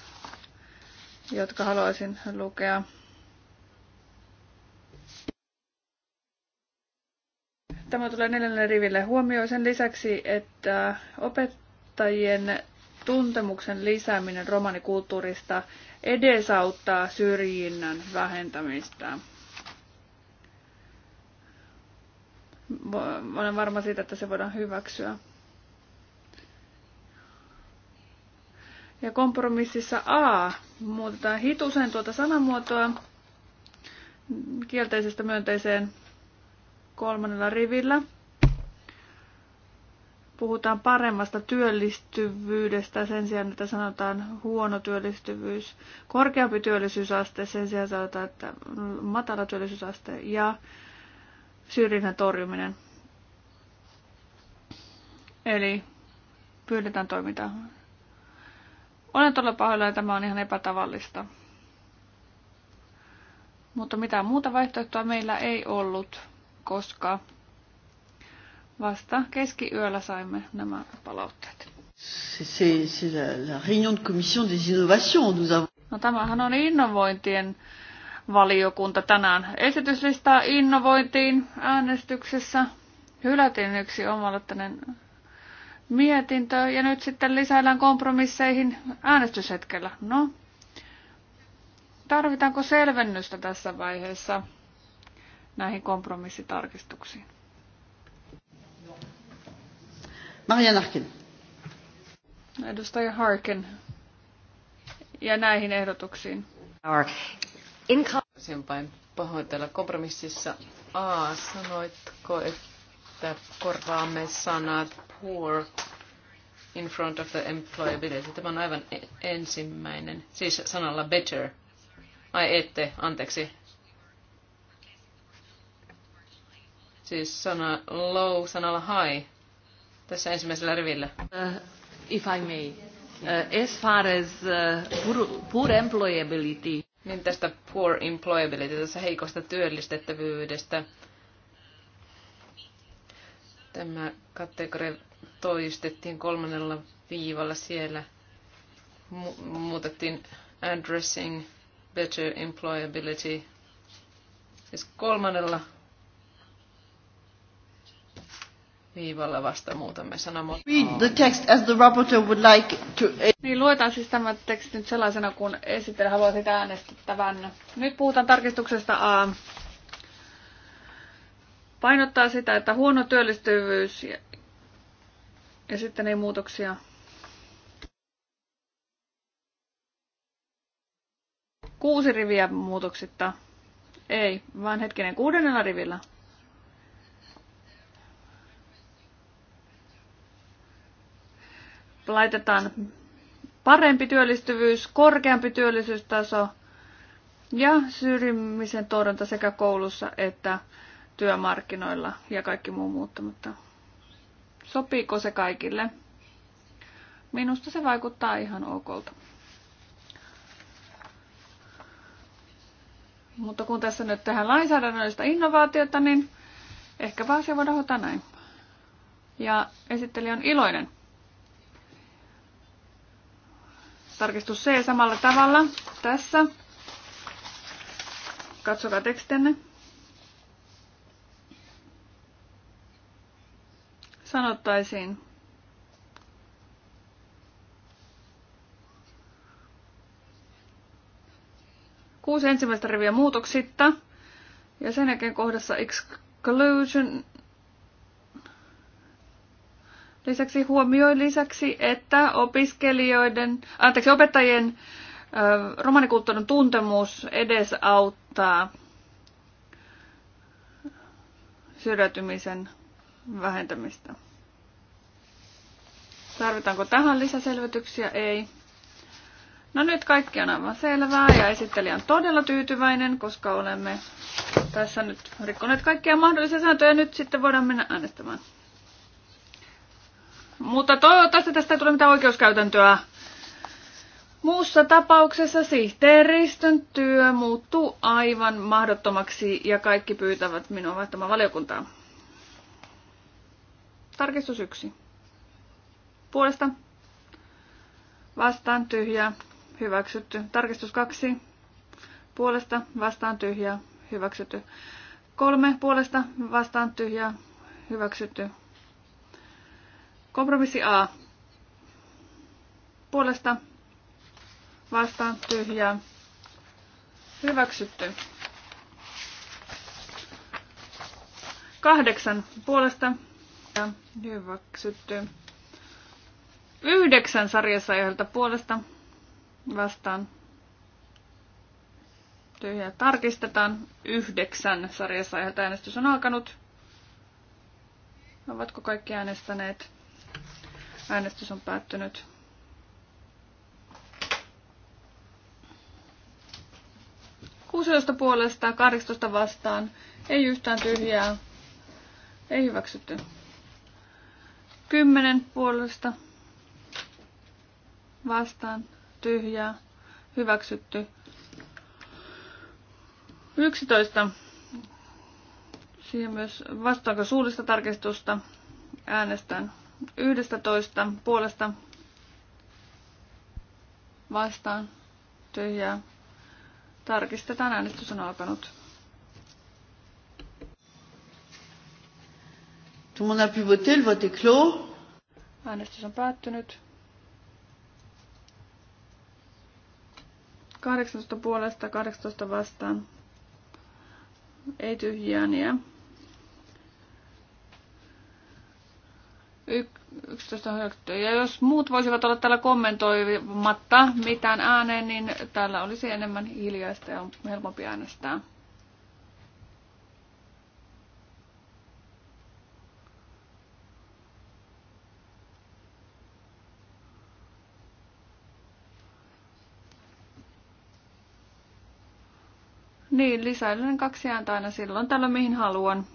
jotka haluaisin lukea. Tämä tulee neljännelle riville. Huomioi sen lisäksi, että opettajien tuntemuksen lisääminen romanikulttuurista edesauttaa syrjinnän vähentämistä. Olen varma siitä, että se voidaan hyväksyä. Ja kompromississa A muutetaan hitusen tuota sanamuotoa kielteisestä myönteiseen kolmannella rivillä. Puhutaan paremmasta työllistyvyydestä sen sijaan, että sanotaan huono työllistyvyys. Korkeampi työllisyysaste sen sijaan sanotaan, että matala työllisyysaste ja syrjinnän torjuminen. Eli pyydetään toimintaa olen todella pahoillani, tämä on ihan epätavallista. Mutta mitään muuta vaihtoehtoa meillä ei ollut, koska vasta keskiyöllä saimme nämä palautteet. No tämähän on innovointien valiokunta tänään. Esityslistaa innovointiin äänestyksessä. Hylätin yksi tänne mietintö ja nyt sitten lisäillään kompromisseihin äänestyshetkellä. No, tarvitaanko selvennystä tässä vaiheessa näihin kompromissitarkistuksiin? Marianne Nahkin. Edustaja Harkin. Ja näihin ehdotuksiin. Sen vain pahoitella. Kompromississa A sanoitko, että korvaamme sanat poor in front of the employability. Tämä on aivan e- ensimmäinen, siis sanalla better. Ai ette, anteeksi. Siis sana low, sanalla high. Tässä ensimmäisellä rivillä. Uh, if I may. Uh, as far as uh, poor, poor employability. Niin tästä poor employability, tässä heikosta työllistettävyydestä. Tämä kategoria toistettiin kolmannella viivalla siellä. Mu- muutettiin addressing better employability. Siis kolmannella viivalla vasta muutamme sanamuoto. Read the text as the rapporteur would like to... Eh. Niin, luetaan siis tämä teksti nyt sellaisena, kun esittelijä haluaa sitä äänestettävän. Nyt puhutaan tarkistuksesta A. Painottaa sitä, että huono työllistyvyys ja sitten ei muutoksia. Kuusi riviä muutoksitta. Ei, vaan hetkinen, kuudennella rivillä. Laitetaan parempi työllistyvyys, korkeampi työllisyystaso ja syrjimisen torjunta sekä koulussa että työmarkkinoilla ja kaikki muu muuttamatta. Sopiiko se kaikille? Minusta se vaikuttaa ihan okolta. Mutta kun tässä nyt tehdään lainsäädännöllistä innovaatiota, niin ehkä vaan se voidaan hoitaa näin. Ja esittelijä on iloinen. Tarkistus C samalla tavalla tässä. Katsokaa tekstenne. sanottaisiin, kuusi ensimmäistä riviä muutoksitta. Ja sen jälkeen kohdassa exclusion lisäksi huomioi lisäksi, että opiskelijoiden, anteeksi, opettajien romanikulttuurin tuntemus edesauttaa syrjäytymisen vähentämistä. Tarvitaanko tähän lisäselvityksiä? Ei. No nyt kaikki on aivan selvää ja esittelijä on todella tyytyväinen, koska olemme tässä nyt rikkoneet kaikkia mahdollisia sääntöjä. Nyt sitten voidaan mennä äänestämään. Mutta toivottavasti tästä ei tule mitään oikeuskäytäntöä. Muussa tapauksessa sihteeristön työ muuttuu aivan mahdottomaksi ja kaikki pyytävät minua vaihtamaan valiokuntaa. Tarkistus 1. Puolesta vastaan tyhjä, hyväksytty. Tarkistus 2. Puolesta vastaan tyhjä, hyväksytty. 3. Puolesta vastaan tyhjä, hyväksytty. Kompromissi A. Puolesta vastaan tyhjä, hyväksytty. Kahdeksan puolesta Hyväksytty. Yhdeksän sarjassa yhdeltä puolesta vastaan. Tyhjä tarkistetaan. Yhdeksän sarjassa yhdeltä äänestys on alkanut. Ovatko kaikki äänestäneet? Äänestys on päättynyt. Kuusiosta puolesta, 18 vastaan, ei yhtään tyhjää, ei hyväksytty. Kymmenen puolesta vastaan tyhjää hyväksytty. 11. Siihen myös vastaanko suullista tarkistusta äänestän 11 puolesta vastaan tyhjää. Tarkistetaan äänestys on alkanut. Tout le monde a pu voter, le vote est clos. Äänestys on päättynyt. 18 puolesta, 18 vastaan. Ei tyhjiä ääniä. 11 hyökkäystä. Ja jos muut voisivat olla täällä kommentoimatta mitään ääneen, niin täällä olisi enemmän hiljaista ja on helpompi äänestää. Niin, lisäilen kaksi ääntä aina silloin tällä mihin haluan.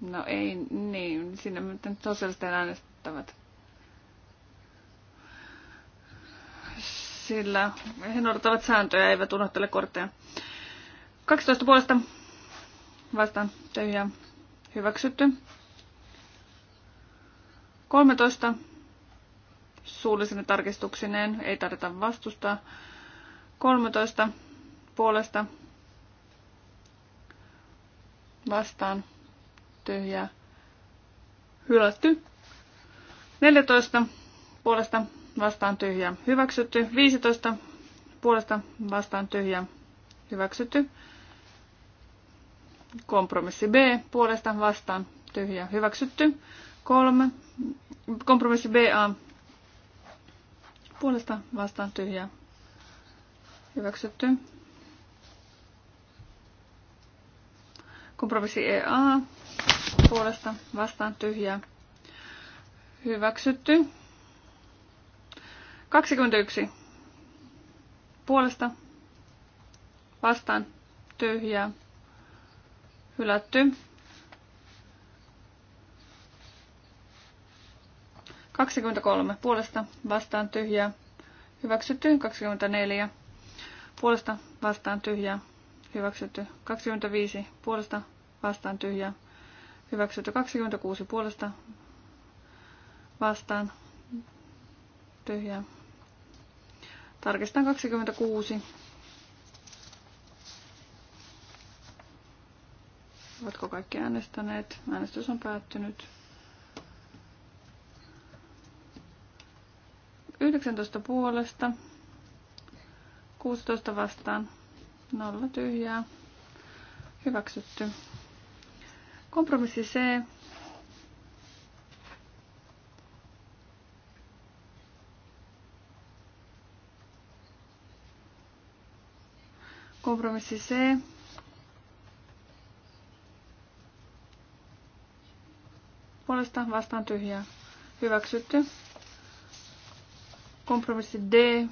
No ei, niin, sinne miten sosiaalisten äänestävät. Sillä he noudattavat sääntöjä, eivät unohtele kortteja. 12 puolesta vastaan tyhjää hyväksytty. 13 suullisine tarkistuksineen ei tarvita vastustaa. 13 puolesta vastaan tyhjää hylätty. 14 puolesta vastaan tyhjää hyväksytty. 15 puolesta vastaan tyhjää hyväksytty. Kompromissi B puolesta vastaan tyhjä hyväksytty. 3 kompromissi BA puolesta vastaan tyhjä hyväksytty. Kompromissi EA puolesta vastaan tyhjää. Hyväksytty. 21 puolesta vastaan tyhjää. Hylätty. 23 puolesta vastaan tyhjää. Hyväksytty 24. Puolesta vastaan tyhjää. Hyväksytty 25. Puolesta vastaan tyhjä. Hyväksytty 26 puolesta vastaan tyhjä. Tarkistan 26. Ovatko kaikki äänestäneet? Äänestys on päättynyt. 19 puolesta, 16 vastaan, 0 tyhjää, hyväksytty. Kompromissi C. Kompromissi C. Puolesta vastaan tyhjää. Hyväksytty. Kompromissi D.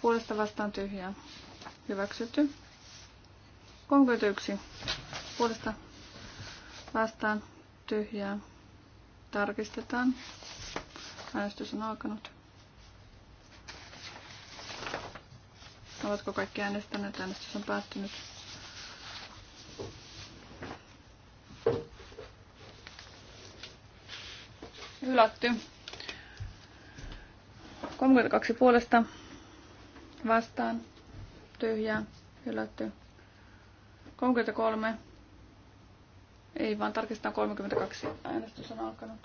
Puolesta vastaan tyhjää. Hyväksytty. 31 puolesta vastaan tyhjää. Tarkistetaan. Äänestys on alkanut. Ovatko kaikki äänestäneet? Äänestys on päättynyt. Hylätty. 32 puolesta vastaan. Tyhjää. Hylätty. 33 ei, vaan tarkistetaan 32. Äänestys on alkanut.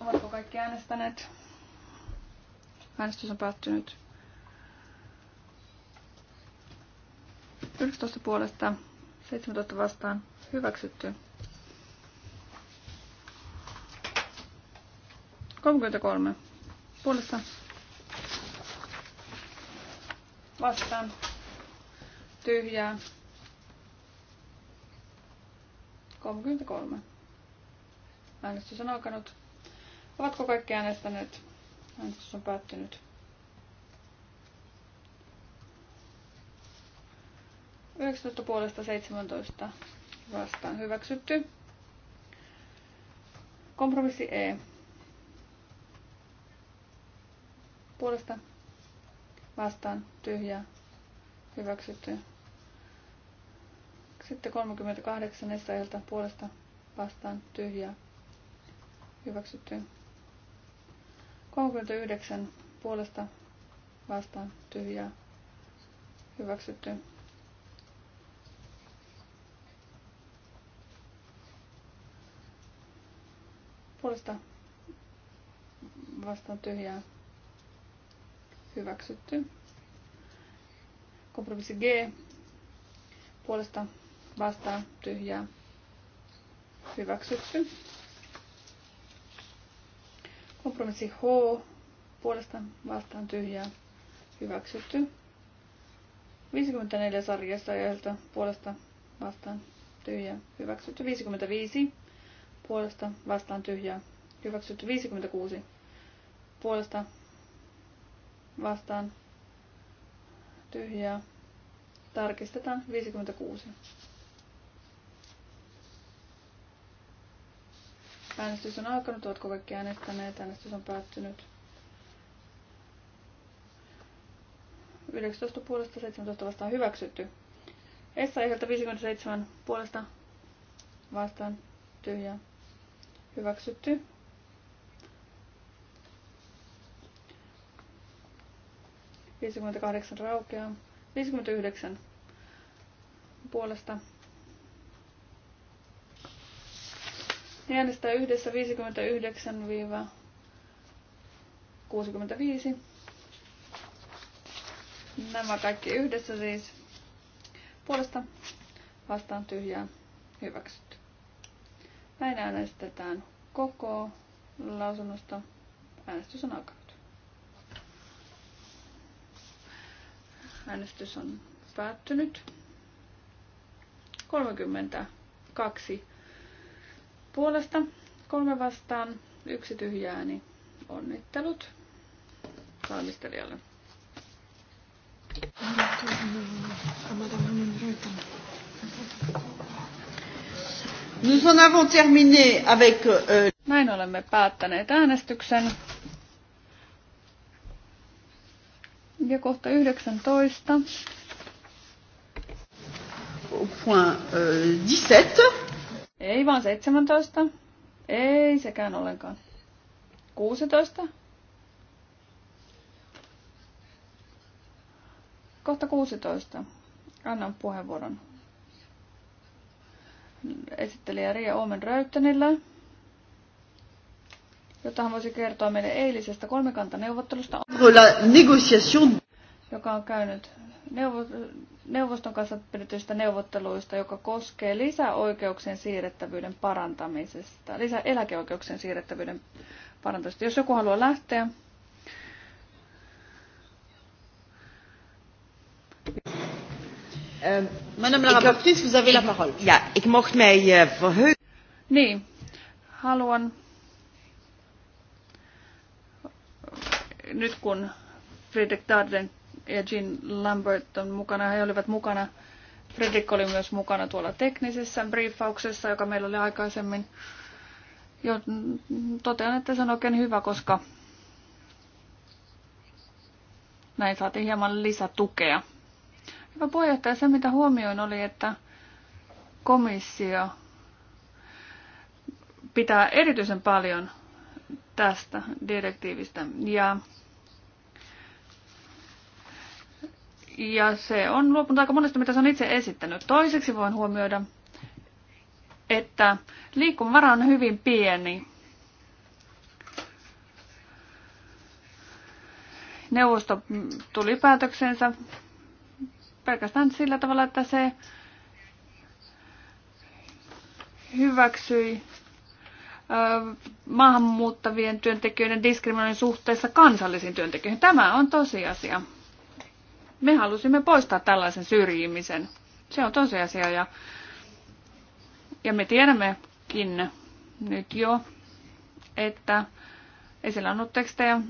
Ovatko kaikki äänestäneet? Äänestys on päättynyt. 11 puolesta 17 vastaan hyväksytty. 33 puolesta vastaan tyhjää 33. Äänestys on alkanut. Ovatko kaikki äänestäneet? Äänestys on päättynyt. 19 puolesta 17 vastaan hyväksytty. Kompromissi E. Puolesta vastaan tyhjä hyväksytty. Sitten 38 Essayalta puolesta vastaan tyhjää hyväksytty. 39 puolesta vastaan tyhjää hyväksytty. Puolesta vastaan tyhjää hyväksytty. Kompromissi G puolesta vastaan tyhjää hyväksytty. Kompromissi H puolesta vastaan tyhjää hyväksytty. 54 sarjassa ajalta puolesta vastaan tyhjää hyväksytty. 55 puolesta vastaan tyhjää hyväksytty. 56 puolesta vastaan tyhjää tarkistetaan 56. Äänestys on alkanut. Oletko kaikki äänestäneet? Äänestys on päättynyt. 19 puolesta 17 vastaan hyväksytty. Essa ehdolta 57 puolesta vastaan tyhjää hyväksytty. Viisikymmentäkahdeksan raukeaa. yhdeksän puolesta äänestää yhdessä 59-65. Nämä kaikki yhdessä siis puolesta vastaan tyhjää hyväksytty. Näin äänestetään koko lausunnosta. Äänestys on alkanut. Äänestys on päättynyt. 32 puolesta, kolme vastaan, yksi tyhjää, niin Onnittelut valmistelijalle. Nous en avons terminé avec... Euh... Näin olemme päättäneet äänestyksen. Ja kohta 19. Au point euh, 17. Ei vaan 17. Ei sekään ollenkaan. 16. Kohta 16. Annan puheenvuoron esittelijä Ria Omen Röyttenillä. jota hän voisi kertoa meille eilisestä kolmikantaneuvottelusta, joka on käynyt neuvo- neuvoston kanssa pidetyistä neuvotteluista, joka koskee lisäoikeuksien siirrettävyyden parantamisesta, lisäeläkeoikeuksien siirrettävyyden parantamisesta. Jos joku haluaa lähteä, ähm, Ja, eh, Niin, haluan nyt kun Fredrik Darden ja Jean Lambert on mukana. He olivat mukana. Fredrik oli myös mukana tuolla teknisessä briefauksessa, joka meillä oli aikaisemmin. Jo, totean, että se on oikein hyvä, koska näin saatiin hieman lisätukea. Hyvä puheenjohtaja, se mitä huomioin oli, että komissio pitää erityisen paljon tästä direktiivistä. Ja Ja se on luopunut aika monesta, mitä se on itse esittänyt. Toiseksi voin huomioida, että liikkumavara on hyvin pieni. Neuvosto tuli päätöksensä pelkästään sillä tavalla, että se hyväksyi maahanmuuttavien työntekijöiden diskriminoinnin suhteessa kansallisiin työntekijöihin. Tämä on tosiasia. Me halusimme poistaa tällaisen syrjimisen. Se on tosiasia ja, ja me tiedämmekin nyt jo, että esillä on ollut tekstejä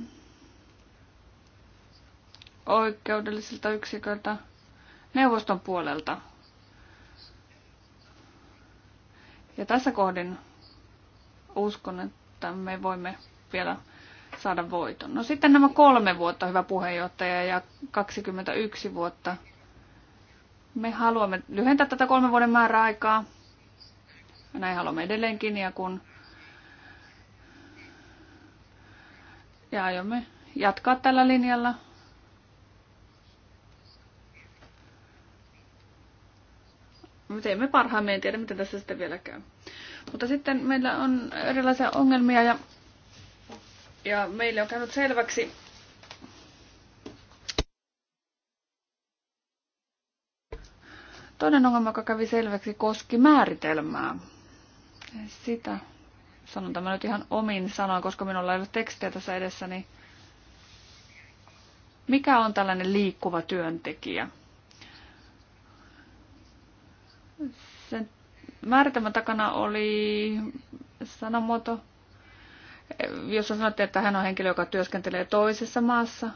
oikeudellisilta yksiköltä neuvoston puolelta. Ja tässä kohdin uskon, että me voimme vielä saada voiton. No sitten nämä kolme vuotta, hyvä puheenjohtaja, ja 21 vuotta. Me haluamme lyhentää tätä kolmen vuoden määräaikaa. Näin haluamme edelleenkin, ja kun ja aiomme jatkaa tällä linjalla. Me teemme parhaamme, en tiedä miten tässä sitten vielä käy. Mutta sitten meillä on erilaisia ongelmia ja ja meille on käynyt selväksi, Toinen ongelma, joka kävi selväksi, koski määritelmää. Sitä, sanon tämä nyt ihan omin sanoin, koska minulla ei ole tekstiä tässä edessä, niin mikä on tällainen liikkuva työntekijä? Sen määritelmän takana oli sanamuoto jos on sanottu, että hän on henkilö, joka työskentelee toisessa maassa,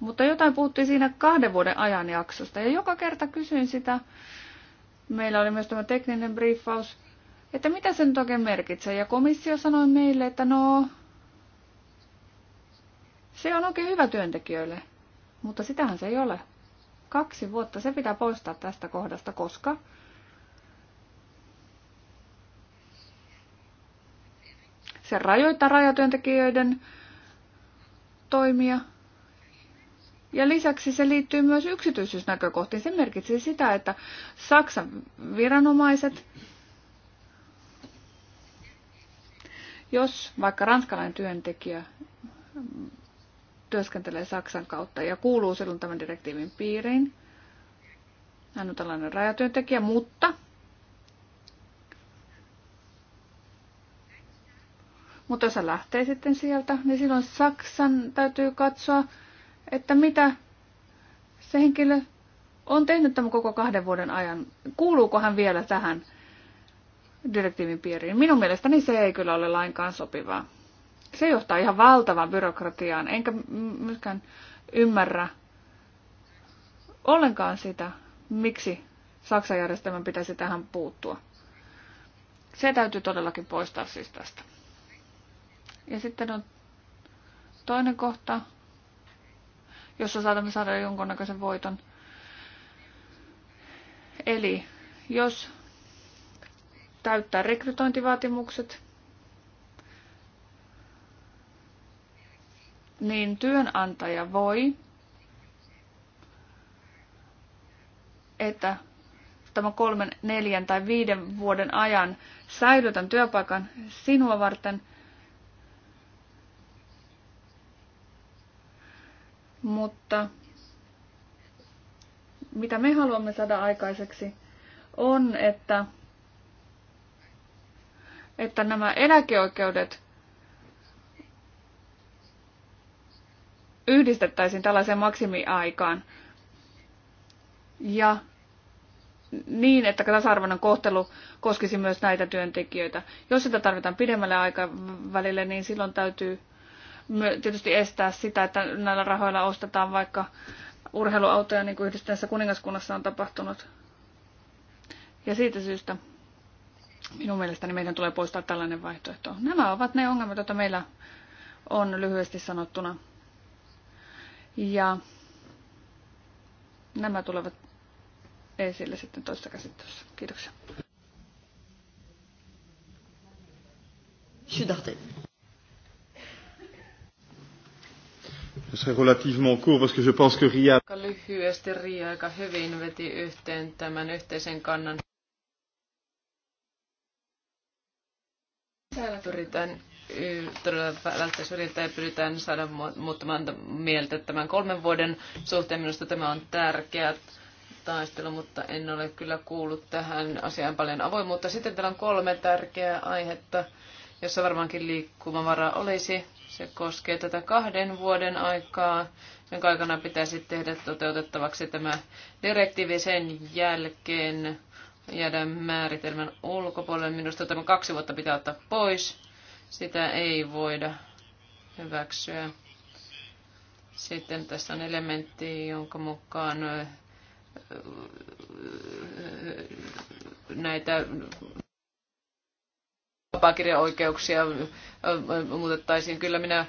mutta jotain puhuttiin siinä kahden vuoden ajanjaksosta. Ja joka kerta kysyin sitä, meillä oli myös tämä tekninen briefaus, että mitä se nyt oikein merkitsee. Ja komissio sanoi meille, että no, se on oikein hyvä työntekijöille, mutta sitähän se ei ole. Kaksi vuotta, se pitää poistaa tästä kohdasta, koska Se rajoittaa rajatyöntekijöiden toimia. Ja lisäksi se liittyy myös yksityisyysnäkökohtiin. Se merkitsee sitä, että Saksan viranomaiset, jos vaikka ranskalainen työntekijä työskentelee Saksan kautta ja kuuluu silloin tämän direktiivin piiriin, hän on tällainen rajatyöntekijä, mutta Mutta jos se lähtee sitten sieltä, niin silloin Saksan täytyy katsoa, että mitä se henkilö on tehnyt tämän koko kahden vuoden ajan. Kuuluuko hän vielä tähän direktiivin piiriin? Minun mielestäni se ei kyllä ole lainkaan sopivaa. Se johtaa ihan valtavan byrokratiaan, enkä myöskään ymmärrä ollenkaan sitä, miksi Saksan järjestelmän pitäisi tähän puuttua. Se täytyy todellakin poistaa siis tästä. Ja sitten on toinen kohta, jossa saatamme saada jonkunnäköisen voiton. Eli jos täyttää rekrytointivaatimukset, niin työnantaja voi, että tämä kolmen, neljän tai viiden vuoden ajan säilytän työpaikan sinua varten – Mutta mitä me haluamme saada aikaiseksi on, että, että nämä eläkeoikeudet yhdistettäisiin tällaiseen maksimiaikaan. Ja niin, että tasa-arvoinen kohtelu koskisi myös näitä työntekijöitä. Jos sitä tarvitaan pidemmälle aikavälille, niin silloin täytyy tietysti estää sitä, että näillä rahoilla ostetaan vaikka urheiluautoja, niin kuin yhdistyneessä kuningaskunnassa on tapahtunut. Ja siitä syystä minun mielestäni meidän tulee poistaa tällainen vaihtoehto. Nämä ovat ne ongelmat, joita meillä on lyhyesti sanottuna. Ja nämä tulevat esille sitten toista käsittelyssä. Kiitoksia. Sydarte. Lyhyesti Ria aika hyvin veti yhteen tämän yhteisen kannan. Täällä pyritään todella välttää syrjintää ja pyritään saada muuttamaan mieltä tämän kolmen vuoden suhteen. Minusta tämä on tärkeä taistelu, mutta en ole kyllä kuullut tähän asiaan paljon avoimuutta. Sitten täällä on kolme tärkeää aihetta, jossa varmaankin liikkumavara olisi se koskee tätä kahden vuoden aikaa, jonka aikana pitäisi tehdä toteutettavaksi tämä direktiivi. Sen jälkeen jäädään määritelmän ulkopuolelle. Minusta tämä kaksi vuotta pitää ottaa pois. Sitä ei voida hyväksyä. Sitten tässä on elementti, jonka mukaan näitä vapaakirjaoikeuksia muutettaisiin. Kyllä minä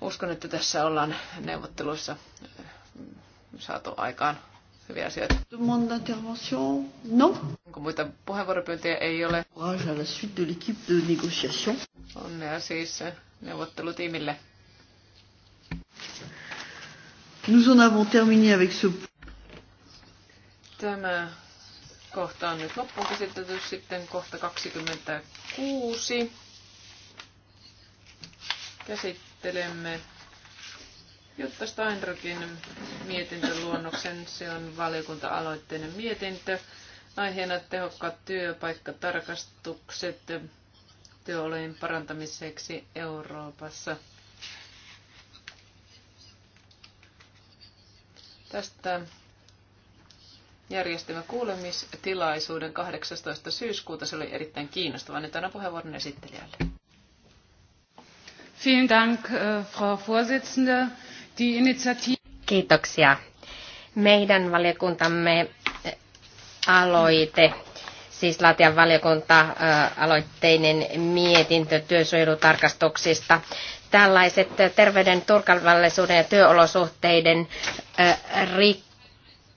uskon, että tässä ollaan neuvotteluissa saatu aikaan hyviä asioita. Demande d'intervention? Non. Onko muita puheenvuoropyyntöjä? Ei ole. Courage à la suite de l'équipe de négociation. Onnea siis neuvottelutiimille. Nous en avons terminé avec ce... Tämä kohta on nyt loppuun käsitelty. Sitten kohta 26. Käsittelemme Jutta Steinrokin mietintöluonnoksen. Se on valiokunta-aloitteinen mietintö. Aiheena tehokkaat työpaikkatarkastukset työolojen parantamiseksi Euroopassa. Tästä järjestimme kuulemistilaisuuden 18. syyskuuta. Se oli erittäin kiinnostava. Nyt annan puheenvuoron esittelijälle. Dank, äh, Initiative... Kiitoksia. Meidän valiokuntamme äh, aloite, siis Latian valiokunta äh, aloitteinen mietintö työsuojelutarkastuksista. Tällaiset terveyden, turvallisuuden ja työolosuhteiden rikkoiset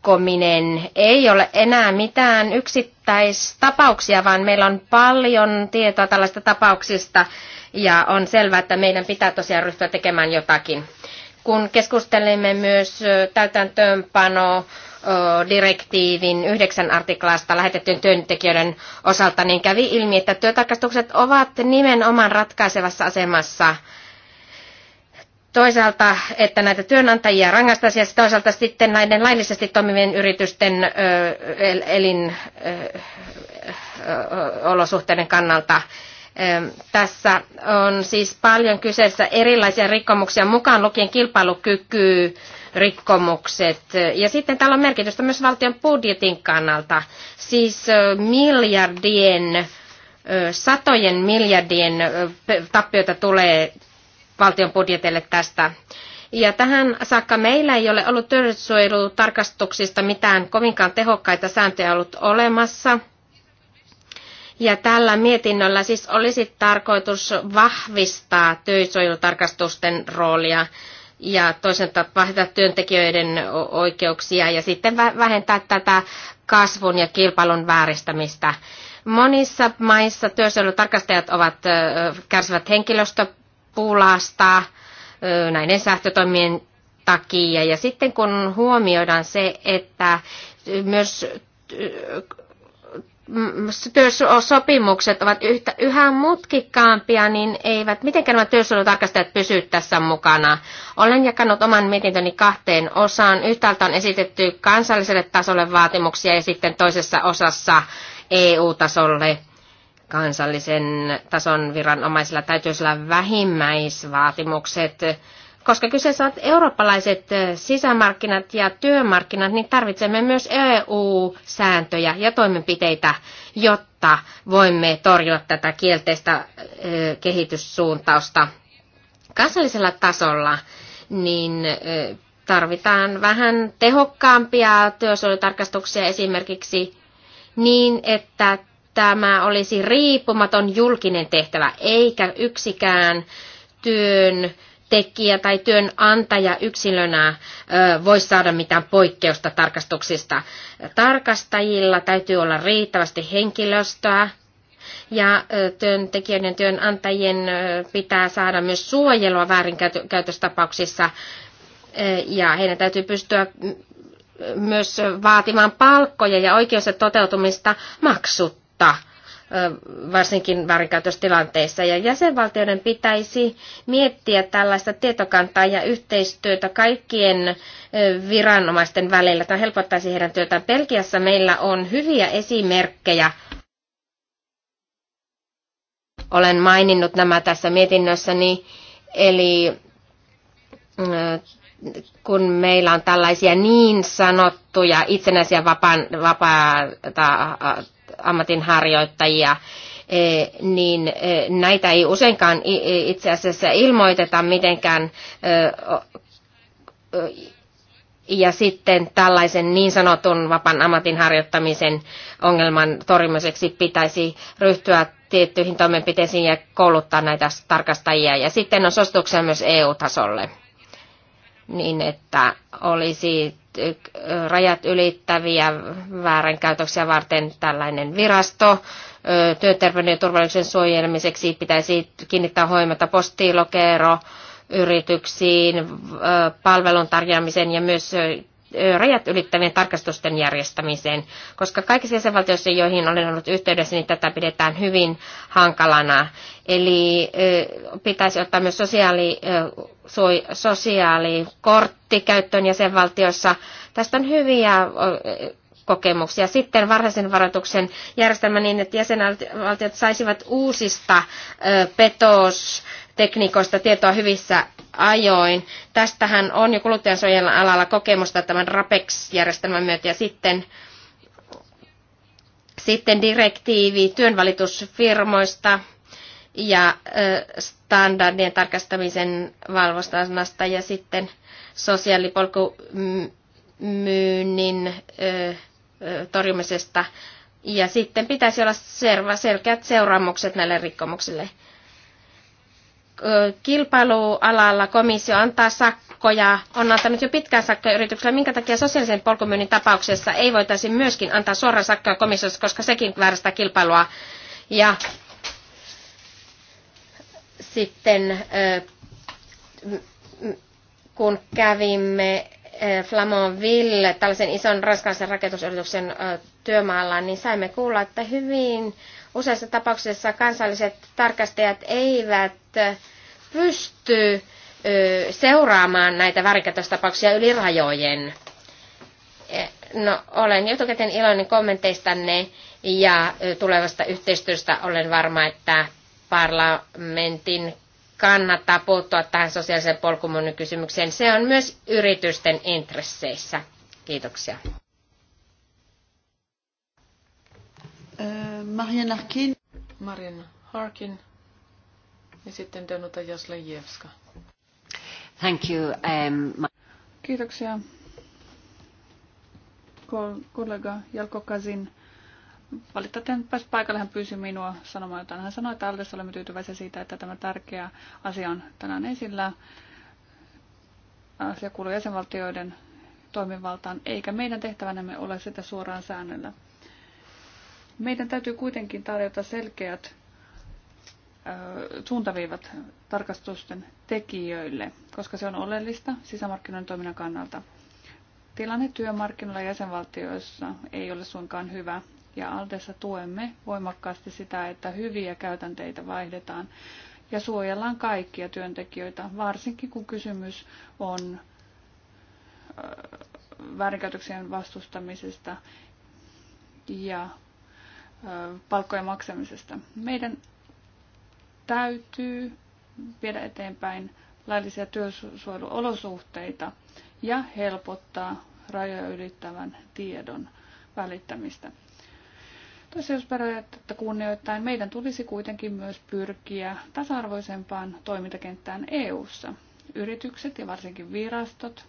rikkominen ei ole enää mitään yksittäistapauksia, vaan meillä on paljon tietoa tällaista tapauksista ja on selvää, että meidän pitää tosiaan ryhtyä tekemään jotakin. Kun keskustelimme myös täytäntöönpano direktiivin yhdeksän artiklasta lähetettyjen työntekijöiden osalta, niin kävi ilmi, että työtarkastukset ovat nimenomaan ratkaisevassa asemassa toisaalta, että näitä työnantajia rangaistaisiin ja toisaalta sitten näiden laillisesti toimivien yritysten elinolosuhteiden kannalta. Tässä on siis paljon kyseessä erilaisia rikkomuksia, mukaan lukien kilpailukyky, rikkomukset. Ja sitten täällä on merkitystä myös valtion budjetin kannalta, siis miljardien satojen miljardien tappioita tulee valtion budjetille tästä. Ja tähän saakka meillä ei ole ollut tarkastuksista mitään kovinkaan tehokkaita sääntöjä ollut olemassa. Ja tällä mietinnöllä siis olisi tarkoitus vahvistaa työsuojelutarkastusten roolia ja toisaalta vahvistaa työntekijöiden oikeuksia ja sitten vähentää tätä kasvun ja kilpailun vääristämistä. Monissa maissa työsuojelutarkastajat ovat, kärsivät henkilöstö pulasta näiden sähkötoimien takia. Ja sitten kun huomioidaan se, että myös työsopimukset ovat yhtä, yhä mutkikkaampia, niin eivät mitenkään nämä työsuojelutarkastajat pysy tässä mukana. Olen jakanut oman mietintöni kahteen osaan. Yhtäältä on esitetty kansalliselle tasolle vaatimuksia ja sitten toisessa osassa EU-tasolle kansallisen tason viranomaisilla täytyisi olla vähimmäisvaatimukset, koska kyseessä on eurooppalaiset sisämarkkinat ja työmarkkinat, niin tarvitsemme myös EU-sääntöjä ja toimenpiteitä, jotta voimme torjua tätä kielteistä kehityssuuntausta kansallisella tasolla, niin tarvitaan vähän tehokkaampia työsuojelutarkastuksia esimerkiksi niin, että tämä olisi riippumaton julkinen tehtävä, eikä yksikään työn tekijä tai työnantaja yksilönä voi saada mitään poikkeusta tarkastuksista. Tarkastajilla täytyy olla riittävästi henkilöstöä ja työntekijöiden työnantajien pitää saada myös suojelua väärinkäytöstapauksissa ja heidän täytyy pystyä myös vaatimaan palkkoja ja oikeus toteutumista maksutta totta varsinkin väärinkäytöstilanteissa. Ja jäsenvaltioiden pitäisi miettiä tällaista tietokantaa ja yhteistyötä kaikkien viranomaisten välillä. Tämä helpottaisi heidän työtään. Belgiassa meillä on hyviä esimerkkejä. Olen maininnut nämä tässä mietinnössäni. Eli kun meillä on tällaisia niin sanottuja itsenäisiä vapaa, vapaa ammatinharjoittajia, e, niin e, näitä ei useinkaan itse asiassa ilmoiteta mitenkään e, ja sitten tällaisen niin sanotun vapaan ammatin harjoittamisen ongelman torjumiseksi pitäisi ryhtyä tiettyihin toimenpiteisiin ja kouluttaa näitä tarkastajia. Ja sitten on suosituksia myös EU-tasolle, niin että olisi rajat ylittäviä väärinkäytöksiä varten tällainen virasto työterveyden ja turvallisuuden suojelmiseksi pitäisi kiinnittää huomiota postilokero, yrityksiin, palvelun tarjoamiseen ja myös rajat ylittävien tarkastusten järjestämiseen, koska kaikissa jäsenvaltioissa, joihin olen ollut yhteydessä, niin tätä pidetään hyvin hankalana. Eli pitäisi ottaa myös sosiaali, sosiaalikortti käyttöön jäsenvaltioissa. Tästä on hyviä kokemuksia. Sitten varhaisen varoituksen järjestelmä niin, että jäsenvaltiot saisivat uusista petos tekniikoista tietoa hyvissä ajoin. Tästähän on jo kuluttajansuojelun alalla kokemusta tämän RAPEX-järjestelmän myötä ja sitten, sitten direktiivi työnvalitusfirmoista ja standardien tarkastamisen valvostasnasta ja sitten sosiaalipolkumyynnin torjumisesta. Ja sitten pitäisi olla selkeät seuraamukset näille rikkomuksille kilpailualalla komissio antaa sakkoja, on antanut jo pitkään sakkoja yrityksellä. Minkä takia sosiaalisen polkumyynnin tapauksessa ei voitaisi myöskin antaa suoraan sakkoja komissiossa, koska sekin vääristää kilpailua. Ja sitten kun kävimme Flamonville, tällaisen ison raskaisen rakennusyrityksen työmaalla, niin saimme kuulla, että hyvin Useissa tapauksissa kansalliset tarkastajat eivät pysty seuraamaan näitä värikatostapauksia yli rajojen. E, no, olen etukäteen iloinen kommenteistanne ja tulevasta yhteistyöstä olen varma, että parlamentin kannattaa puuttua tähän sosiaalisen polkumon kysymykseen. Se on myös yritysten intresseissä. Kiitoksia. Äh, Marianne Harkin. Marianne Harkin ja sitten Danuta Jaslajevska. Thank you. Um, Kiitoksia. Kollega Jalko Kazin. Valitettavasti pääsi paikalle, hän pyysi minua sanomaan jotain. Hän sanoi, että Aldessa olemme tyytyväisiä siitä, että tämä tärkeä asia on tänään esillä. Asia kuuluu jäsenvaltioiden toimivaltaan, eikä meidän tehtävänämme ole sitä suoraan säännellä. Meidän täytyy kuitenkin tarjota selkeät suuntaviivat tarkastusten tekijöille, koska se on oleellista sisämarkkinoiden toiminnan kannalta. Tilanne työmarkkinoilla jäsenvaltioissa ei ole suinkaan hyvä, ja Aldessa tuemme voimakkaasti sitä, että hyviä käytänteitä vaihdetaan ja suojellaan kaikkia työntekijöitä, varsinkin kun kysymys on väärinkäytöksien vastustamisesta ja palkkojen maksamisesta. Meidän täytyy viedä eteenpäin laillisia työsuojeluolosuhteita ja helpottaa rajoja ylittävän tiedon välittämistä. Toiseusperiaatetta kunnioittain meidän tulisi kuitenkin myös pyrkiä tasa-arvoisempaan toimintakenttään EU:ssa. Yritykset ja varsinkin virastot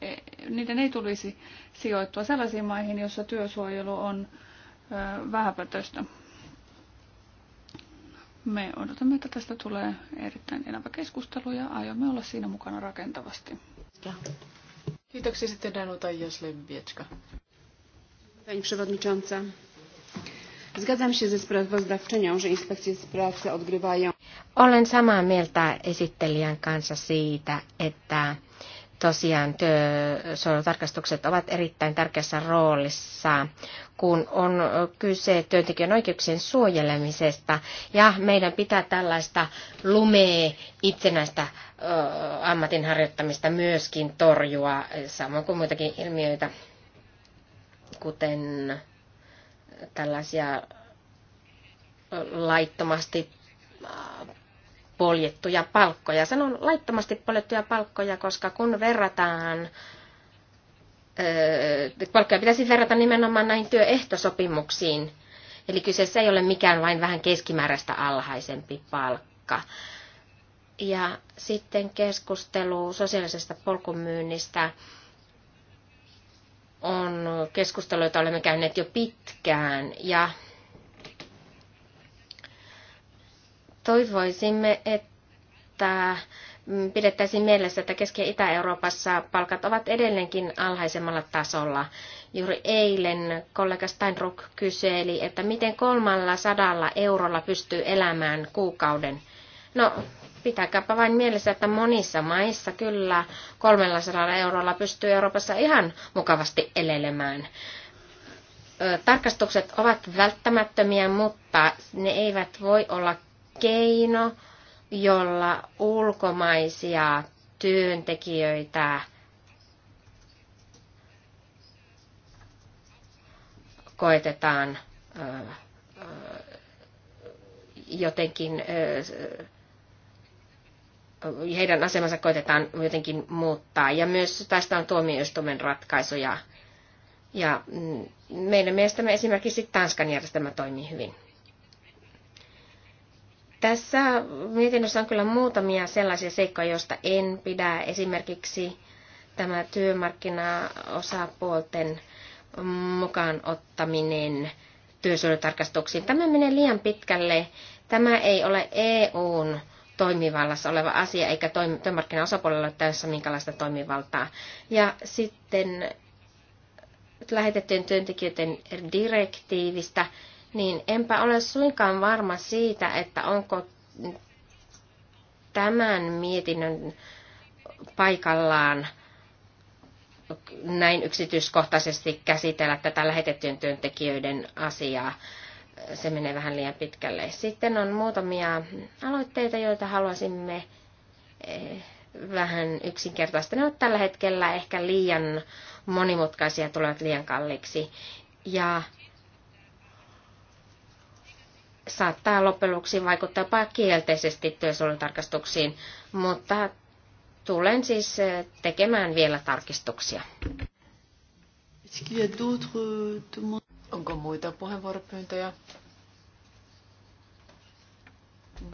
E, niiden ei tulisi sijoittua sellaisiin maihin, joissa työsuojelu on vähäpätöistä. Me odotamme, että tästä tulee erittäin elävä keskustelu ja aiomme olla siinä mukana rakentavasti. Ja. Kiitoksia sitten Danuta Jaslembieczka. Pani Przewodnicząca, zgadzam się ze sprawozdawczynią, że inspekcje pracy odgrywają... Olen samaa mieltä esittelijän kanssa siitä, että tosiaan työsuojelutarkastukset ovat erittäin tärkeässä roolissa, kun on kyse työntekijän oikeuksien suojelemisesta. Ja meidän pitää tällaista lumea itsenäistä ammatinharjoittamista myöskin torjua, samoin kuin muitakin ilmiöitä, kuten tällaisia laittomasti poljettuja palkkoja. Sanon laittomasti poljettuja palkkoja, koska kun verrataan palkkoja pitäisi verrata nimenomaan näihin työehtosopimuksiin. Eli kyseessä ei ole mikään vain vähän keskimääräistä alhaisempi palkka. Ja sitten keskustelu sosiaalisesta polkumyynnistä on keskustelu, jota olemme käyneet jo pitkään. Ja Toivoisimme, että mm, pidettäisiin mielessä, että Keski- ja Itä-Euroopassa palkat ovat edelleenkin alhaisemmalla tasolla. Juuri eilen kollega Steinruck kyseli, että miten kolmalla sadalla eurolla pystyy elämään kuukauden. No, pitäkääpä vain mielessä, että monissa maissa kyllä kolmella sadalla eurolla pystyy Euroopassa ihan mukavasti elelemään. Tarkastukset ovat välttämättömiä, mutta ne eivät voi olla keino, jolla ulkomaisia työntekijöitä koetetaan jotenkin heidän asemansa koitetaan jotenkin muuttaa. Ja myös tästä on tuomioistuimen ratkaisuja. Ja mm, meidän mielestämme esimerkiksi Tanskan järjestelmä toimii hyvin. Tässä mietinnössä on kyllä muutamia sellaisia seikkoja, joista en pidä. Esimerkiksi tämä työmarkkinaosapuolten mukaan ottaminen työsuojelutarkastuksiin. Tämä menee liian pitkälle. Tämä ei ole EUn toimivallassa oleva asia, eikä työmarkkinaosapuolella ole täysin minkälaista toimivaltaa. Ja sitten lähetettyjen työntekijöiden direktiivistä niin enpä ole suinkaan varma siitä, että onko tämän mietinnön paikallaan näin yksityiskohtaisesti käsitellä tätä lähetettyjen työntekijöiden asiaa. Se menee vähän liian pitkälle. Sitten on muutamia aloitteita, joita haluaisimme eh, vähän yksinkertaista. Ne ovat tällä hetkellä ehkä liian monimutkaisia, tulevat liian kalliiksi. Ja saattaa loppujen lopuksi vaikuttaa jopa kielteisesti työsuojelutarkastuksiin, mutta tulen siis eh, tekemään vielä tarkistuksia. Onko muita puheenvuoropyyntöjä?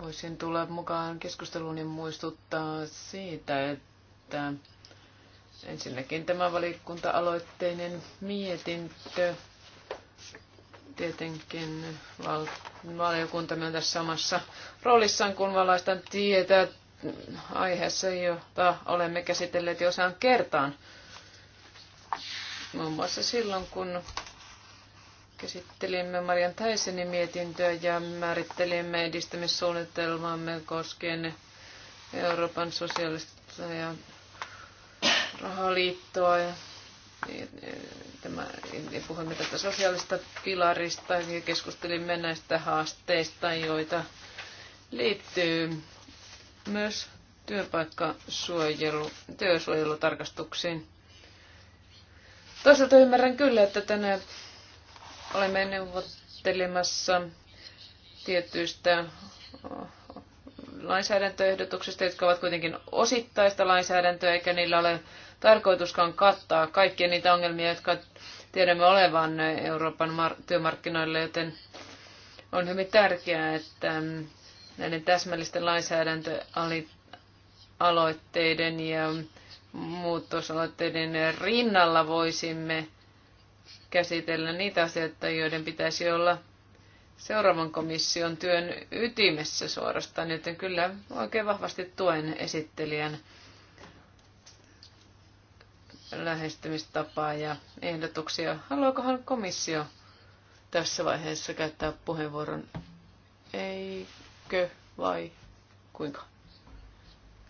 Voisin tulla mukaan keskusteluun ja muistuttaa siitä, että ensinnäkin tämä valikunta aloitteinen mietintö tietenkin val- valiokuntamme on tässä samassa roolissaan, kun valaistan tietää aiheessa, jota olemme käsitelleet jo osaan kertaan. Muun muassa silloin, kun käsittelimme Marian Täisenin mietintöä ja määrittelimme edistämissuunnitelmaamme koskien Euroopan sosiaalista ja rahaliittoa ja niin, tämä, puhuimme tästä sosiaalista pilarista ja keskustelimme näistä haasteista, joita liittyy myös työpaikkasuojelu, työsuojelutarkastuksiin. Toisaalta ymmärrän kyllä, että tänään olemme neuvottelemassa tietyistä lainsäädäntöehdotuksista, jotka ovat kuitenkin osittaista lainsäädäntöä, eikä niillä ole tarkoituskaan kattaa kaikkia niitä ongelmia, jotka tiedämme olevan Euroopan työmarkkinoille, joten on hyvin tärkeää, että näiden täsmällisten lainsäädäntöaloitteiden ja muutosaloitteiden rinnalla voisimme käsitellä niitä asioita, joiden pitäisi olla seuraavan komission työn ytimessä suorastaan, joten kyllä oikein vahvasti tuen esittelijän lähestymistapaa ja ehdotuksia. Haluakohan komissio tässä vaiheessa käyttää puheenvuoron? Eikö vai kuinka?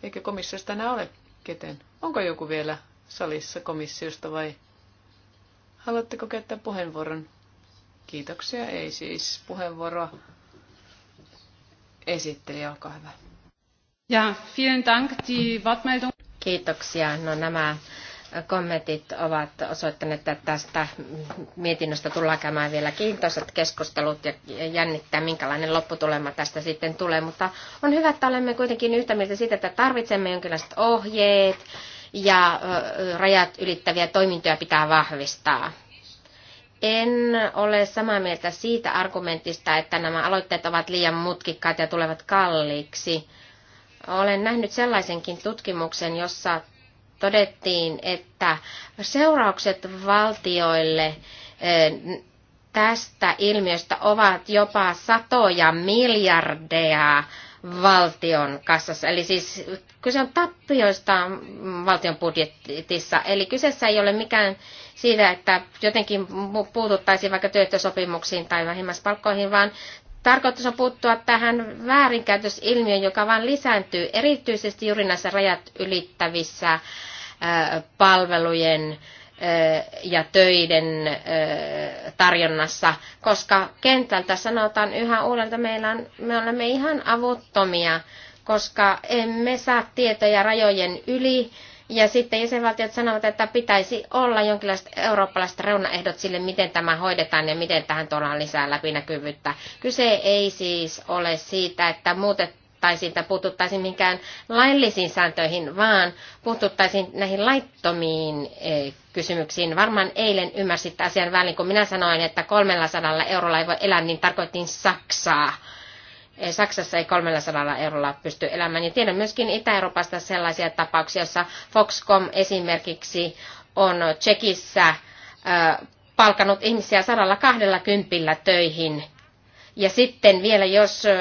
Eikö komissiosta enää ole Keten Onko joku vielä salissa komissiosta vai haluatteko käyttää puheenvuoron? Kiitoksia, ei siis puheenvuoroa. Esittelijä, olkaa hyvä. Ja, vielen Dank, die Wortmeldung. Kiitoksia. No nämä kommentit ovat osoittaneet, että tästä mietinnöstä tullaan käymään vielä kiintoiset keskustelut ja jännittää, minkälainen lopputulema tästä sitten tulee. Mutta on hyvä, että olemme kuitenkin yhtä mieltä siitä, että tarvitsemme jonkinlaiset ohjeet ja rajat ylittäviä toimintoja pitää vahvistaa. En ole samaa mieltä siitä argumentista, että nämä aloitteet ovat liian mutkikkaat ja tulevat kalliiksi. Olen nähnyt sellaisenkin tutkimuksen, jossa todettiin, että seuraukset valtioille eh, tästä ilmiöstä ovat jopa satoja miljardeja valtion kassassa. Eli siis kyse on tappioista valtion budjetissa. Eli kyseessä ei ole mikään siitä, että jotenkin puututtaisiin vaikka työehtosopimuksiin tai vähimmäispalkkoihin, vaan Tarkoitus on puuttua tähän väärinkäytösilmiöön, joka vain lisääntyy erityisesti juuri näissä rajat ylittävissä palvelujen ja töiden tarjonnassa, koska kentältä sanotaan yhä uudelta, meillä on, me olemme ihan avuttomia, koska emme saa tietoja rajojen yli ja sitten jäsenvaltiot sanovat, että pitäisi olla jonkinlaiset eurooppalaiset reunaehdot sille, miten tämä hoidetaan ja miten tähän tuodaan lisää läpinäkyvyyttä. Kyse ei siis ole siitä, että muutettaisiin tai puututtaisiin minkään laillisiin sääntöihin, vaan puututtaisiin näihin laittomiin eh, kysymyksiin. Varmaan eilen ymmärsit asian välin, kun minä sanoin, että 300 eurolla ei voi elää, niin tarkoitin Saksaa Saksassa ei 300 eurolla pysty elämään. Ja tiedän myöskin Itä-Euroopasta sellaisia tapauksia, joissa Foxcom esimerkiksi on Tsekissä palkanut ihmisiä 120 töihin. Ja sitten vielä jos e-,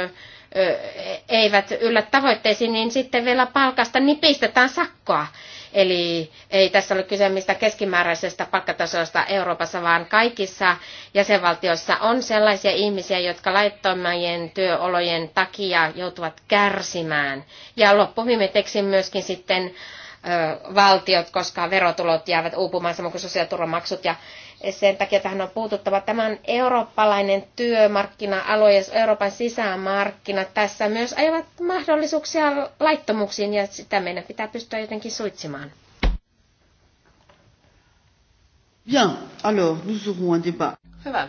eivät yllä tavoitteisiin, niin sitten vielä palkasta nipistetään sakkoa. Eli ei tässä ole kyse mistä keskimääräisestä palkkatasosta Euroopassa, vaan kaikissa jäsenvaltioissa on sellaisia ihmisiä, jotka laittomien työolojen takia joutuvat kärsimään. Ja loppuvimeteksi myöskin sitten valtiot, koska verotulot jäävät uupumaan samoin kuin sosiaaliturvamaksut ja sen takia tähän on puututtava. Tämä on eurooppalainen työmarkkina-alue ja Euroopan sisämarkkinat tässä myös ajavat mahdollisuuksia laittomuuksiin ja sitä meidän pitää pystyä jotenkin suitsimaan. Bien, alors nous aurons Hyvä.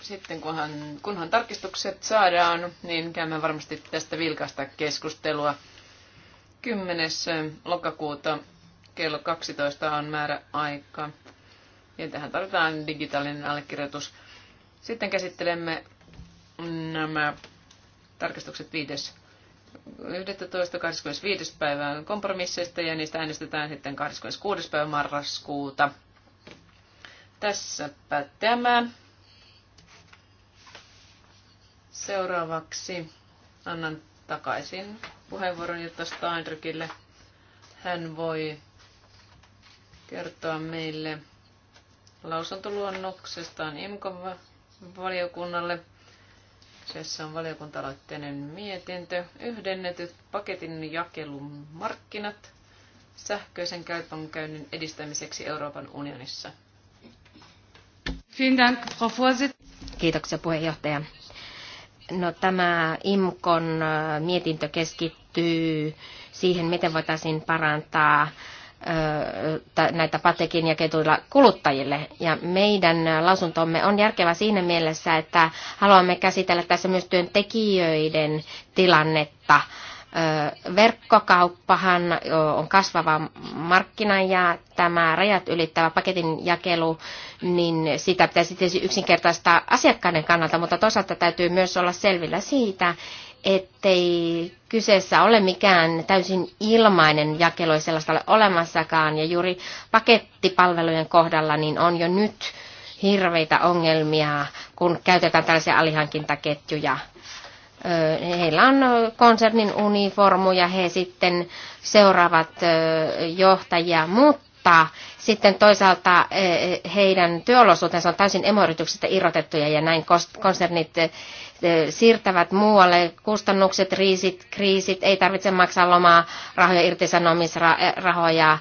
Sitten kunhan, kunhan tarkistukset saadaan, niin käymme varmasti tästä vilkaista keskustelua. 10. lokakuuta kello 12 on määrä aika. Ja tähän tarvitaan digitaalinen allekirjoitus. Sitten käsittelemme nämä tarkistukset 5. 11. 25. päivää kompromisseista ja niistä äänestetään sitten 26. päivä marraskuuta. Tässäpä tämä. Seuraavaksi annan takaisin puheenvuoron Jutta Steinrykille. Hän voi kertoa meille lausuntoluonnoksestaan IMKon valiokunnalle. Kyseessä on valiokuntaloitteinen mietintö, yhdennetyt paketin jakelun markkinat sähköisen kaupankäynnin edistämiseksi Euroopan unionissa. Kiitoksia puheenjohtaja. No, tämä IMKON äh, mietintö keskittyy siihen, miten voitaisiin parantaa näitä patekin ja kuluttajille. Ja meidän lausuntomme on järkevä siinä mielessä, että haluamme käsitellä tässä myös työntekijöiden tilannetta. Verkkokauppahan on kasvava markkina ja tämä rajat ylittävä paketin jakelu, niin sitä pitäisi tietysti yksinkertaistaa asiakkaiden kannalta, mutta toisaalta täytyy myös olla selvillä siitä, ettei kyseessä ole mikään täysin ilmainen jakelu, ei sellaista ole olemassakaan. Ja juuri pakettipalvelujen kohdalla niin on jo nyt hirveitä ongelmia, kun käytetään tällaisia alihankintaketjuja. Heillä on konsernin uniformuja, he sitten seuraavat johtajia, mutta mutta sitten toisaalta eh, heidän työolosuutensa on täysin emoyrityksistä irrotettuja ja näin konsernit eh, siirtävät muualle kustannukset, riisit, kriisit, ei tarvitse maksaa lomaa, rahoja, irtisanomisrahoja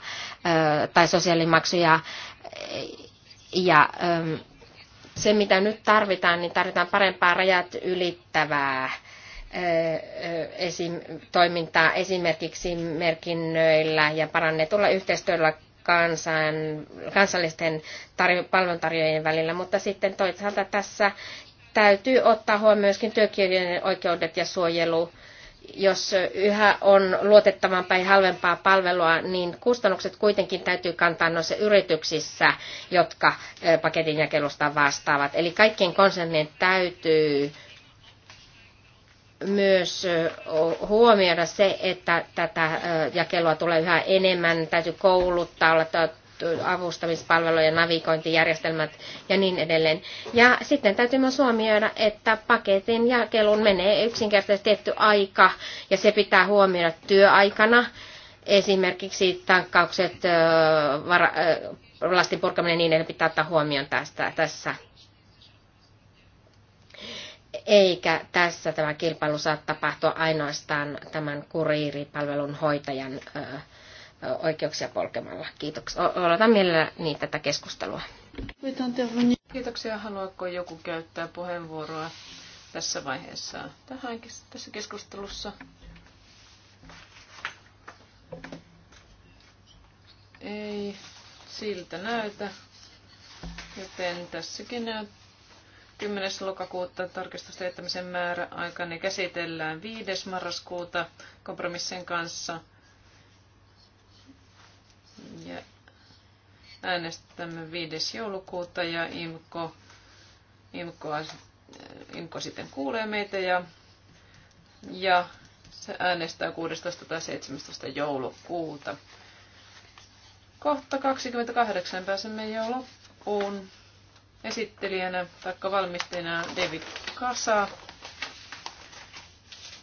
eh, tai sosiaalimaksuja. Ja se, mitä nyt tarvitaan, niin tarvitaan parempaa rajat ylittävää esim, toimintaa esimerkiksi merkinnöillä ja parannetulla yhteistyöllä kansan, kansallisten tarjo- palveluntarjoajien välillä, mutta sitten toisaalta tässä täytyy ottaa huomioon myöskin työkielinen oikeudet ja suojelu. Jos yhä on luotettavampaa ja halvempaa palvelua, niin kustannukset kuitenkin täytyy kantaa noissa yrityksissä, jotka eh, paketin jakelusta vastaavat. Eli kaikkien konsernien täytyy myös huomioida se, että tätä jakelua tulee yhä enemmän, täytyy kouluttaa, olla avustamispalvelujen navigointijärjestelmät ja niin edelleen. Ja sitten täytyy myös huomioida, että paketin jakelun menee yksinkertaisesti tietty aika ja se pitää huomioida työaikana. Esimerkiksi tankkaukset, lastin purkaminen, niin ne pitää ottaa huomioon tästä, tässä eikä tässä tämä kilpailu saa tapahtua ainoastaan tämän kuriiripalvelun hoitajan oikeuksia polkemalla. Kiitoksia. Oletan mielelläni tätä keskustelua. Kiitoksia. Haluatko joku käyttää puheenvuoroa tässä vaiheessa tähän, tässä keskustelussa? Ei siltä näytä, joten tässäkin näyttää 10. lokakuuta tarkistusten jättämisen määräaika. Ne käsitellään 5. marraskuuta kompromissin kanssa. Ja äänestämme 5. joulukuuta ja IMKO, IMKO, IMKO sitten kuulee meitä ja, ja se äänestää 16. tai 17. joulukuuta. Kohta 28 pääsemme jo loppuun esittelijänä tai valmistajana David Kasa.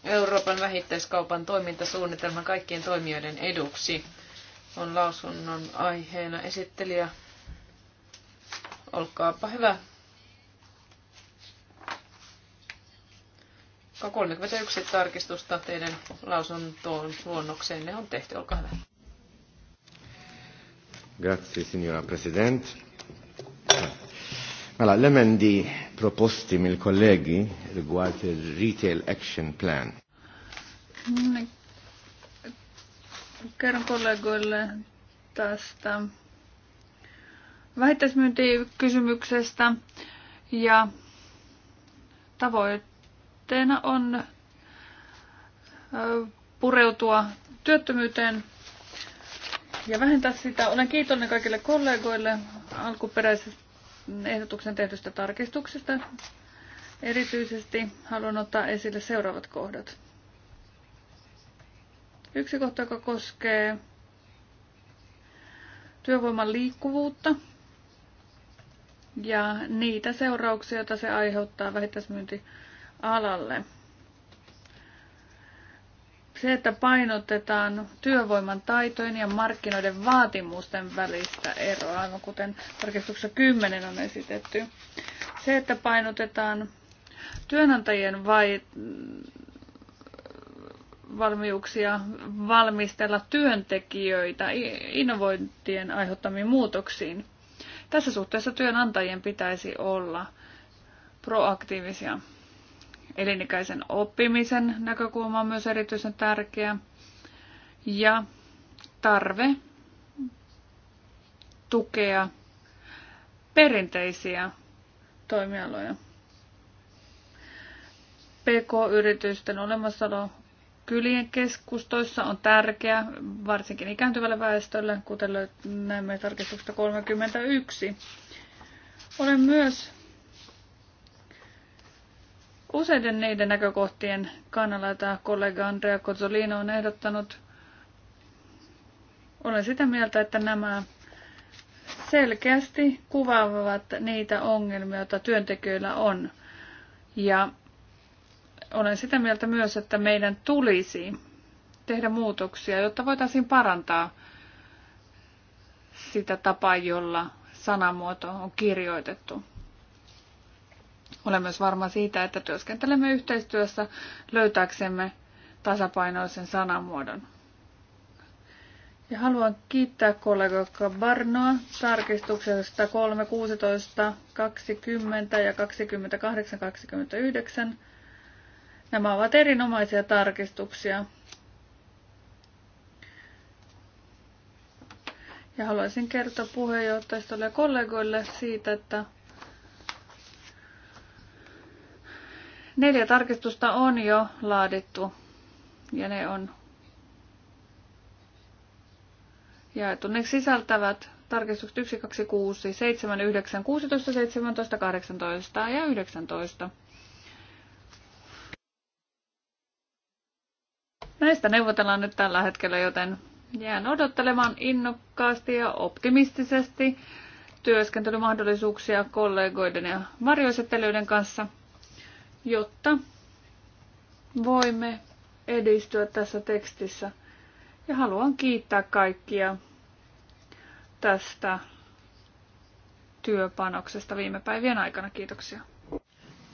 Euroopan vähittäiskaupan toimintasuunnitelman kaikkien toimijoiden eduksi on lausunnon aiheena esittelijä. Olkaapa hyvä. 31 tarkistusta teidän lausuntoon luonnokseen ne on tehty. Olkaa hyvä. Grazie, signora Presidente. Allora, l'emendi proposti mill-kollegi riguardo il-Retail Action Plan. Mm, kerron kollegoille tästä vähittäismyyntikysymyksestä ja tavoitteena on pureutua työttömyyteen ja vähentää sitä. Olen kiitollinen kaikille kollegoille alkuperäisestä ehdotuksen tehdystä tarkistuksesta. Erityisesti haluan ottaa esille seuraavat kohdat. Yksi kohta, joka koskee työvoiman liikkuvuutta ja niitä seurauksia, joita se aiheuttaa vähittäismyyntialalle. alalle. Se, että painotetaan työvoiman taitojen ja markkinoiden vaatimusten välistä eroa, aivan kuten tarkistuksessa 10 on esitetty. Se, että painotetaan työnantajien vai valmiuksia valmistella työntekijöitä innovointien aiheuttamiin muutoksiin. Tässä suhteessa työnantajien pitäisi olla proaktiivisia. Elinikäisen oppimisen näkökulma on myös erityisen tärkeä. Ja tarve tukea perinteisiä toimialoja. PK-yritysten olemassaolo kylien keskustoissa on tärkeä, varsinkin ikääntyvälle väestölle, kuten näemme tarkistuksesta 31. Olen myös useiden niiden näkökohtien kannalla, joita kollega Andrea Cozzolino on ehdottanut. Olen sitä mieltä, että nämä selkeästi kuvaavat niitä ongelmia, joita työntekijöillä on. Ja olen sitä mieltä myös, että meidän tulisi tehdä muutoksia, jotta voitaisiin parantaa sitä tapaa, jolla sanamuoto on kirjoitettu. Olen myös varma siitä, että työskentelemme yhteistyössä löytääksemme tasapainoisen sanamuodon. Ja haluan kiittää kollega Barnoa tarkistuksesta 3, 16, 20 ja 28, 29. Nämä ovat erinomaisia tarkistuksia. Ja haluaisin kertoa puheenjohtajistolle ja kollegoille siitä, että Neljä tarkistusta on jo laadittu ja ne on jaettu. Ne sisältävät tarkistukset 1, 2, 6, 7, 9, 16, 17, 18 ja 19. Näistä neuvotellaan nyt tällä hetkellä, joten jään odottelemaan innokkaasti ja optimistisesti työskentelymahdollisuuksia kollegoiden ja varjoisettelyiden kanssa – jotta voimme edistyä tässä tekstissä. Ja haluan kiittää kaikkia tästä työpanoksesta viime päivien aikana. Kiitoksia.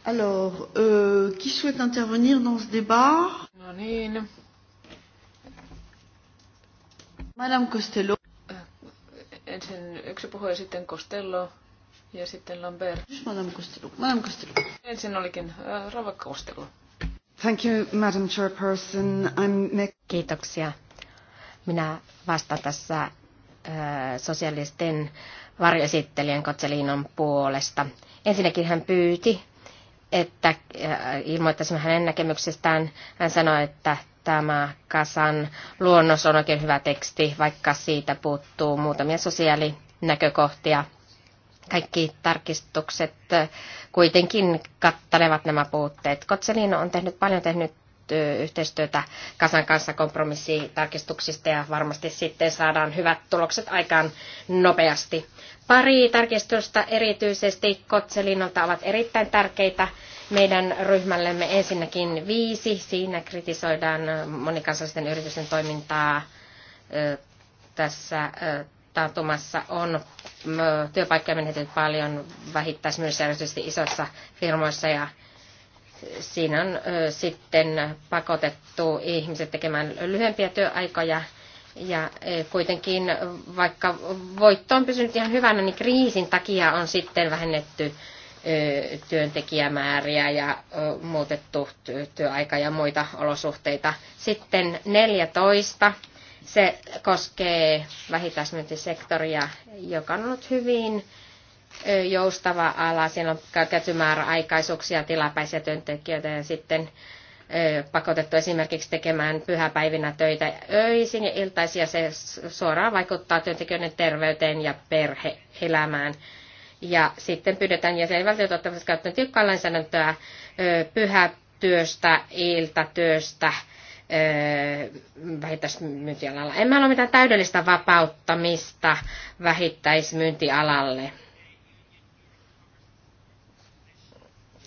Alors, euh, qui souhaite intervenir dans ce débat No niin. Madame Costello. Ensin yksi puhui sitten Costello. Ja sitten Lambert. Madame Costello. Madame Costello. Ensin olikin äh, Rava Costello. Thank you, Madam Chairperson. I'm... Kiitoksia. Minä vastaan tässä äh, sosialisten varjoesittelijän Kotselinon puolesta. Ensinnäkin hän pyyti, että äh, ilmoittaisimme hänen näkemyksestään. Hän sanoi, että tämä Kasan luonnos on oikein hyvä teksti, vaikka siitä puuttuu muutamia sosiaalinäkökohtia. Kaikki tarkistukset kuitenkin kattelevat nämä puutteet. Kotselino on tehnyt paljon tehnyt yhteistyötä Kasan kanssa kompromissitarkistuksista ja varmasti sitten saadaan hyvät tulokset aikaan nopeasti. Pari tarkistusta erityisesti Kotselinolta ovat erittäin tärkeitä meidän ryhmällemme. Ensinnäkin viisi, siinä kritisoidaan monikansallisten yritysten toimintaa tässä taantumassa on työpaikkoja menetetty paljon vähittäis myös erityisesti firmoissa ja siinä on sitten pakotettu ihmiset tekemään lyhyempiä työaikoja ja e, kuitenkin vaikka voitto on pysynyt ihan hyvänä, niin kriisin takia on sitten vähennetty työntekijämääriä ja muutettu työaika ja muita olosuhteita. Sitten 14 se koskee vähittäismyyntisektoria, joka on ollut hyvin joustava ala. Siellä on käyty määräaikaisuuksia, tilapäisiä työntekijöitä ja sitten pakotettu esimerkiksi tekemään pyhäpäivinä töitä öisin ja iltaisin, ja se suoraan vaikuttaa työntekijöiden terveyteen ja perheelämään. Ja sitten pyydetään jäsenvaltiot ottavat käyttöön tiukkaa lainsäädäntöä pyhätyöstä, iltatyöstä Öö, vähittäismyyntialalla. En mä ole mitään täydellistä vapauttamista vähittäismyyntialalle.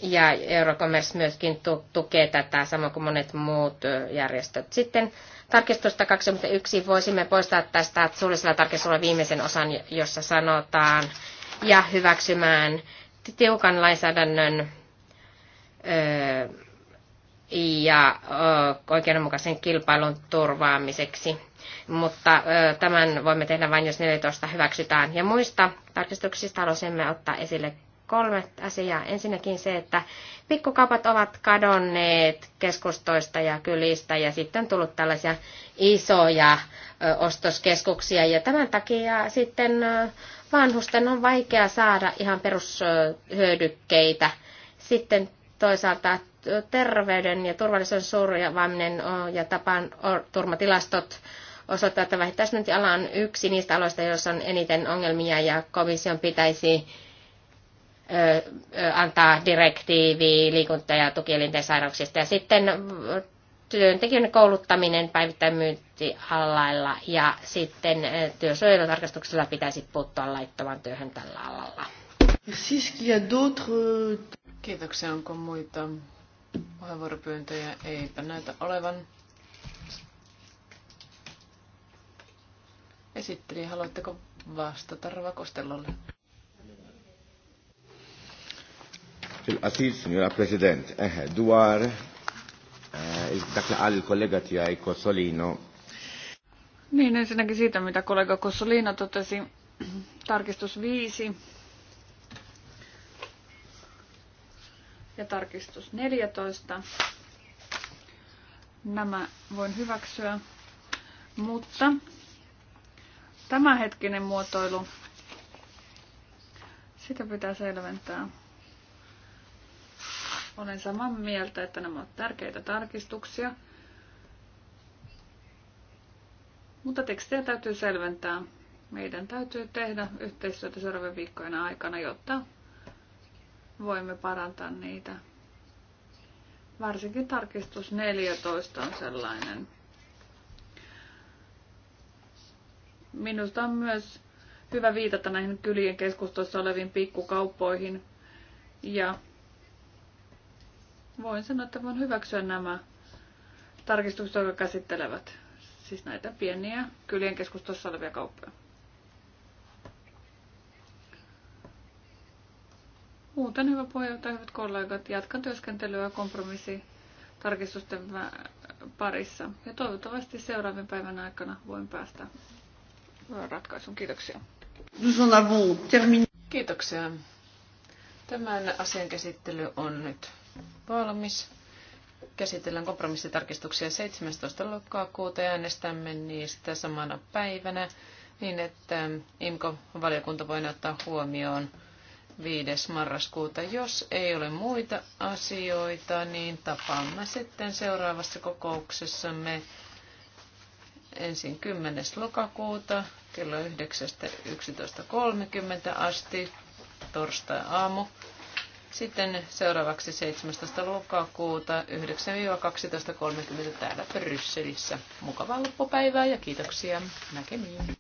Ja Eurocommerce myöskin tu- tukee tätä, samoin kuin monet muut järjestöt. Sitten tarkistusta 21 voisimme poistaa tästä suullisella tarkistuksella viimeisen osan, jossa sanotaan, ja hyväksymään tiukan lainsäädännön öö, ja oikeudenmukaisen kilpailun turvaamiseksi. Mutta tämän voimme tehdä vain, jos 14 hyväksytään. Ja muista tarkistuksista haluaisimme ottaa esille kolme asiaa. Ensinnäkin se, että pikkukaupat ovat kadonneet keskustoista ja kylistä ja sitten on tullut tällaisia isoja ostoskeskuksia ja tämän takia sitten vanhusten on vaikea saada ihan perushyödykkeitä. Sitten toisaalta terveyden ja turvallisuuden surjaaminen ja tapaan turmatilastot osoittaa, että vähittäismyyntiala on yksi niistä aloista, joissa on eniten ongelmia ja komission pitäisi antaa direktiivi liikunta- ja tukielinten sairauksista. Ja sitten työntekijöiden kouluttaminen päivittäin myyntialailla ja sitten työsuojelutarkastuksella pitäisi puuttua laittoman työhön tällä alalla. Siis, Kiitoksia. Onko muita Puheenvuoropyyntöjä eipä näytä olevan. Esitteli, haluatteko vastata ravakostellolle? Kostellolle? Fil-qasid, ah signora President, eh, dwar dak li eh, qal il-kollega ah, tiegħi Kossolino. Niin, ensinnäkin siitä, mitä kollega Kossolino totesi, tarkistus 5 ja tarkistus 14. Nämä voin hyväksyä, mutta tämänhetkinen muotoilu, sitä pitää selventää. Olen samaa mieltä, että nämä ovat tärkeitä tarkistuksia, mutta tekstiä täytyy selventää. Meidän täytyy tehdä yhteistyötä seuraavien viikkojen aikana, jotta voimme parantaa niitä. Varsinkin tarkistus 14 on sellainen. Minusta on myös hyvä viitata näihin kylien keskustoissa oleviin pikkukauppoihin. Ja voin sanoa, että voin hyväksyä nämä tarkistukset, jotka käsittelevät siis näitä pieniä kylien keskustossa olevia kauppoja. Muuten hyvä puheenjohtaja, hyvät kollegat, jatkan työskentelyä kompromissi tarkistusten parissa. Ja toivottavasti seuraavien päivän aikana voin päästä ratkaisun Kiitoksia. Kiitoksia. Tämän asian käsittely on nyt valmis. Käsitellään kompromissitarkistuksia 17. lokakuuta ja äänestämme niistä samana päivänä niin, että IMKO-valiokunta voi ottaa huomioon 5. marraskuuta. Jos ei ole muita asioita, niin tapaamme sitten seuraavassa kokouksessamme ensin 10. lokakuuta kello 9.11.30 asti torstai-aamu. Sitten seuraavaksi 17. lokakuuta 9-12.30 täällä Brysselissä. Mukavaa loppupäivää ja kiitoksia. Näkemiin.